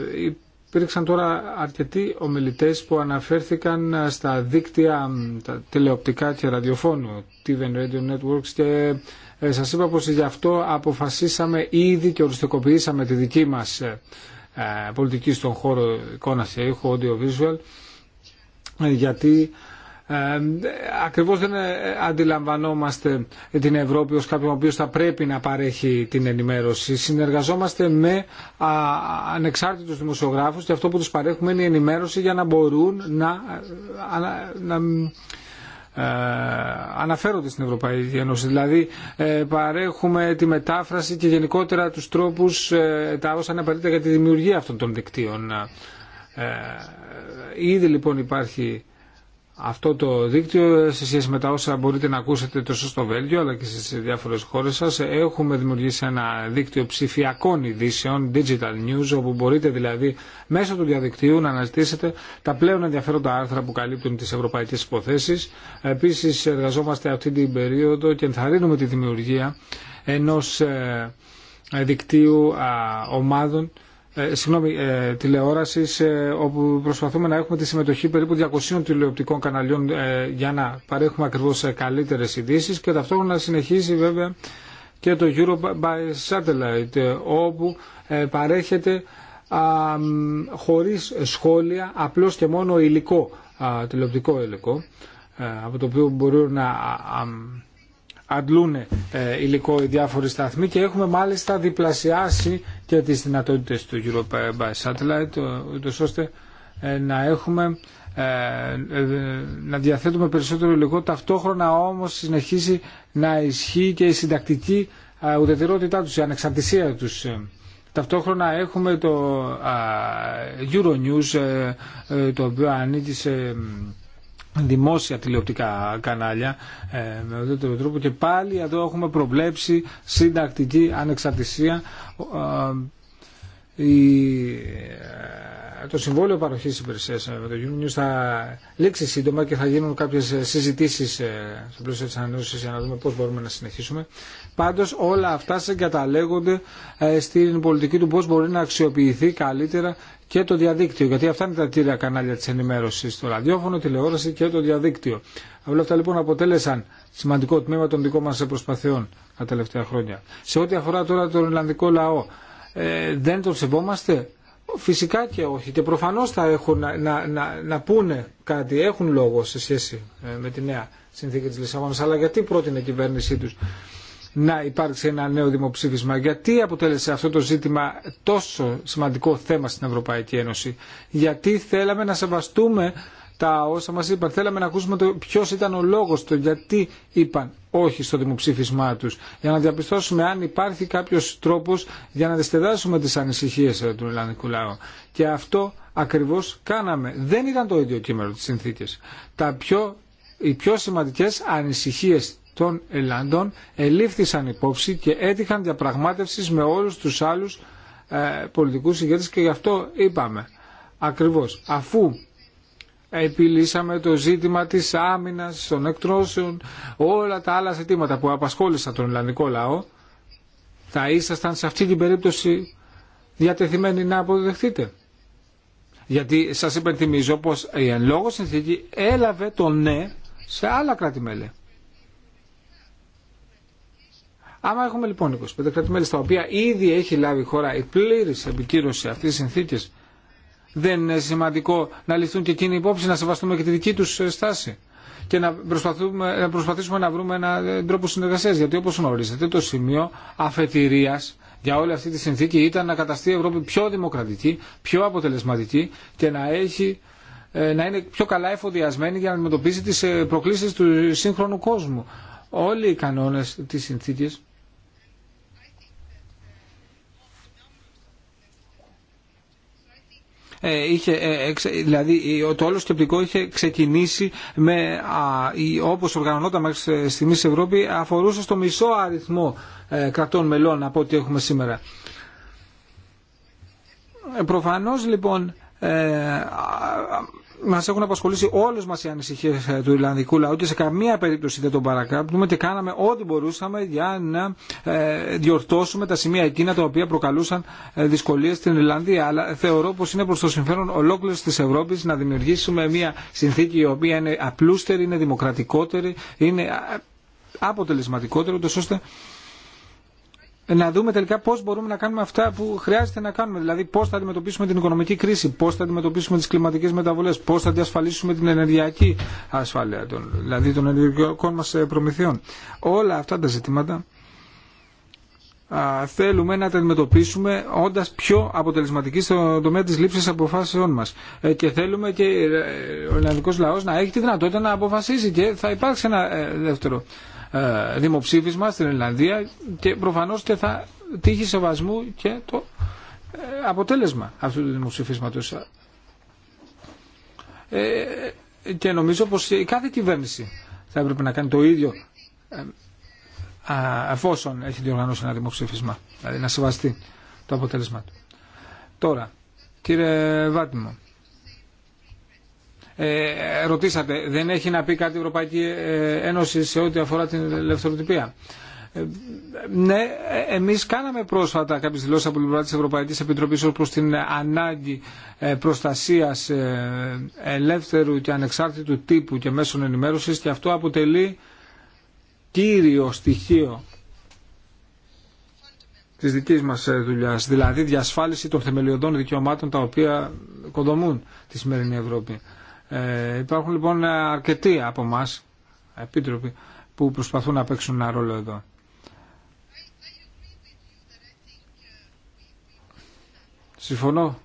Υπήρξαν τώρα αρκετοί ομιλητές που αναφέρθηκαν στα δίκτυα τα τηλεοπτικά και ραδιοφώνου, TV Radio Networks και ε, σας είπα πως γι' αυτό αποφασίσαμε ήδη και οριστικοποιήσαμε τη δική μας ε, ε, πολιτική στον χώρο Εικόνα και ήχο, audiovisual, γιατί ακριβώς δεν ε, αντιλαμβανόμαστε την Ευρώπη ως κάποιον ο θα πρέπει να παρέχει την ενημέρωση. Συνεργαζόμαστε με ανεξάρτητους δημοσιογράφους και αυτό που τους παρέχουμε είναι η ενημέρωση για να μπορούν να, ε, ε, αναφέρονται στην Ευρωπαϊκή Ένωση. Δηλαδή παρέχουμε τη μετάφραση και γενικότερα τους τρόπους τα όσα απαραίτητα για τη δημιουργία αυτών των δικτύων. Ήδη λοιπόν υπάρχει αυτό το δίκτυο σε σχέση με τα όσα μπορείτε να ακούσετε τόσο στο Βέλγιο αλλά και στις διάφορες χώρες σας έχουμε δημιουργήσει ένα δίκτυο ψηφιακών ειδήσεων, digital news όπου μπορείτε δηλαδή μέσω του διαδικτύου να αναζητήσετε τα πλέον ενδιαφέροντα άρθρα που καλύπτουν τις ευρωπαϊκές υποθέσεις επίσης εργαζόμαστε αυτή την περίοδο και ενθαρρύνουμε τη δημιουργία ενός ε, δικτύου ομάδων ε, συγγνώμη, ε, τηλεόρασης ε, όπου προσπαθούμε να έχουμε τη συμμετοχή περίπου 200 τηλεοπτικών καναλιών για να παρέχουμε ακριβώς καλύτερες ειδήσει και ταυτόχρονα συνεχίζει βέβαια και το Europe by Satellite όπου παρέχεται α, χωρίς σχόλια απλώς και μόνο υλικό, τηλεοπτικό υλικό από το οποίο μπορούν να αντλούν ε, υλικό οι διάφοροι σταθμοί και έχουμε μάλιστα διπλασιάσει και τις δυνατότητες του Europe by Satellite ούτως ώστε ε, να έχουμε ε, να διαθέτουμε περισσότερο υλικό ταυτόχρονα όμως συνεχίζει να ισχύει και η συντακτική ουδετερότητά τους, η ανεξαρτησία τους. Ταυτόχρονα έχουμε το Euronews το οποίο ανήκει σε δημόσια τηλεοπτικά κανάλια ε, με ουδέτερο τρόπο και πάλι εδώ έχουμε προβλέψει συντακτική ανεξαρτησία ε, ε, το συμβόλαιο παροχή υπηρεσία με το Euronews θα λήξει σύντομα και θα γίνουν κάποιε συζητήσει στο πλαίσιο της ανανέωσης για να δούμε πώς μπορούμε να συνεχίσουμε. Πάντως όλα αυτά συγκαταλέγονται στην πολιτική του πώ μπορεί να αξιοποιηθεί καλύτερα και το διαδίκτυο, γιατί αυτά είναι τα τήρια κανάλια τη ενημέρωση το ραδιόφωνο, τηλεόραση και το διαδίκτυο. Όλα αυτά λοιπόν αποτέλεσαν σημαντικό τμήμα των δικών μα προσπαθειών τα τελευταία χρόνια. Σε ό,τι αφορά τώρα τον Ιρλανδικό λαό, ε, δεν τον σεβόμαστε. Φυσικά και όχι. Και προφανώ θα έχουν να, να, να, να πούνε κάτι, έχουν λόγο σε σχέση ε, με τη νέα συνθήκη τη Λισαβόνα. Αλλά γιατί πρότεινε η κυβέρνησή του να υπάρξει ένα νέο δημοψήφισμα. Γιατί αποτέλεσε αυτό το ζήτημα τόσο σημαντικό θέμα στην Ευρωπαϊκή Ένωση. Γιατί θέλαμε να σεβαστούμε τα όσα μας είπαν. Θέλαμε να ακούσουμε το ποιος ήταν ο λόγος του, γιατί είπαν όχι στο δημοψήφισμά τους. Για να διαπιστώσουμε αν υπάρχει κάποιος τρόπος για να διστεδάσουμε τις ανησυχίες ε, του ελληνικού λαού. Και αυτό ακριβώς κάναμε. Δεν ήταν το ίδιο κείμενο της συνθήκες. Τα πιο, οι πιο σημαντικές ανησυχίες των Ελλάντων ελήφθησαν υπόψη και έτυχαν διαπραγμάτευσης με όλους τους άλλους ε, πολιτικούς ηγέτες και γι' αυτό είπαμε ακριβώς αφού επιλύσαμε το ζήτημα της άμυνας, των εκτρώσεων, όλα τα άλλα ζητήματα που απασχόλησαν τον ελληνικό λαό, θα ήσασταν σε αυτή την περίπτωση διατεθειμένοι να αποδεχτείτε. Γιατί σας υπενθυμίζω πως η εν λόγω συνθήκη έλαβε το ναι σε άλλα κράτη-μέλη. Άμα έχουμε λοιπόν 25 κράτη-μέλη στα οποία ήδη έχει λάβει η χώρα η πλήρη επικύρωση αυτή τη συνθήκη, δεν είναι σημαντικό να ληφθούν και εκείνοι υπόψη, να σεβαστούμε και τη δική του ε, στάση και να, να προσπαθήσουμε να βρούμε έναν ε, τρόπο συνεργασία. Γιατί όπω γνωρίζετε, το σημείο αφετηρία για όλη αυτή τη συνθήκη ήταν να καταστεί η Ευρώπη πιο δημοκρατική, πιο αποτελεσματική και να έχει ε, να είναι πιο καλά εφοδιασμένη για να αντιμετωπίσει τις προκλήσεις του σύγχρονου κόσμου. Όλοι οι κανόνες της συνθήκης Ε, είχε, ε, δηλαδή το όλο σκεπτικό είχε ξεκινήσει με, όπως οργανωνόταν μέχρι στιγμής στην Ευρώπη αφορούσε στο μισό αριθμό ε, κρατών μελών από ό,τι έχουμε σήμερα. Προφανώς λοιπόν ε, μα έχουν απασχολήσει όλε μα οι ανησυχίε ε, του Ιρλανδικού λαού και σε καμία περίπτωση δεν τον παρακάπτουμε και κάναμε ό,τι μπορούσαμε για να ε, διορθώσουμε τα σημεία εκείνα τα οποία προκαλούσαν ε, δυσκολίε στην Ιρλανδία. Αλλά θεωρώ πω είναι προ το συμφέρον ολόκληρη τη Ευρώπη να δημιουργήσουμε μια συνθήκη η οποία είναι απλούστερη, είναι δημοκρατικότερη, είναι αποτελεσματικότερη, ώστε να δούμε τελικά πώ μπορούμε να κάνουμε αυτά που χρειάζεται να κάνουμε. Δηλαδή πώ θα αντιμετωπίσουμε την οικονομική κρίση, πώ θα αντιμετωπίσουμε τι κλιματικέ μεταβολέ, πώ θα διασφαλίσουμε την ενεργειακή ασφάλεια, των, δηλαδή των ενεργειακών μα ε, προμηθειών. Όλα αυτά τα ζητήματα θέλουμε να τα αντιμετωπίσουμε όντα πιο αποτελεσματικοί στον τομέα τη λήψη αποφάσεών μα. Ε, και θέλουμε και ε, ο ελληνικό λαό να έχει τη δυνατότητα να αποφασίζει και θα υπάρξει ένα δεύτερο ε, δημοψήφισμα στην Ιρλανδία και προφανώς και θα τύχει σεβασμού και το ε, αποτέλεσμα αυτού του δημοψηφίσματος. Ε, και νομίζω πως η κάθε κυβέρνηση θα έπρεπε να κάνει το ίδιο εφόσον έχει διοργανώσει ένα δημοψήφισμα, δηλαδή να σεβαστεί το αποτέλεσμα του. Τώρα, κύριε Βάτιμο, ε, ρωτήσατε, δεν έχει να πει κάτι η Ευρωπαϊκή ε, Ένωση σε ό,τι αφορά την ελευθεροτυπία. Ε, ναι, ε, εμείς κάναμε πρόσφατα κάποιες δηλώσεις από πλευρά της Ευρωπαϊκής Επιτροπής ως προς την ανάγκη ε, προστασίας ελεύθερου και ανεξάρτητου τύπου και μέσων ενημέρωσης και αυτό αποτελεί κύριο στοιχείο της δικής μας δουλειάς, δηλαδή διασφάλιση των θεμελιωδών δικαιωμάτων τα οποία κοδομούν τη σημερινή Ευρώπη. Ε, υπάρχουν λοιπόν αρκετοί από εμά, επίτροποι, που προσπαθούν να παίξουν ένα ρόλο εδώ. Συμφωνώ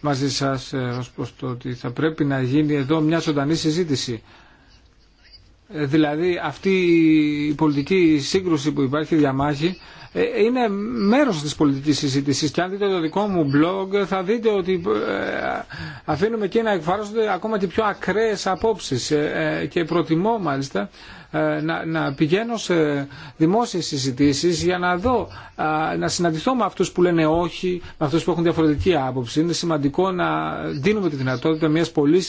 μαζί σας ε, ως προς το ότι θα πρέπει να γίνει εδώ μια ζωντανή συζήτηση Δηλαδή αυτή η πολιτική σύγκρουση που υπάρχει, η διαμάχη, ε, είναι μέρος της πολιτικής συζήτησης και αν δείτε το δικό μου blog θα δείτε ότι ε, αφήνουμε εκεί να εκφράζονται ακόμα και πιο ακραίες απόψεις ε, και προτιμώ μάλιστα να, να πηγαίνω σε δημόσιες συζητήσεις για να δω, να συναντηθώ με αυτούς που λένε όχι, με αυτούς που έχουν διαφορετική άποψη. Είναι σημαντικό να δίνουμε τη δυνατότητα μιας πολύ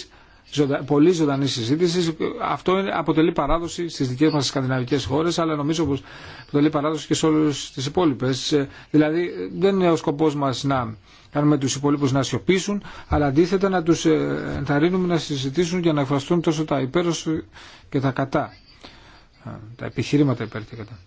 πολύ ζωντανή συζήτηση. Αυτό αποτελεί παράδοση στι δικέ μα σκανδιναβικέ χώρε, αλλά νομίζω πω αποτελεί παράδοση και σε όλε τι υπόλοιπε. Ε, δηλαδή, δεν είναι ο σκοπό μα να κάνουμε του υπόλοιπου να σιωπήσουν, αλλά αντίθετα να του ε, ενθαρρύνουμε να συζητήσουν και να εκφραστούν τόσο τα υπέρ και τα κατά. Ε, τα επιχειρήματα υπέρ και κατά.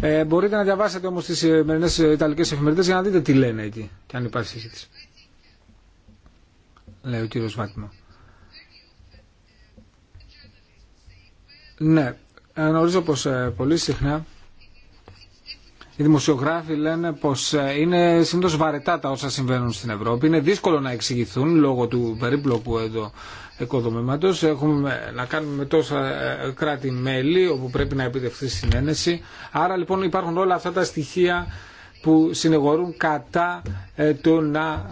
Ε, μπορείτε να διαβάσετε όμως τις ε, μερινές ε, Ιταλικές εφημερίδες για να δείτε τι λένε εκεί και αν υπάρχει συζήτηση. Λέει ο κύριος Βάτιμα. Ναι, γνωρίζω πως πολύ συχνά οι δημοσιογράφοι λένε πως ε, είναι συνήθω βαρετά τα όσα συμβαίνουν στην Ευρώπη. Είναι δύσκολο να εξηγηθούν λόγω του περίπλοκου εδώ οικοδομήματο. Έχουμε να κάνουμε με τόσα ε, κράτη-μέλη όπου πρέπει να επιτευχθεί συνένεση. Άρα λοιπόν υπάρχουν όλα αυτά τα στοιχεία που συνεγορούν κατά ε, το να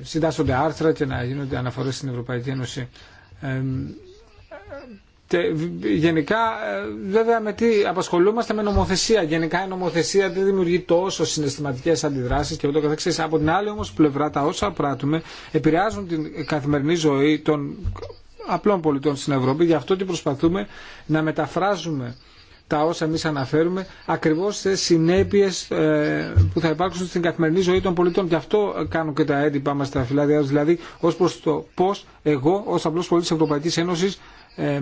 συντάσσονται άρθρα και να γίνονται αναφορές στην Ευρωπαϊκή Ένωση γενικά, ε, βέβαια, με τι απασχολούμαστε με νομοθεσία. Γενικά η νομοθεσία δεν δημιουργεί τόσο συναισθηματικέ αντιδράσει και ούτω καθεξή. Από την άλλη όμω πλευρά, τα όσα πράττουμε επηρεάζουν την καθημερινή ζωή των απλών πολιτών στην Ευρώπη. Γι' αυτό και προσπαθούμε να μεταφράζουμε τα όσα εμεί αναφέρουμε ακριβώ σε συνέπειε ε, που θα υπάρξουν στην καθημερινή ζωή των πολιτών. Γι' αυτό κάνω και τα έντυπά μα στα φυλάδια δηλαδή ω προ το πώ εγώ ω απλό πολίτη τη Ευρωπαϊκή Ένωση ε,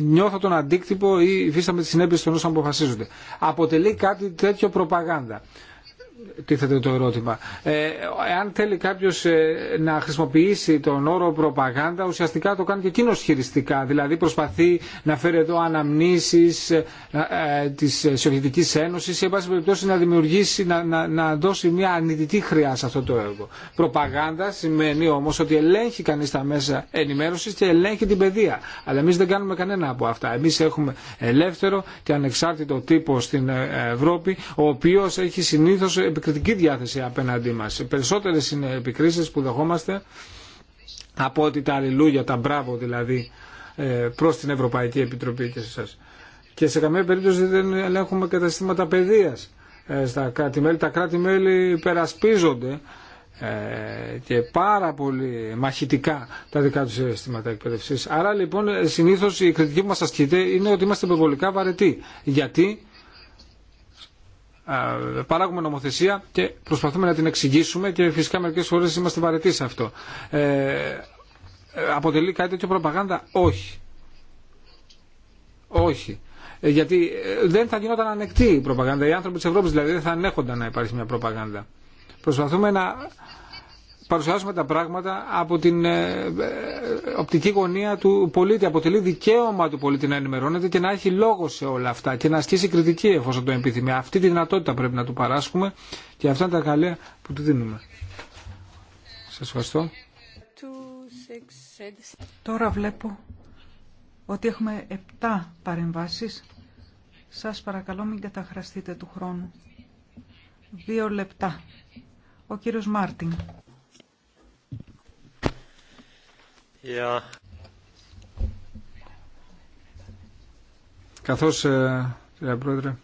νιώθω τον αντίκτυπο ή υφίσταμαι τι συνέπειε των όσων αποφασίζονται. Αποτελεί κάτι τέτοιο προπαγάνδα τίθεται το ερώτημα. Ε, εάν θέλει κάποιο ε, να χρησιμοποιήσει τον όρο προπαγάνδα, ουσιαστικά το κάνει και εκείνο χειριστικά. Δηλαδή προσπαθεί να φέρει εδώ αναμνήσει ε, ε τη Σοβιετική Ένωση ή, εν πάση περιπτώσει, να δημιουργήσει, να, να, δώσει μια αρνητική χρειά σε αυτό το έργο. Προπαγάνδα σημαίνει όμω ότι ελέγχει κανεί τα μέσα ενημέρωση και ελέγχει την παιδεία. Αλλά εμεί δεν κάνουμε κανένα από αυτά. Εμεί έχουμε ελεύθερο και ανεξάρτητο τύπο στην ε, Ευρώπη, ο οποίο έχει συνήθω επικριτική διάθεση απέναντί μας. Περισσότερες είναι επικρίσεις που δεχόμαστε από ότι τα αλληλούια, τα μπράβο δηλαδή ε, προς την Ευρωπαϊκή Επιτροπή και σε εσάς. Και σε καμία περίπτωση δεν ελέγχουμε καταστήματα παιδείας ε, στα κράτη-μέλη. Τα κράτη-μέλη υπερασπίζονται ε, και πάρα πολύ μαχητικά τα δικά του συστήματα εκπαίδευση. Άρα λοιπόν συνήθω η κριτική που μα ασκείται είναι ότι είμαστε υπερβολικά βαρετοί. Γιατί παράγουμε νομοθεσία και προσπαθούμε να την εξηγήσουμε και φυσικά μερικέ φορέ είμαστε βαρετοί σε αυτό. Ε, αποτελεί κάτι τέτοιο προπαγάνδα, όχι. Όχι. Ε, γιατί ε, δεν θα γινόταν ανεκτή η προπαγάνδα. Οι άνθρωποι τη Ευρώπη δηλαδή δεν θα ανέχονταν να υπάρχει μια προπαγάνδα. Προσπαθούμε να παρουσιάσουμε τα πράγματα από την ε, ε, οπτική γωνία του πολίτη. Αποτελεί δικαίωμα του πολίτη να ενημερώνεται και να έχει λόγο σε όλα αυτά και να ασκήσει κριτική εφόσον το επιθυμεί. Αυτή τη δυνατότητα πρέπει να του παράσχουμε και αυτά είναι τα καλέ που του δίνουμε. Σας ευχαριστώ. Τώρα βλέπω ότι έχουμε 7 παρεμβάσεις. Σας παρακαλώ μην καταχραστείτε του χρόνου. Δύο λεπτά. Ο κύριος Μάρτιν. Καθώς, ε, κύριε Πρόεδρε,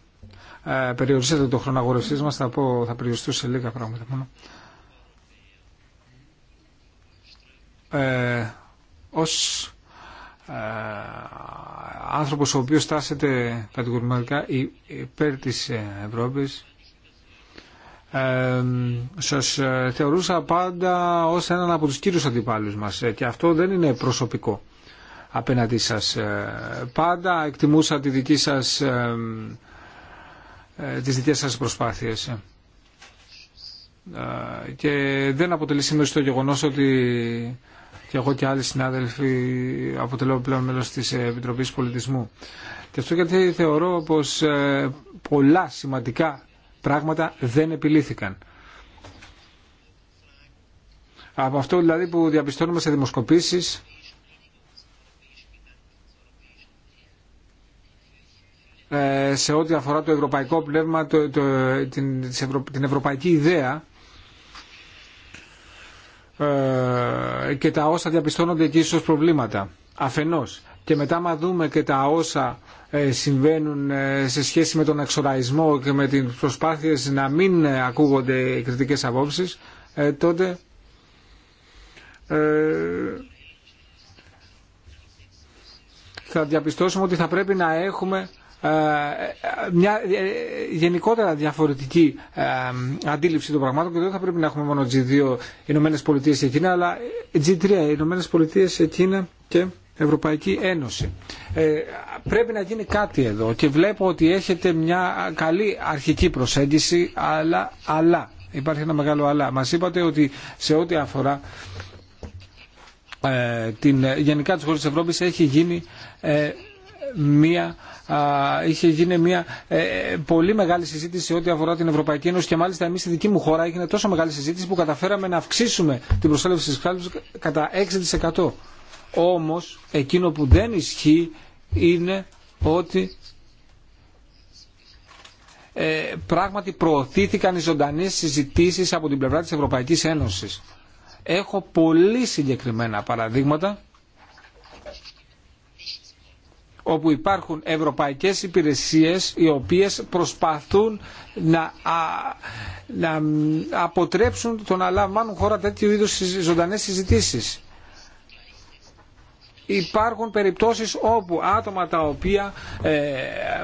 ε, περιορίσατε το χρόνο αγορευσής μας, θα, πω, θα περιοριστώ σε λίγα πράγματα μόνο. Ε, ως ε, άνθρωπος ο οποίος τάσεται κατηγορηματικά υπέρ της Ευρώπης ε, σας θεωρούσα πάντα ως έναν από τους κύριους αντιπάλους μας ε, και αυτό δεν είναι προσωπικό απέναντί σας. Ε, πάντα εκτιμούσα τι δικέ σας, ε, τις δικές σας προσπάθειες. Ε, και δεν αποτελεί σήμερα το γεγονός ότι και εγώ και άλλοι συνάδελφοι αποτελώ πλέον μέλος της Επιτροπής Πολιτισμού. Και αυτό γιατί θεωρώ πως πολλά σημαντικά πράγματα δεν επιλύθηκαν. Από αυτό δηλαδή που διαπιστώνουμε σε δημοσκοπήσεις ε, σε ό,τι αφορά το ευρωπαϊκό πνεύμα, την, ευρωπαϊκή ιδέα ε, και τα όσα διαπιστώνονται εκεί ίσως προβλήματα. Αφενός. Και μετά μα δούμε και τα όσα ε, συμβαίνουν ε, σε σχέση με τον εξοραϊσμό και με τις προσπάθειες να μην ε, ακούγονται κριτικές απόψεις, τότε θα διαπιστώσουμε ότι θα πρέπει να έχουμε μια γενικότερα διαφορετική αντίληψη των πραγμάτων και δεν θα πρέπει να έχουμε μόνο G2 Ηνωμένε Πολιτείε και Κίνα αλλά G3 Ηνωμένε Πολιτείε και Κίνα και Ευρωπαϊκή Ένωση. Ε, πρέπει να γίνει κάτι εδώ και βλέπω ότι έχετε μια καλή αρχική προσέγγιση, αλλά, αλλά υπάρχει ένα μεγάλο αλλά. Μας είπατε ότι σε ό,τι αφορά ε, την, γενικά τις χώρες της Ευρώπης έχει γίνει ε, μια είχε γίνει μια ε, πολύ μεγάλη συζήτηση ό,τι αφορά την Ευρωπαϊκή Ένωση και μάλιστα εμεί στη δική μου χώρα έγινε τόσο μεγάλη συζήτηση που καταφέραμε να αυξήσουμε την προσέλευση τη κράτου κατά 6%. Όμως εκείνο που δεν ισχύει είναι ότι ε, πράγματι προωθήθηκαν οι ζωντανές συζητήσεις από την πλευρά της Ευρωπαϊκής Ένωσης. Έχω πολύ συγκεκριμένα παραδείγματα όπου υπάρχουν ευρωπαϊκές υπηρεσίες οι οποίες προσπαθούν να, να αποτρέψουν το να λαμβάνουν χώρα τέτοιου είδους ζωντανές συζητήσεις υπάρχουν περιπτώσεις όπου άτομα τα οποία ε,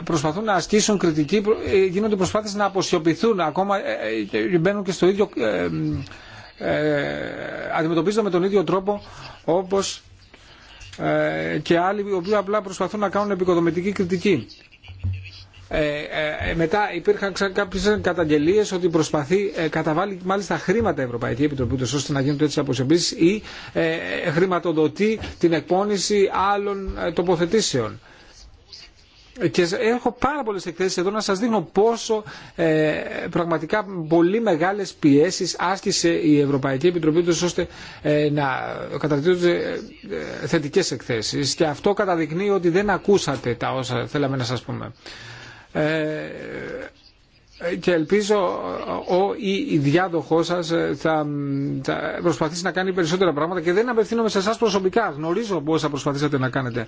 προσπαθούν να ασκήσουν κριτική ε, γίνονται προσπάθειες να αποσιωπηθούν ακόμα και ε, και στο ίδιο αντιμετωπίζονται με τον ίδιο τρόπο όπως και άλλοι οι οποίοι απλά προσπαθούν να κάνουν επικοδομητική κριτική. Ε, ε, μετά υπήρχαν κάποιε καταγγελίε ότι προσπαθεί, ε, καταβάλει μάλιστα χρήματα η Ευρωπαϊκή Επιτροπή του ώστε να γίνουν έτσι αποσυμπήσει ή χρηματοδοτεί την εκπώνηση άλλων τοποθετήσεων. Και έχω πάρα πολλές εκθέσεις εδώ να σας δείχνω πόσο ε, πραγματικά πολύ μεγάλες πιέσεις άσκησε η Ευρωπαϊκή Επιτροπή τους ώστε ε, να καταρτίζονται ε, θετικές εκθέσεις και αυτό καταδεικνύει ότι δεν ακούσατε τα όσα θέλαμε να σα πούμε. Ε, και ελπίζω ο ή η διάδοχό σα ε, θα, προσπαθήσει να κάνει περισσότερα πράγματα και δεν απευθύνομαι σε εσά προσωπικά. Γνωρίζω πόσα προσπαθήσατε να κάνετε.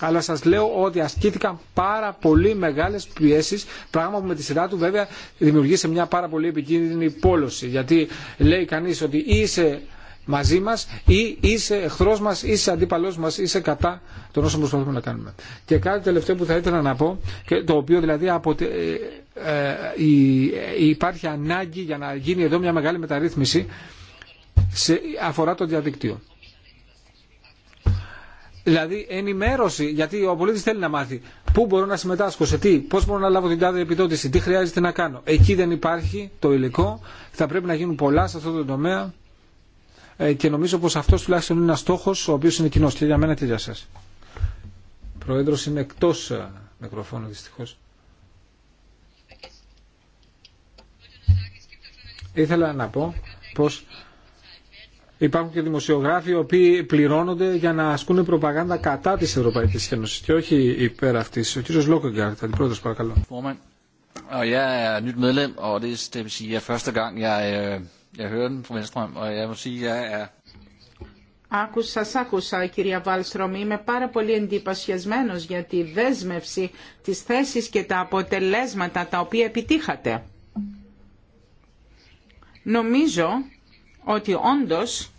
Αλλά σα λέω ότι ασκήθηκαν πάρα πολύ μεγάλε πιέσει, πράγμα που με τη σειρά του βέβαια δημιουργεί μια πάρα πολύ επικίνδυνη πόλωση. Γιατί λέει κανεί ότι είσαι μαζί μας ή είσαι εχθρός μας, είσαι αντίπαλός μας, είσαι κατά των όσων προσπαθούμε να κάνουμε. Και κάτι τελευταίο που θα ήθελα να πω, και το οποίο δηλαδή ε, ε, ε, υπάρχει ανάγκη για να γίνει εδώ μια μεγάλη μεταρρύθμιση, σε... αφορά το διαδίκτυο. Δηλαδή ενημέρωση, γιατί ο πολίτη θέλει να μάθει πού μπορώ να συμμετάσχω, σε τι, πώ μπορώ να λάβω την τάδε επιδότηση, τι χρειάζεται να κάνω. Εκεί δεν υπάρχει το υλικό, θα πρέπει να γίνουν πολλά σε αυτό το τομέα ε, και νομίζω πως αυτός τουλάχιστον είναι ένας στόχος ο οποίος είναι κοινός και για μένα και για σας. Πρόεδρος είναι εκτός ε, μικροφώνου δυστυχώς. Ήθελα να πω πως υπάρχουν και δημοσιογράφοι οι οποίοι πληρώνονται για να ασκούν προπαγάνδα κατά της Ευρωπαϊκής Ένωσης και όχι υπέρ αυτής. Ο κύριος Λόκογκαρτ, αντιπρόεδρος παρακαλώ. Oh, jeg er medlem, og det, er det vil sige, at Jeg hører den fra Venstrøm, og jeg er- Άκουσα, άκουσα κυρία Βάλστρομ, είμαι πάρα πολύ εντυπωσιασμένος για τη δέσμευση της θέσης και τα αποτελέσματα τα οποία επιτύχατε. Νομίζω ότι όντως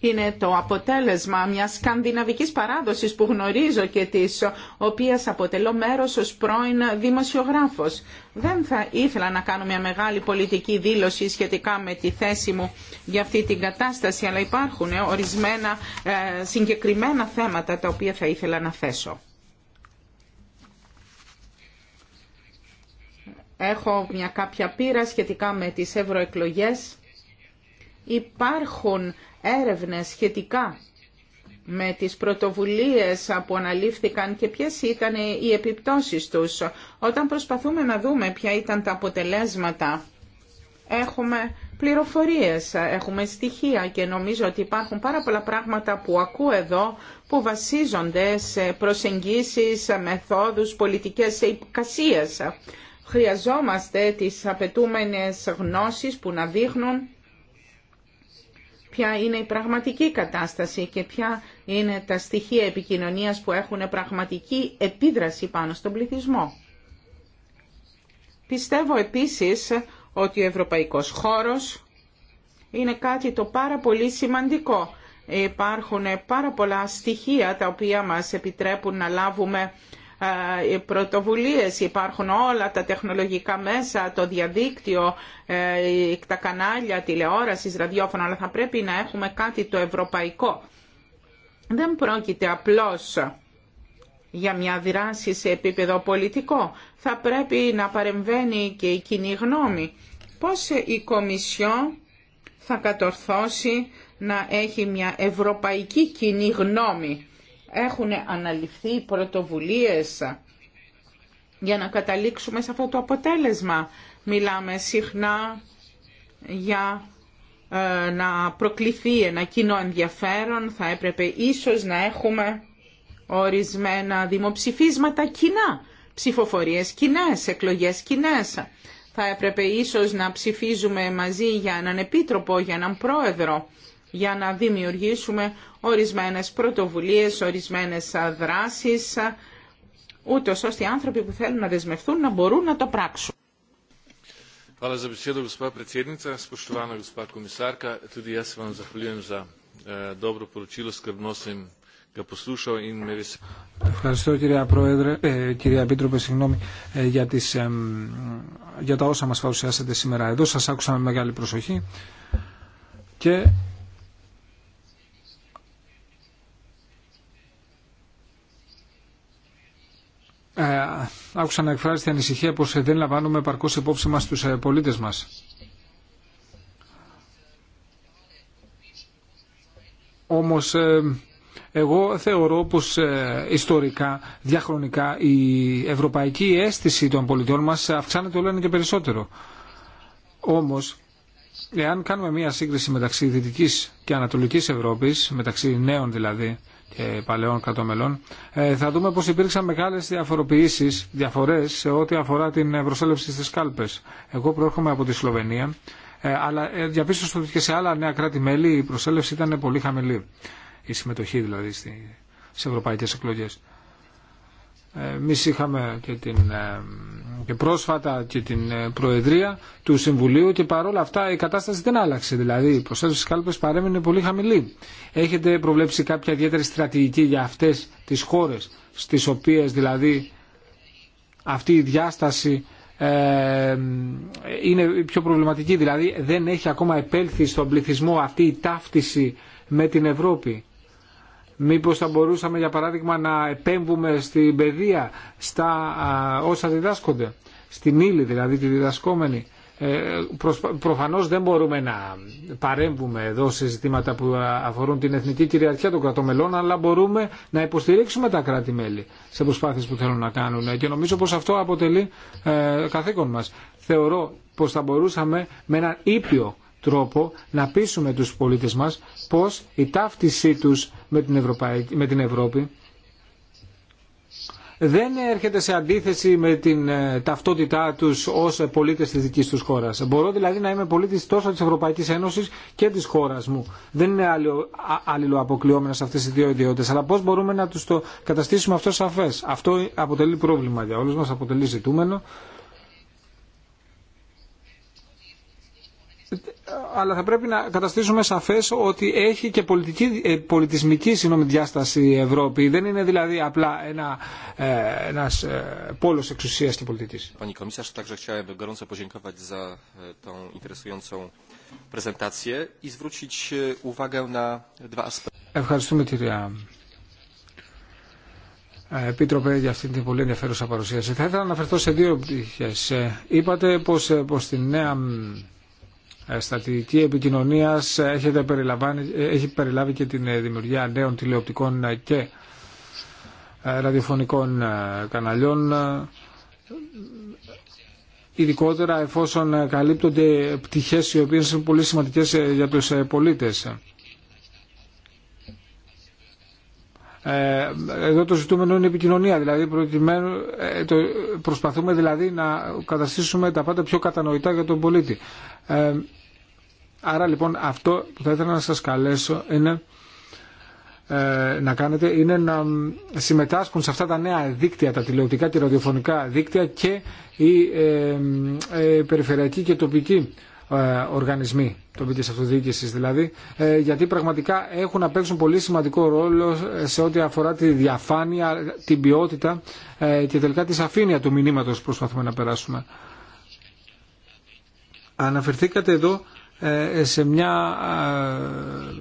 είναι το αποτέλεσμα μιας σκανδιναβικής παράδοσης που γνωρίζω και της οποίας αποτελώ μέρος ως πρώην δημοσιογράφος. Δεν θα ήθελα να κάνω μια μεγάλη πολιτική δήλωση σχετικά με τη θέση μου για αυτή την κατάσταση, αλλά υπάρχουν ε, ορισμένα ε, συγκεκριμένα θέματα τα οποία θα ήθελα να θέσω. Έχω μια κάποια πείρα σχετικά με τις ευρωεκλογές. Υπάρχουν έρευνες σχετικά με τις πρωτοβουλίες που αναλήφθηκαν και ποιες ήταν οι επιπτώσεις τους. Όταν προσπαθούμε να δούμε ποια ήταν τα αποτελέσματα, έχουμε πληροφορίες, έχουμε στοιχεία και νομίζω ότι υπάρχουν πάρα πολλά πράγματα που ακούω εδώ που βασίζονται σε προσεγγίσεις, μεθόδους, πολιτικές υποκασίες. Χρειαζόμαστε τις απαιτούμενες γνώσεις που να δείχνουν ποια είναι η πραγματική κατάσταση και ποια είναι τα στοιχεία επικοινωνίας που έχουν πραγματική επίδραση πάνω στον πληθυσμό. Πιστεύω επίσης ότι ο ευρωπαϊκός χώρος είναι κάτι το πάρα πολύ σημαντικό. Υπάρχουν πάρα πολλά στοιχεία τα οποία μας επιτρέπουν να λάβουμε ε, πρωτοβουλίες, υπάρχουν όλα τα τεχνολογικά μέσα, το διαδίκτυο, ε, τα κανάλια τηλεόρασης, ραδιόφωνο, αλλά θα πρέπει να έχουμε κάτι το ευρωπαϊκό. Δεν πρόκειται απλώς για μια δράση σε επίπεδο πολιτικό. Θα πρέπει να παρεμβαίνει και η κοινή γνώμη. Πώς η Κομισιό θα κατορθώσει να έχει μια ευρωπαϊκή κοινή γνώμη έχουν αναλυθεί πρωτοβουλίες για να καταλήξουμε σε αυτό το αποτέλεσμα. Μιλάμε συχνά για ε, να προκληθεί ένα κοινό ενδιαφέρον. Θα έπρεπε ίσως να έχουμε ορισμένα δημοψηφίσματα κοινά, ψηφοφορίες κοινέ, εκλογές κοινέ. Θα έπρεπε ίσως να ψηφίζουμε μαζί για έναν επίτροπο, για έναν πρόεδρο για να δημιουργήσουμε ορισμένες πρωτοβουλίες, ορισμένες δράσεις, ούτω ώστε οι άνθρωποι που θέλουν να δεσμευτούν να μπορούν να το πράξουν. Ευχαριστώ κυρία Πρόεδρε, ε, κυρία Επίτροπε, συγγνώμη, ε, για, τις, τα όσα μας παρουσιάσατε σήμερα εδώ. Σας άκουσα με μεγάλη προσοχή και Ε, άκουσα να την ανησυχία πως ε, δεν λαμβάνουμε επαρκώς υπόψη μας τους ε, πολίτες μας. Όμως εγώ θεωρώ πως ιστορικά, διαχρονικά η ευρωπαϊκή αίσθηση των πολιτών μας αυξάνεται όλο ένα και περισσότερο. Όμως, εάν κάνουμε μία σύγκριση μεταξύ Δυτικής και Ανατολικής Ευρώπης, μεταξύ νέων δηλαδή, και παλαιών κατομελών, ε, θα δούμε πως υπήρξαν μεγάλες διαφοροποιήσεις, διαφορές σε ό,τι αφορά την προσέλευση στις κάλπες. Εγώ προέρχομαι από τη Σλοβενία, ε, αλλά ε, διαπίστωσα ότι και σε άλλα νέα κράτη-μέλη η προσέλευση ήταν πολύ χαμηλή. Η συμμετοχή δηλαδή στις ευρωπαϊκές εκλογές. Εμεί είχαμε και την και ε, πρόσφατα και την ε, Προεδρία του Συμβουλίου και παρόλα αυτά η κατάσταση δεν άλλαξε. Δηλαδή η προσέλευση κάλπες παρέμεινε πολύ χαμηλή. Έχετε προβλέψει κάποια ιδιαίτερη στρατηγική για αυτές τις χώρες στις οποίες δηλαδή αυτή η διάσταση ε, είναι πιο προβληματική. Δηλαδή δεν έχει ακόμα επέλθει στον πληθυσμό αυτή η ταύτιση με την Ευρώπη. Μήπως θα μπορούσαμε για παράδειγμα να επέμβουμε στην παιδεία, στα όσα διδάσκονται, στην ύλη δηλαδή τη διδασκόμενη. Ε, Προφανώς δεν μπορούμε να παρέμβουμε εδώ σε ζητήματα που αφορούν την εθνική κυριαρχία των κρατομελών, αλλά μπορούμε να υποστηρίξουμε τα κράτη-μέλη σε προσπάθειες που θέλουν να κάνουν. Ε, και νομίζω πως αυτό αποτελεί ε, καθήκον μας. Θεωρώ πως θα μπορούσαμε με έναν ήπιο τρόπο να πείσουμε τους πολίτες μας πως η ταύτισή τους με την, με την Ευρώπη δεν έρχεται σε αντίθεση με την ε, ταυτότητά τους ως πολίτες της δικής τους χώρας. Μπορώ δηλαδή να είμαι πολίτης τόσο της Ευρωπαϊκής Ένωσης και της χώρας μου. Δεν είναι αλληλοαποκλειόμενα σε αυτές οι δύο ιδιότητες. Αλλά πώς μπορούμε να τους το καταστήσουμε αυτό σαφές. Αυτό αποτελεί πρόβλημα για όλους μας, αποτελεί ζητούμενο. αλλά θα πρέπει να καταστήσουμε σαφές ότι έχει και πολιτική, ε, πολιτισμική συγνώμη, διάσταση η Ευρώπη. Δεν είναι δηλαδή απλά ένα, ε, ένας ε, πόλος εξουσίας και πολιτικής. Ευχαριστούμε κυρία ε, Επίτροπε για αυτή την πολύ ενδιαφέρουσα παρουσίαση. Θα ήθελα να αναφερθώ σε δύο πτυχές. Ε, είπατε πως, πως νέα ε, στρατηγική επικοινωνίας ε, ε, έχει περιλάβει και την δημιουργία νέων τηλεοπτικών και ραδιοφωνικών καναλιών ειδικότερα εφόσον καλύπτονται πτυχές οι οποίες είναι πολύ σημαντικές για τους πολίτες. Εδώ το ζητούμενο είναι η επικοινωνία, δηλαδή προσπαθούμε δηλαδή να καταστήσουμε τα πάντα πιο κατανοητά για τον πολίτη. Άρα λοιπόν αυτό που θα ήθελα να σας καλέσω είναι ε, να κάνετε είναι να συμμετάσχουν σε αυτά τα νέα δίκτυα, τα τηλεοπτικά, τη ραδιοφωνικά δίκτυα και οι ε, ε περιφερειακοί και τοπικοί ε, οργανισμοί τοπική αυτοδιοίκηση δηλαδή, γιατί πραγματικά έχουν να παίξουν πολύ σημαντικό ρόλο σε ό,τι αφορά τη διαφάνεια, την ποιότητα και τελικά τη σαφήνεια του μηνύματο που προσπαθούμε να περάσουμε. Αναφερθήκατε εδώ ε, σε μια ε,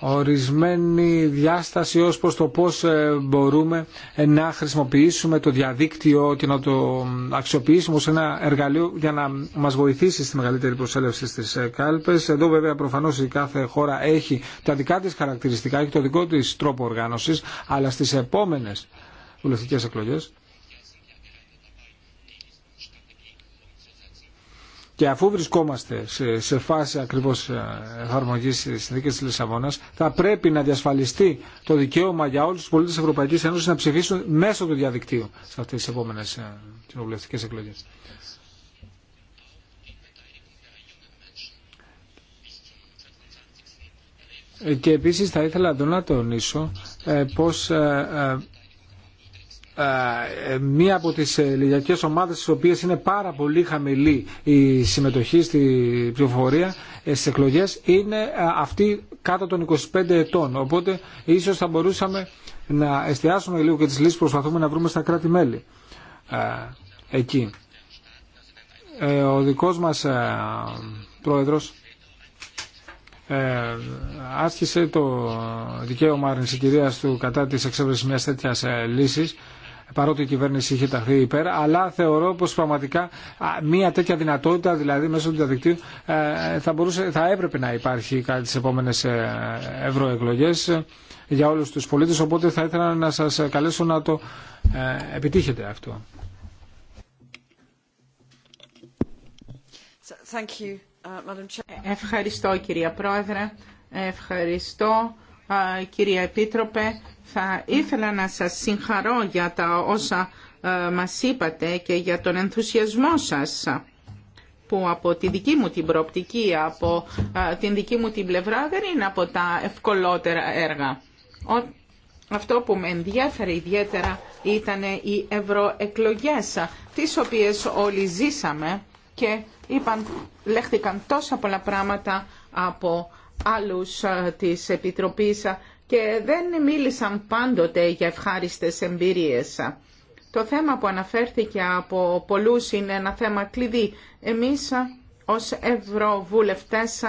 ορισμένη διάσταση ως προς το πώς ε, μπορούμε να χρησιμοποιήσουμε το διαδίκτυο και να το αξιοποιήσουμε ως ένα εργαλείο για να μας βοηθήσει στη μεγαλύτερη προσέλευση στις κάλπες. Εδώ βέβαια προφανώς η κάθε χώρα έχει τα δικά της χαρακτηριστικά έχει το δικό της τρόπο οργάνωσης, αλλά στις επόμενες βουλευτικές εκλογές Και αφού βρισκόμαστε σε, σε φάση ακριβώς ε, εφαρμογή τη συνθήκη της Λισαβόνα, θα πρέπει να διασφαλιστεί το δικαίωμα για όλου του πολίτες της Ευρωπαϊκής Ένωσης να ψηφίσουν μέσω του διαδικτύου σε αυτές τις επόμενες ε, κοινοβουλευτικέ εκλογέ. Ε, και επίσης θα ήθελα να τονίσω πως ε, ε, μία από τις ε, λιγιακές ομάδες στις οποίες είναι πάρα πολύ χαμηλή η συμμετοχή στη πληροφορία στις εκλογές είναι αυτή κάτω των 25 ετών. Οπότε ίσως θα μπορούσαμε να εστιάσουμε λίγο και τις λύσεις που προσπαθούμε να βρούμε στα κράτη-μέλη εκεί. ο δικός μας πρόεδρος ε, άσκησε το δικαίωμα αρνησικηρίας του κατά της εξέβρεσης μιας τέτοιας λύσης παρότι η κυβέρνηση είχε ταχθεί υπέρ, αλλά θεωρώ πως πραγματικά μία τέτοια δυνατότητα, δηλαδή μέσω του διαδικτύου, ε, θα, μπορούσε, θα έπρεπε να υπάρχει κάτι τι επόμενε ευρωεκλογέ ε, για όλους τους πολίτες, οπότε θα ήθελα να σας καλέσω να το ε, επιτύχετε αυτό. Thank you, uh, Madam Chair. Ευχαριστώ κυρία Πρόεδρε, ευχαριστώ κυρία Επίτροπε θα ήθελα να σας συγχαρώ για τα όσα ε, μας είπατε και για τον ενθουσιασμό σας που από τη δική μου την προοπτική, από ε, την δική μου την πλευρά δεν είναι από τα ευκολότερα έργα. Αυτό που με ενδιαφέρει ιδιαίτερα ήταν οι ευρωεκλογές, τις οποίες όλοι ζήσαμε και είπαν, λέχθηκαν τόσα πολλά πράγματα από άλλους ε, της Επιτροπής και δεν μίλησαν πάντοτε για ευχάριστες εμπειρίες. Το θέμα που αναφέρθηκε από πολλούς είναι ένα θέμα κλειδί. Εμείς ως ευρωβουλευτές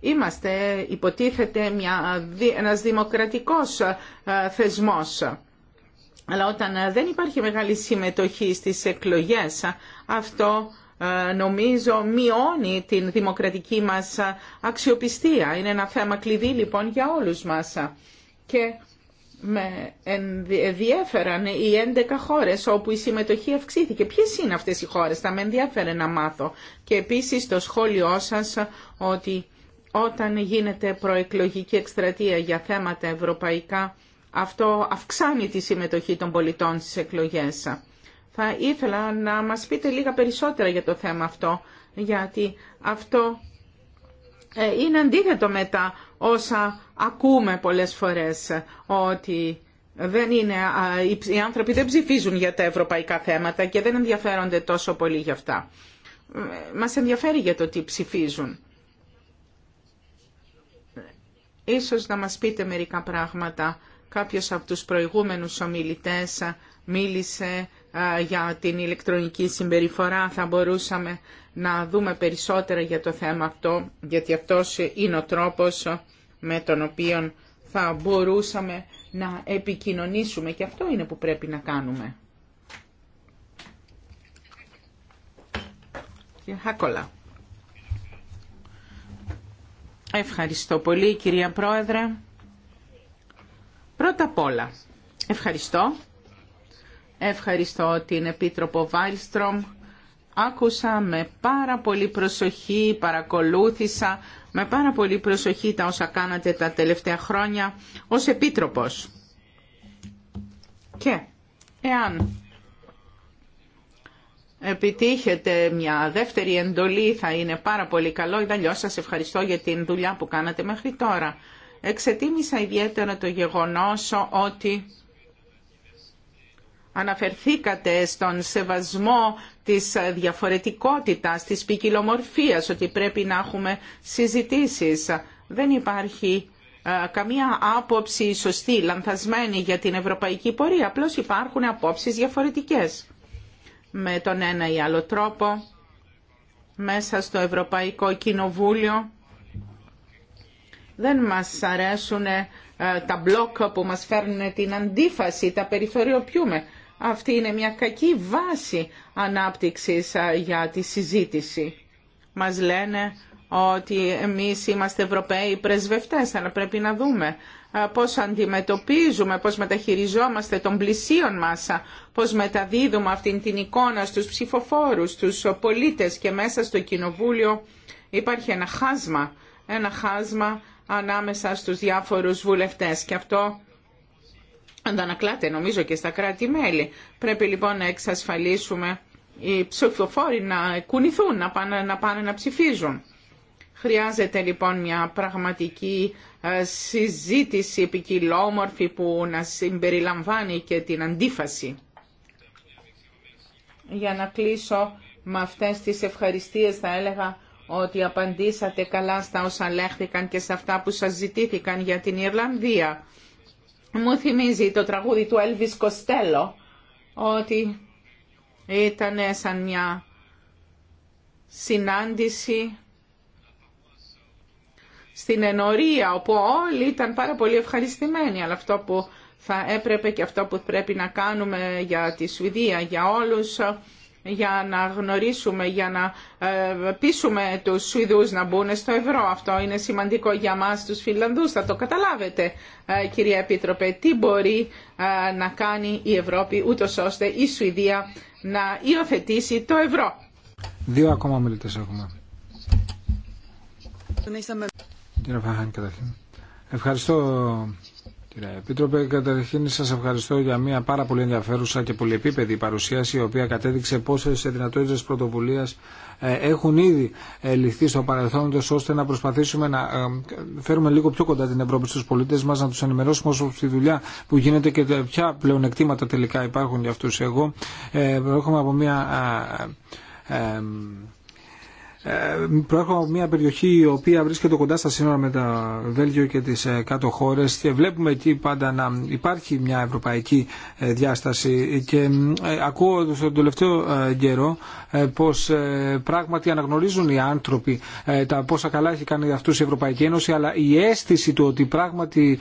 είμαστε υποτίθεται μια, ένας δημοκρατικός ε, θεσμός. Αλλά όταν ε, δεν υπάρχει μεγάλη συμμετοχή στις εκλογές, αυτό ε, νομίζω μειώνει την δημοκρατική μας αξιοπιστία. Είναι ένα θέμα κλειδί λοιπόν για όλους μας. Και με ενδιέφεραν οι 11 χώρες όπου η συμμετοχή αυξήθηκε. Ποιες είναι αυτές οι χώρες, θα με ενδιαφέρε να μάθω. Και επίσης το σχόλιο σας ότι όταν γίνεται προεκλογική εκστρατεία για θέματα ευρωπαϊκά, αυτό αυξάνει τη συμμετοχή των πολιτών στις εκλογές. Θα ήθελα να μας πείτε λίγα περισσότερα για το θέμα αυτό, γιατί αυτό ε, είναι αντίθετο με τα όσα ακούμε πολλές φορές, ότι δεν είναι, οι άνθρωποι δεν ψηφίζουν για τα ευρωπαϊκά θέματα και δεν ενδιαφέρονται τόσο πολύ για αυτά. Ε, μας ενδιαφέρει για το τι ψηφίζουν. Ίσως να μας πείτε μερικά πράγματα. Κάποιος από τους προηγούμενους ομιλητές μίλησε για την ηλεκτρονική συμπεριφορά. Θα μπορούσαμε να δούμε περισσότερα για το θέμα αυτό, γιατί αυτός είναι ο τρόπος με τον οποίο θα μπορούσαμε να επικοινωνήσουμε και αυτό είναι που πρέπει να κάνουμε. Χάκολα. Ευχαριστώ πολύ κυρία Πρόεδρε. Πρώτα απ' όλα, ευχαριστώ Ευχαριστώ την Επίτροπο Βάλστρομ. Άκουσα με πάρα πολύ προσοχή, παρακολούθησα με πάρα πολύ προσοχή τα όσα κάνατε τα τελευταία χρόνια ως Επίτροπος. Και εάν επιτύχετε μια δεύτερη εντολή θα είναι πάρα πολύ καλό. Ιδαλλιώ σας ευχαριστώ για την δουλειά που κάνατε μέχρι τώρα. Εξετίμησα ιδιαίτερα το γεγονός ότι Αναφερθήκατε στον σεβασμό της διαφορετικότητας, της ποικιλομορφία, ότι πρέπει να έχουμε συζητήσεις. Δεν υπάρχει ε, καμία άποψη σωστή, λανθασμένη για την ευρωπαϊκή πορεία. Απλώς υπάρχουν απόψεις διαφορετικές. Με τον ένα ή άλλο τρόπο, μέσα στο Ευρωπαϊκό Κοινοβούλιο, δεν μας αρέσουν ε, τα μπλοκ που μας φέρνουν την αντίφαση, τα περιθωριοποιούμε. Αυτή είναι μια κακή βάση ανάπτυξης για τη συζήτηση. Μας λένε ότι εμείς είμαστε Ευρωπαίοι πρεσβευτές, αλλά πρέπει να δούμε πώς αντιμετωπίζουμε, πώς μεταχειριζόμαστε των πλησίων μας, πώς μεταδίδουμε αυτήν την εικόνα στους ψηφοφόρους, στους πολίτες και μέσα στο Κοινοβούλιο υπάρχει ένα χάσμα, ένα χάσμα ανάμεσα στους διάφορους βουλευτές και αυτό αντανακλάται νομίζω και στα κράτη-μέλη. Πρέπει λοιπόν να εξασφαλίσουμε οι ψηφοφόροι να κουνηθούν, να πάνε, να ψηφίζουν. Χρειάζεται λοιπόν μια πραγματική ε, συζήτηση επικοιλόμορφη που να συμπεριλαμβάνει και την αντίφαση. Για να κλείσω με αυτές τις ευχαριστίες θα έλεγα ότι απαντήσατε καλά στα όσα λέχθηκαν και σε αυτά που σας ζητήθηκαν για την Ιρλανδία μου θυμίζει το τραγούδι του Elvis Costello ότι ήταν σαν μια συνάντηση στην ενορία όπου όλοι ήταν πάρα πολύ ευχαριστημένοι αλλά αυτό που θα έπρεπε και αυτό που πρέπει να κάνουμε για τη Σουηδία για όλους για να γνωρίσουμε, για να ε, πείσουμε τους Σουηδούς να μπουν στο ευρώ. Αυτό είναι σημαντικό για μας τους Φιλανδούς, θα το καταλάβετε ε, κυρία Επίτροπε, τι μπορεί ε, να κάνει η Ευρώπη ούτως ώστε η Σουηδία να υιοθετήσει το ευρώ. Δύο ακόμα μιλητές έχουμε. Ευχαριστώ Κύριε Επίτροπε, καταρχήν σα ευχαριστώ για μια πάρα πολύ ενδιαφέρουσα και πολυεπίπεδη παρουσίαση, η οποία κατέδειξε πόσε δυνατότητε πρωτοβουλία ε, έχουν ήδη ε, ληφθεί στο παρελθόν, ώστε να προσπαθήσουμε να ε, φέρουμε λίγο πιο κοντά την Ευρώπη στου πολίτε μα, να του ενημερώσουμε όσο στη δουλειά που γίνεται και ποια πλεονεκτήματα τελικά υπάρχουν για αυτού. Εγώ προέρχομαι από μια ε, προέρχομαι από μια περιοχή η οποία βρίσκεται κοντά στα σύνορα με τα Βέλγιο και τις ε, κάτω χώρες και βλέπουμε εκεί πάντα να υπάρχει μια ευρωπαϊκή ε, διάσταση και ακούω στον τελευταίο καιρό πως πράγματι αναγνωρίζουν οι άνθρωποι τα πόσα καλά έχει κάνει για αυτούς η Ευρωπαϊκή Ένωση αλλά η αίσθηση του ότι πράγματι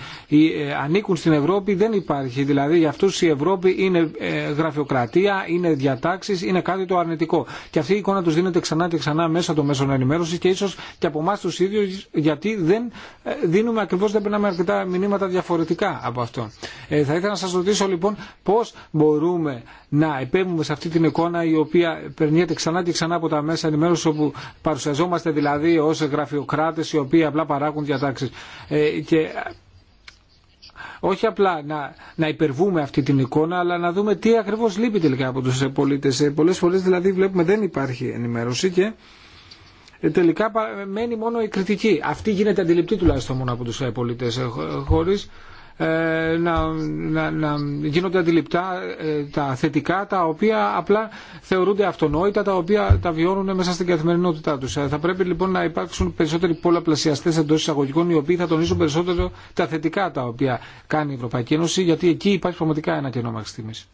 ανήκουν στην Ευρώπη δεν υπάρχει δηλαδή για αυτούς η Ευρώπη είναι γραφειοκρατία, είναι διατάξεις, είναι κάτι το αρνητικό και αυτή η εικόνα τους δίνεται ξανά και ξανά μέσα των μέσων ενημέρωση και ίσω και από εμά του ίδιου, γιατί δεν ε, δίνουμε ακριβώ, δεν περνάμε αρκετά μηνύματα διαφορετικά από αυτό. Ε, θα ήθελα να σα ρωτήσω λοιπόν πώ μπορούμε να επέμβουμε σε αυτή την εικόνα η οποία περνιέται ξανά και ξανά από τα μέσα ενημέρωση όπου παρουσιαζόμαστε δηλαδή ω γραφειοκράτε οι οποίοι απλά παράγουν διατάξει. Ε, και όχι απλά να, να υπερβούμε αυτή την εικόνα, αλλά να δούμε τι ακριβώς λείπει τελικά από τους πολίτες. Ε, πολλές φορές δηλαδή βλέπουμε δεν υπάρχει ενημέρωση και τελικά μένει μόνο η κριτική. Αυτή γίνεται αντιληπτή τουλάχιστον μόνο από τους ε, πολίτες ε, ε, χωρίς να, να, να γίνονται αντιληπτά τα θετικά τα οποία απλά θεωρούνται αυτονόητα τα οποία τα βιώνουν μέσα στην καθημερινότητά τους. Θα πρέπει λοιπόν να υπάρξουν περισσότεροι πολλαπλασιαστές εντός εισαγωγικών οι οποίοι θα τονίσουν περισσότερο τα θετικά τα οποία κάνει η Ευρωπαϊκή Ένωση γιατί εκεί υπάρχει πραγματικά ένα κενό μέχρι στιγμής.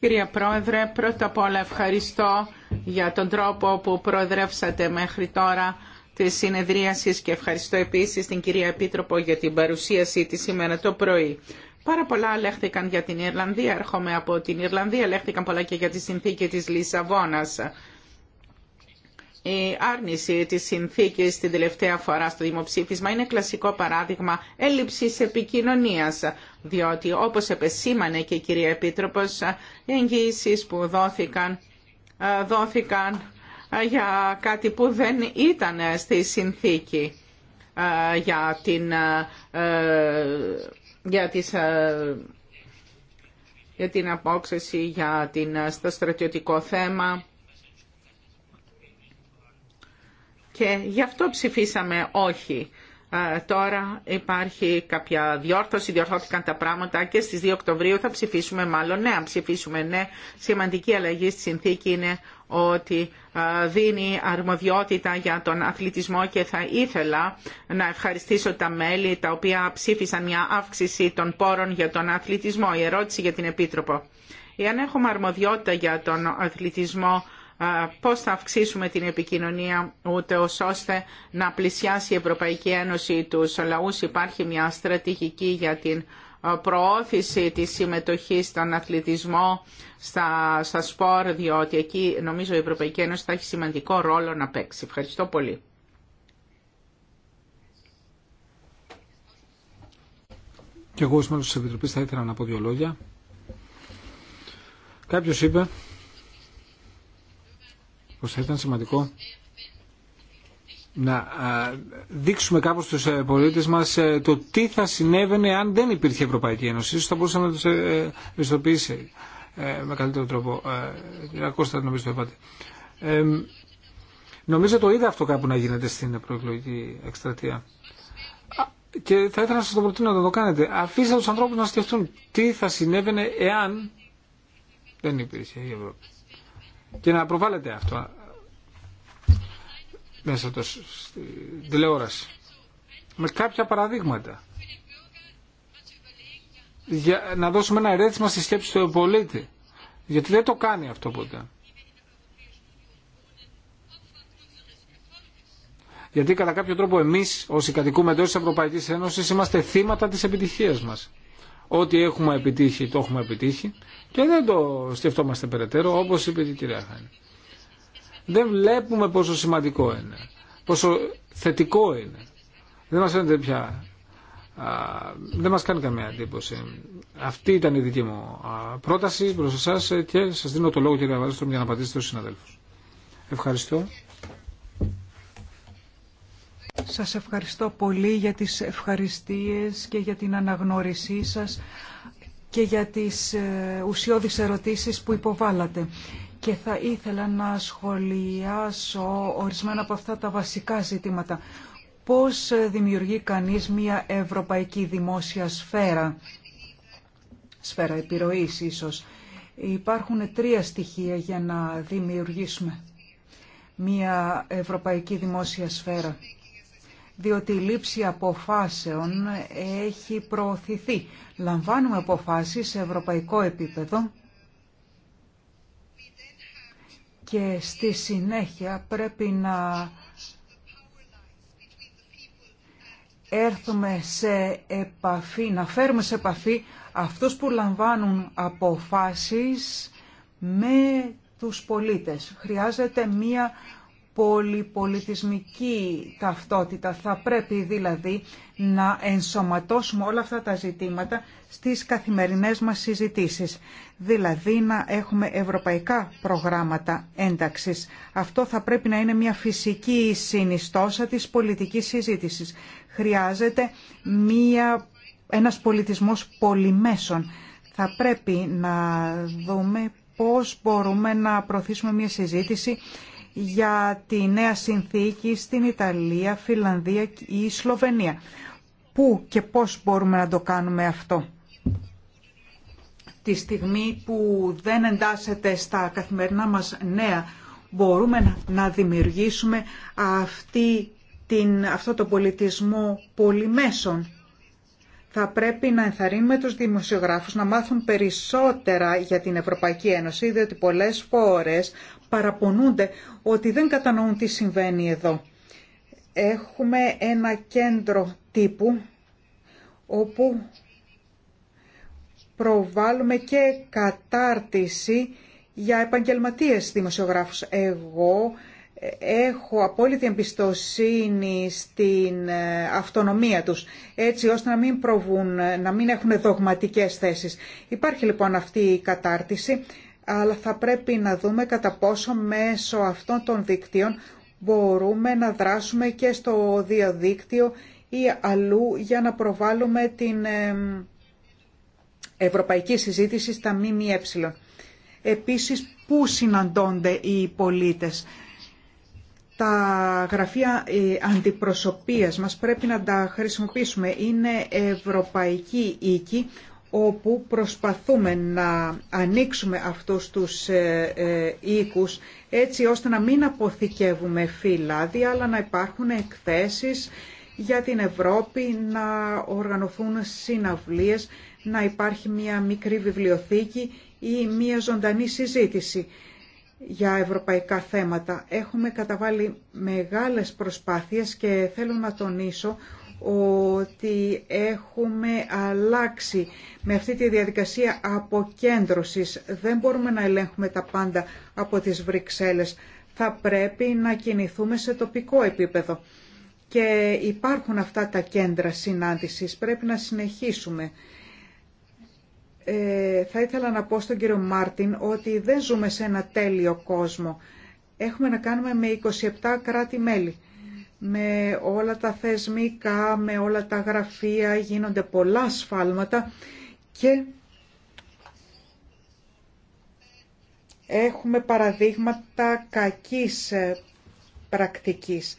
Κύριε Πρόεδρε, πρώτα απ' όλα ευχαριστώ για τον τρόπο που προεδρεύσατε μέχρι τώρα τη συνεδρίαση και ευχαριστώ επίσης την κυρία Επίτροπο για την παρουσίαση της σήμερα το πρωί. Πάρα πολλά λέχθηκαν για την Ιρλανδία, έρχομαι από την Ιρλανδία, λέχθηκαν πολλά και για τη συνθήκη της Λισαβόνας η άρνηση της συνθήκης την τελευταία φορά στο δημοψήφισμα είναι κλασικό παράδειγμα έλλειψης επικοινωνίας, διότι όπως επεσήμανε και η κυρία Επίτροπος, οι εγγύησεις που δόθηκαν, ε, δόθηκαν ε, για κάτι που δεν ήταν στη συνθήκη ε, για, την, για τις για την απόξεση, για την, στο στρατιωτικό θέμα και γι' αυτό ψηφίσαμε όχι. τώρα υπάρχει κάποια διόρθωση, διορθώθηκαν τα πράγματα και στις 2 Οκτωβρίου θα ψηφίσουμε μάλλον ναι. Αν ψηφίσουμε ναι, σημαντική αλλαγή στη συνθήκη είναι ότι δίνει αρμοδιότητα για τον αθλητισμό και θα ήθελα να ευχαριστήσω τα μέλη τα οποία ψήφισαν μια αύξηση των πόρων για τον αθλητισμό. Η ερώτηση για την Επίτροπο. Εάν έχουμε αρμοδιότητα για τον αθλητισμό, ε, πώς θα αυξήσουμε την επικοινωνία ούτε ώστε να πλησιάσει η Ευρωπαϊκή Ένωση τους λαούς. Υπάρχει μια στρατηγική για την ε, προώθηση της συμμετοχής στον αθλητισμό, στα, στα σπορ, διότι εκεί νομίζω η Ευρωπαϊκή Ένωση θα έχει σημαντικό ρόλο να παίξει. Ευχαριστώ πολύ. Και εγώ ως μέλος της Επιτροπής θα ήθελα να πω δύο λόγια. Κάποιος είπε πως θα ήταν σημαντικό να δείξουμε κάπως στους ε, πολίτες μας ε, το τι θα συνέβαινε αν δεν υπήρχε η Ευρωπαϊκή Ένωση. Ίσως θα μπορούσαμε να τους ε, ευαισθητοποιήσει με καλύτερο τρόπο. Κύριε Κώστα, νομίζω το είπατε. Νομίζω το είδα αυτό κάπου να γίνεται στην προεκλογική εκστρατεία. Και θα ήθελα να σας το προτείνω να το κάνετε. Αφήστε τους ανθρώπους να σκεφτούν τι θα συνέβαινε εάν δεν υπήρχε η Ευρώπη και να προβάλλεται αυτό μέσα το, στη τηλεόραση. Με κάποια παραδείγματα. Για να δώσουμε ένα ερέτημα στη σκέψη του πολίτη. Γιατί δεν το κάνει αυτό ποτέ. Γιατί κατά κάποιο τρόπο εμείς όσοι κατοικούμε εντός της Ευρωπαϊκής Ένωσης είμαστε θύματα της επιτυχίας μας. Ό,τι έχουμε επιτύχει, το έχουμε επιτύχει και δεν το σκεφτόμαστε περαιτέρω, όπως είπε και η κυρία Χάνη. Δεν βλέπουμε πόσο σημαντικό είναι, πόσο θετικό είναι. Δεν μας φαίνεται α, δεν μας κάνει καμία εντύπωση. Αυτή ήταν η δική μου πρόταση προς εσάς και σας δίνω το λόγο κύριε Βάζστρομ για να απαντήσετε στους συναδέλφους. Ευχαριστώ. Σας ευχαριστώ πολύ για τις ευχαριστίες και για την αναγνώρισή σας και για τις ε, ουσιώδεις ερωτήσεις που υποβάλατε. Και θα ήθελα να σχολιάσω ορισμένα από αυτά τα βασικά ζητήματα. Πώς ε, δημιουργεί κανείς μια ευρωπαϊκή δημόσια σφαίρα, σφαίρα επιρροής ίσως. Υπάρχουν τρία στοιχεία για να δημιουργήσουμε μια ευρωπαϊκή δημόσια σφαίρα διότι η λήψη αποφάσεων έχει προωθηθεί. Λαμβάνουμε αποφάσεις σε ευρωπαϊκό επίπεδο και στη συνέχεια πρέπει να έρθουμε σε επαφή, να φέρουμε σε επαφή αυτούς που λαμβάνουν αποφάσεις με τους πολίτες. Χρειάζεται μία πολυπολιτισμική ταυτότητα. Θα πρέπει δηλαδή να ενσωματώσουμε όλα αυτά τα ζητήματα στις καθημερινές μας συζητήσεις. Δηλαδή να έχουμε ευρωπαϊκά προγράμματα ένταξης. Αυτό θα πρέπει να είναι μια φυσική συνιστόσα της πολιτικής συζήτησης. Χρειάζεται μια, ένας πολιτισμός πολυμέσων. Θα πρέπει να δούμε πώς μπορούμε να προωθήσουμε μια συζήτηση για τη νέα συνθήκη στην Ιταλία, Φιλανδία ή Σλοβενία. Πού και πώς μπορούμε να το κάνουμε αυτό. Τη στιγμή που δεν εντάσσεται στα καθημερινά μας νέα, μπορούμε να δημιουργήσουμε αυτή την, αυτό το πολιτισμό πολυμέσων θα πρέπει να ενθαρρύνουμε τους δημοσιογράφους να μάθουν περισσότερα για την Ευρωπαϊκή Ένωση, διότι πολλές φορές παραπονούνται ότι δεν κατανοούν τι συμβαίνει εδώ. Έχουμε ένα κέντρο τύπου όπου προβάλλουμε και κατάρτιση για επαγγελματίες δημοσιογράφους. Εγώ έχω απόλυτη εμπιστοσύνη στην ε, αυτονομία τους, έτσι ώστε να μην προβούν, να μην έχουν δογματικές θέσεις. Υπάρχει λοιπόν αυτή η κατάρτιση, αλλά θα πρέπει να δούμε κατά πόσο μέσω αυτών των δικτύων μπορούμε να δράσουμε και στο διαδίκτυο ή αλλού για να προβάλλουμε την ε, ευρωπαϊκή συζήτηση στα ΜΜΕ. Επίσης, πού συναντώνται οι πολίτες τα γραφεία ε, αντιπροσωπείας μας πρέπει να τα χρησιμοποιήσουμε. Είναι ευρωπαϊκή οίκη όπου προσπαθούμε να ανοίξουμε αυτούς τους ε, ε, οίκους έτσι ώστε να μην αποθηκεύουμε φύλαδια, αλλά να υπάρχουν εκθέσεις για την Ευρώπη, να οργανωθούν συναυλίες, να υπάρχει μια μικρή βιβλιοθήκη ή μια ζωντανή συζήτηση για ευρωπαϊκά θέματα. Έχουμε καταβάλει μεγάλες προσπάθειες και θέλω να τονίσω ότι έχουμε αλλάξει με αυτή τη διαδικασία αποκέντρωσης. Δεν μπορούμε να ελέγχουμε τα πάντα από τις Βρυξέλλες. Θα πρέπει να κινηθούμε σε τοπικό επίπεδο. Και υπάρχουν αυτά τα κέντρα συνάντησης. Πρέπει να συνεχίσουμε ε, θα ήθελα να πω στον κύριο Μάρτιν ότι δεν ζούμε σε ένα τέλειο κόσμο. Έχουμε να κάνουμε με 27 κράτη-μέλη. Με όλα τα θεσμικά, με όλα τα γραφεία γίνονται πολλά σφάλματα και έχουμε παραδείγματα κακής ε, πρακτικής.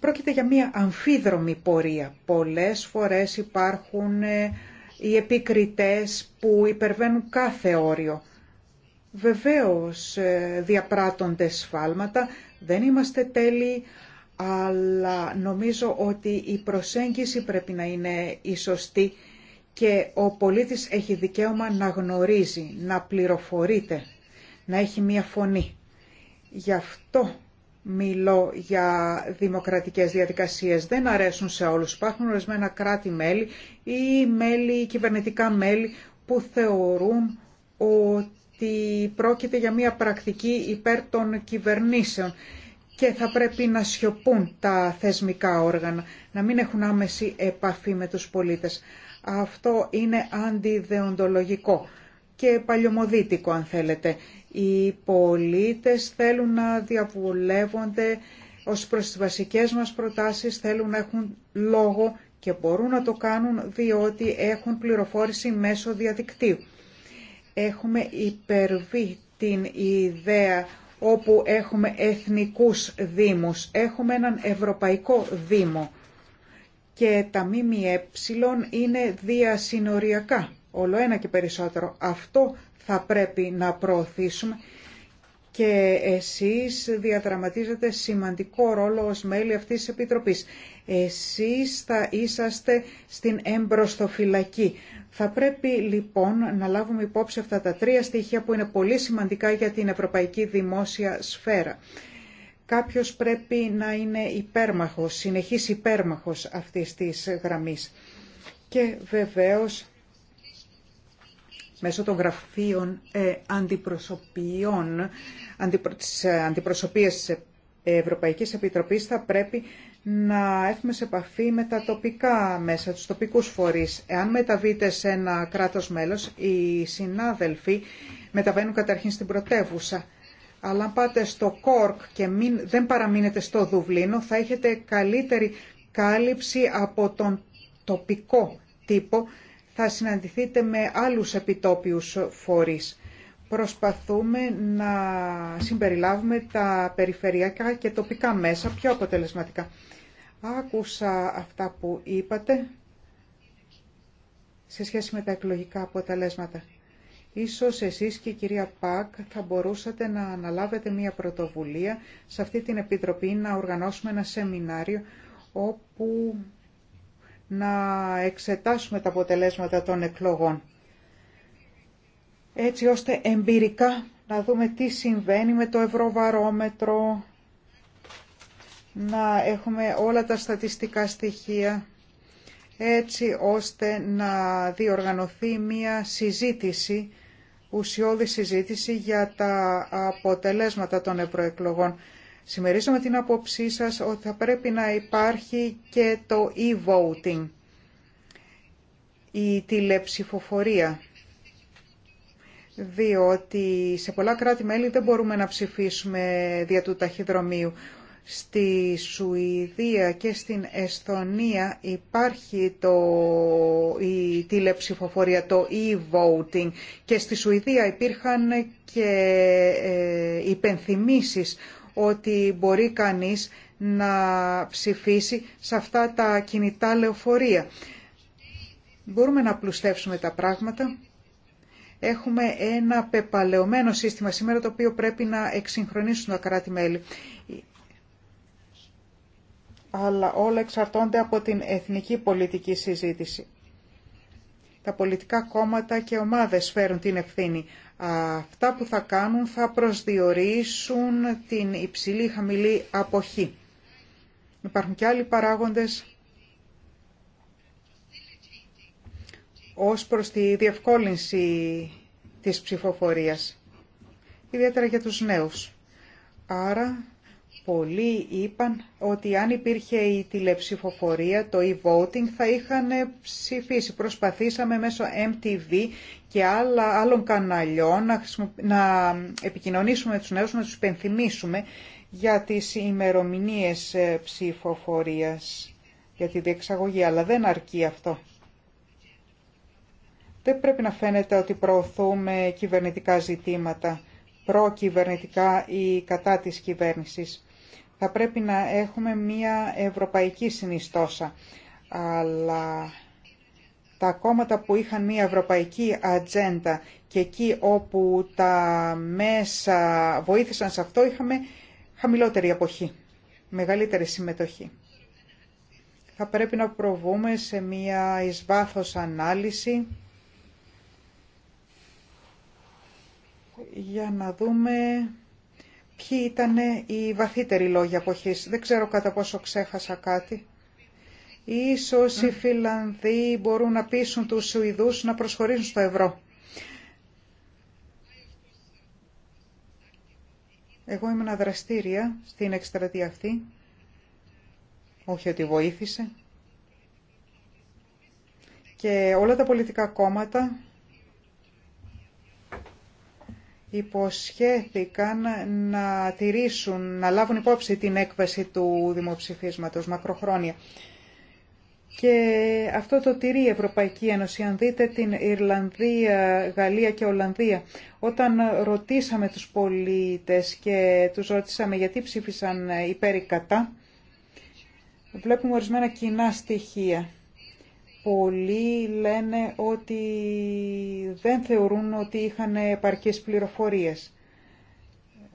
Πρόκειται για μια αμφίδρομη πορεία. Πολλές φορές υπάρχουν ε, οι επικριτές που υπερβαίνουν κάθε όριο. Βεβαίως ε, διαπράττονται σφάλματα, δεν είμαστε τέλειοι, αλλά νομίζω ότι η προσέγγιση πρέπει να είναι η σωστή και ο πολίτης έχει δικαίωμα να γνωρίζει, να πληροφορείται, να έχει μία φωνή. Γι' αυτό μιλώ για δημοκρατικές διαδικασίες. Δεν αρέσουν σε όλους. Υπάρχουν ορισμένα κράτη-μέλη ή μέλη, κυβερνητικά μέλη που θεωρούν ότι πρόκειται για μια πρακτική υπέρ των κυβερνήσεων και θα πρέπει να σιωπούν τα θεσμικά όργανα, να μην έχουν άμεση επαφή με τους πολίτες. Αυτό είναι αντιδεοντολογικό και παλιωμοδίτικο αν θέλετε. Οι πολίτες θέλουν να διαβουλεύονται ως προς τις βασικές μας προτάσεις, θέλουν να έχουν λόγο και μπορούν να το κάνουν διότι έχουν πληροφόρηση μέσω διαδικτύου. Έχουμε υπερβεί την ιδέα όπου έχουμε εθνικούς δήμους, έχουμε έναν ευρωπαϊκό δήμο και τα ΜΜΕ είναι διασυνοριακά όλο ένα και περισσότερο. Αυτό θα πρέπει να προωθήσουμε και εσείς διαδραματίζετε σημαντικό ρόλο ως μέλη αυτής της Επιτροπής. Εσείς θα είσαστε στην εμπροστοφυλακή. Θα πρέπει λοιπόν να λάβουμε υπόψη αυτά τα τρία στοιχεία που είναι πολύ σημαντικά για την ευρωπαϊκή δημόσια σφαίρα. Κάποιος πρέπει να είναι υπέρμαχος, συνεχής υπέρμαχος αυτής της γραμμής. Και βεβαίως μέσω των γραφείων ε, αντιπροσωπιών, αντιπρο, της ε, Ευρωπαϊκής Επιτροπής θα πρέπει να έχουμε σε επαφή με τα τοπικά μέσα, τους τοπικούς φορείς. Εάν μεταβείτε σε ένα κράτος μέλος, οι συνάδελφοι μεταβαίνουν καταρχήν στην πρωτεύουσα. Αλλά αν πάτε στο Κόρκ και μην, δεν παραμείνετε στο Δουβλίνο, θα έχετε καλύτερη κάλυψη από τον τοπικό τύπο θα συναντηθείτε με άλλους επιτόπιους φορείς. Προσπαθούμε να συμπεριλάβουμε τα περιφερειακά και τοπικά μέσα πιο αποτελεσματικά. Άκουσα αυτά που είπατε σε σχέση με τα εκλογικά αποτελέσματα. Ίσως εσείς και η κυρία Πακ θα μπορούσατε να αναλάβετε μια πρωτοβουλία σε αυτή την Επιτροπή να οργανώσουμε ένα σεμινάριο όπου να εξετάσουμε τα αποτελέσματα των εκλογών. Έτσι ώστε εμπειρικά να δούμε τι συμβαίνει με το ευρωβαρόμετρο, να έχουμε όλα τα στατιστικά στοιχεία, έτσι ώστε να διοργανωθεί μία συζήτηση, ουσιώδη συζήτηση για τα αποτελέσματα των ευρωεκλογών Συμμερίζομαι την απόψή σας ότι θα πρέπει να υπάρχει και το e-voting, η τηλεψηφοφορία. Διότι σε πολλά κράτη-μέλη δεν μπορούμε να ψηφίσουμε δια του ταχυδρομείου. Στη Σουηδία και στην Εσθονία υπάρχει το, η τηλεψηφοφορία, το e-voting και στη Σουηδία υπήρχαν και ε, υπενθυμίσεις ότι μπορεί κανείς να ψηφίσει σε αυτά τα κινητά λεωφορεία. Μπορούμε να πλουστεύσουμε τα πράγματα. Έχουμε ένα πεπαλαιωμένο σύστημα σήμερα το οποίο πρέπει να εξυγχρονίσουν τα κράτη-μέλη. Αλλά όλα εξαρτώνται από την εθνική πολιτική συζήτηση. Τα πολιτικά κόμματα και ομάδες φέρουν την ευθύνη. Αυτά που θα κάνουν θα προσδιορίσουν την υψηλή χαμηλή αποχή. Υπάρχουν και άλλοι παράγοντες ως προς τη διευκόλυνση της ψηφοφορίας, ιδιαίτερα για τους νέους. Άρα πολλοί είπαν ότι αν υπήρχε η τηλεψηφοφορία, το e-voting θα είχαν ψηφίσει. Προσπαθήσαμε μέσω MTV και άλλων καναλιών να, να επικοινωνήσουμε με τους νέους, να τους υπενθυμίσουμε για τις ημερομηνίες ε, ψηφοφορίας, για τη διεξαγωγή, αλλά δεν αρκεί αυτό. Δεν πρέπει να φαίνεται ότι προωθούμε κυβερνητικά ζητήματα, ή κατά της κυβέρνησης θα πρέπει να έχουμε μία ευρωπαϊκή συνιστόσα. Αλλά τα κόμματα που είχαν μία ευρωπαϊκή ατζέντα και εκεί όπου τα μέσα βοήθησαν σε αυτό είχαμε χαμηλότερη αποχή, μεγαλύτερη συμμετοχή. Θα πρέπει να προβούμε σε μία εις ανάλυση για να δούμε ποιοι ήταν οι βαθύτεροι λόγοι αποχής. Δεν ξέρω κατά πόσο ξέχασα κάτι. Ίσως οι Φιλανδοί μπορούν να πείσουν τους Σουηδούς να προσχωρήσουν στο ευρώ. Εγώ ήμουν δραστήρια στην εκστρατεία αυτή. Όχι ότι βοήθησε. Και όλα τα πολιτικά κόμματα υποσχέθηκαν να τηρήσουν, να λάβουν υπόψη την έκβαση του δημοψηφίσματος μακροχρόνια. Και αυτό το τηρεί η Ευρωπαϊκή Ένωση. Αν δείτε την Ιρλανδία, Γαλλία και Ολλανδία, όταν ρωτήσαμε τους πολίτες και τους ρώτησαμε γιατί ψήφισαν υπέρ ή βλέπουμε ορισμένα κοινά στοιχεία. Πολλοί λένε ότι δεν θεωρούν ότι είχαν επαρκείς πληροφορίες.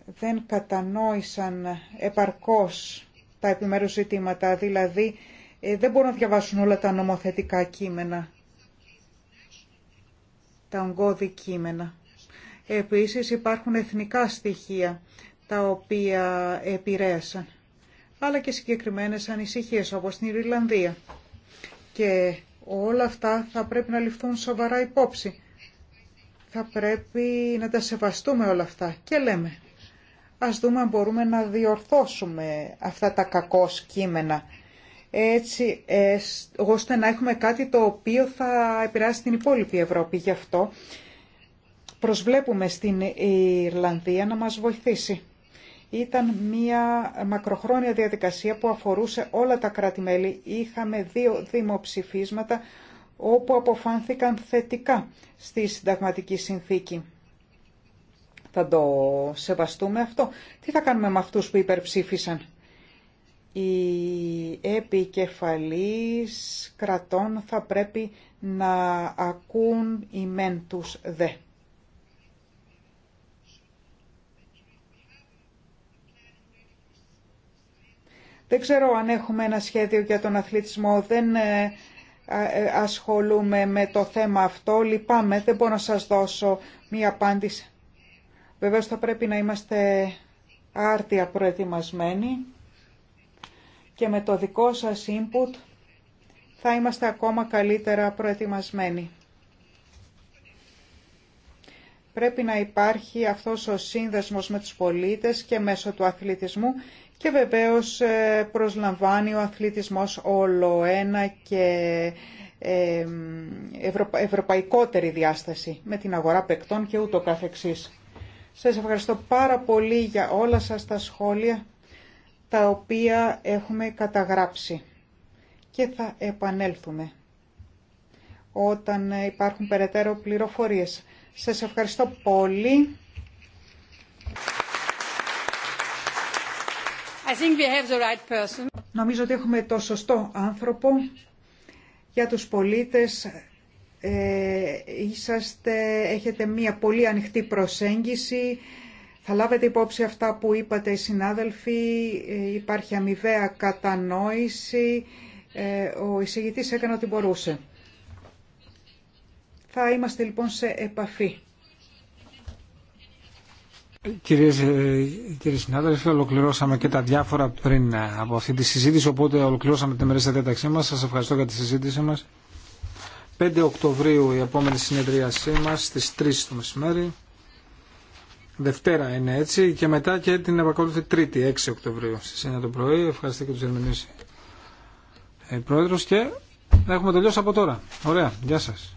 Δεν κατανόησαν επαρκώς τα επιμέρους ζητήματα, δηλαδή ε, δεν μπορούν να διαβάσουν όλα τα νομοθετικά κείμενα, τα ογκώδη κείμενα. Επίσης υπάρχουν εθνικά στοιχεία τα οποία επηρέασαν, αλλά και συγκεκριμένες ανησυχίες όπως στην Ιρλανδία. Και Όλα αυτά θα πρέπει να ληφθούν σοβαρά υπόψη. Θα πρέπει να τα σεβαστούμε όλα αυτά και λέμε. Ας δούμε αν μπορούμε να διορθώσουμε αυτά τα κακό κείμενα έτσι ώστε να έχουμε κάτι το οποίο θα επηρεάσει την υπόλοιπη Ευρώπη. Γι' αυτό προσβλέπουμε στην Ιρλανδία να μας βοηθήσει ήταν μια μακροχρόνια διαδικασία που αφορούσε όλα τα κράτη-μέλη. Είχαμε δύο δημοψηφίσματα όπου αποφάνθηκαν θετικά στη συνταγματική συνθήκη. Θα το σεβαστούμε αυτό. Τι θα κάνουμε με αυτούς που υπερψήφισαν. Οι επικεφαλής κρατών θα πρέπει να ακούν οι μεν τους δε. Δεν ξέρω αν έχουμε ένα σχέδιο για τον αθλητισμό. Δεν ε, ε, ασχολούμαι με το θέμα αυτό. Λυπάμαι, δεν μπορώ να σας δώσω μία απάντηση. Βεβαίως θα πρέπει να είμαστε άρτια προετοιμασμένοι και με το δικό σας input θα είμαστε ακόμα καλύτερα προετοιμασμένοι. Πρέπει να υπάρχει αυτός ο σύνδεσμος με τους πολίτες και μέσω του αθλητισμού και βεβαίως ε, προσλαμβάνει ο αθλητισμός όλο ένα και ε, ευρωπαϊκότερη διάσταση με την αγορά παικτών και ούτω καθεξής. Σας ευχαριστώ πάρα πολύ για όλα σας τα σχόλια τα οποία έχουμε καταγράψει και θα επανέλθουμε όταν ε, υπάρχουν περαιτέρω πληροφορίες. Σας ευχαριστώ πολύ. Νομίζω ότι έχουμε το σωστό άνθρωπο για τους πολίτες. Ε, είσαστε, έχετε μία πολύ ανοιχτή προσέγγιση. Θα λάβετε υπόψη αυτά που είπατε οι συνάδελφοι. Ε, υπάρχει αμοιβαία κατανόηση. Ε, ο εισηγητής έκανε ό,τι μπορούσε. Θα είμαστε λοιπόν σε επαφή Κυρίες, ε, κύριοι συνάδελφοι, ολοκληρώσαμε και τα διάφορα πριν ε, από αυτή τη συζήτηση, οπότε ολοκληρώσαμε την μερίστα διάταξή μας. Σας ευχαριστώ για τη συζήτησή μας. 5 Οκτωβρίου η επόμενη συνεδρίασή μας στις 3 το μεσημέρι. Δευτέρα είναι έτσι και μετά και την επακολουθή Τρίτη, 6 Οκτωβρίου στις 9 το πρωί. Ευχαριστώ και τους Ερμηνείς ε, και έχουμε τελειώσει από τώρα. Ωραία, γεια σας.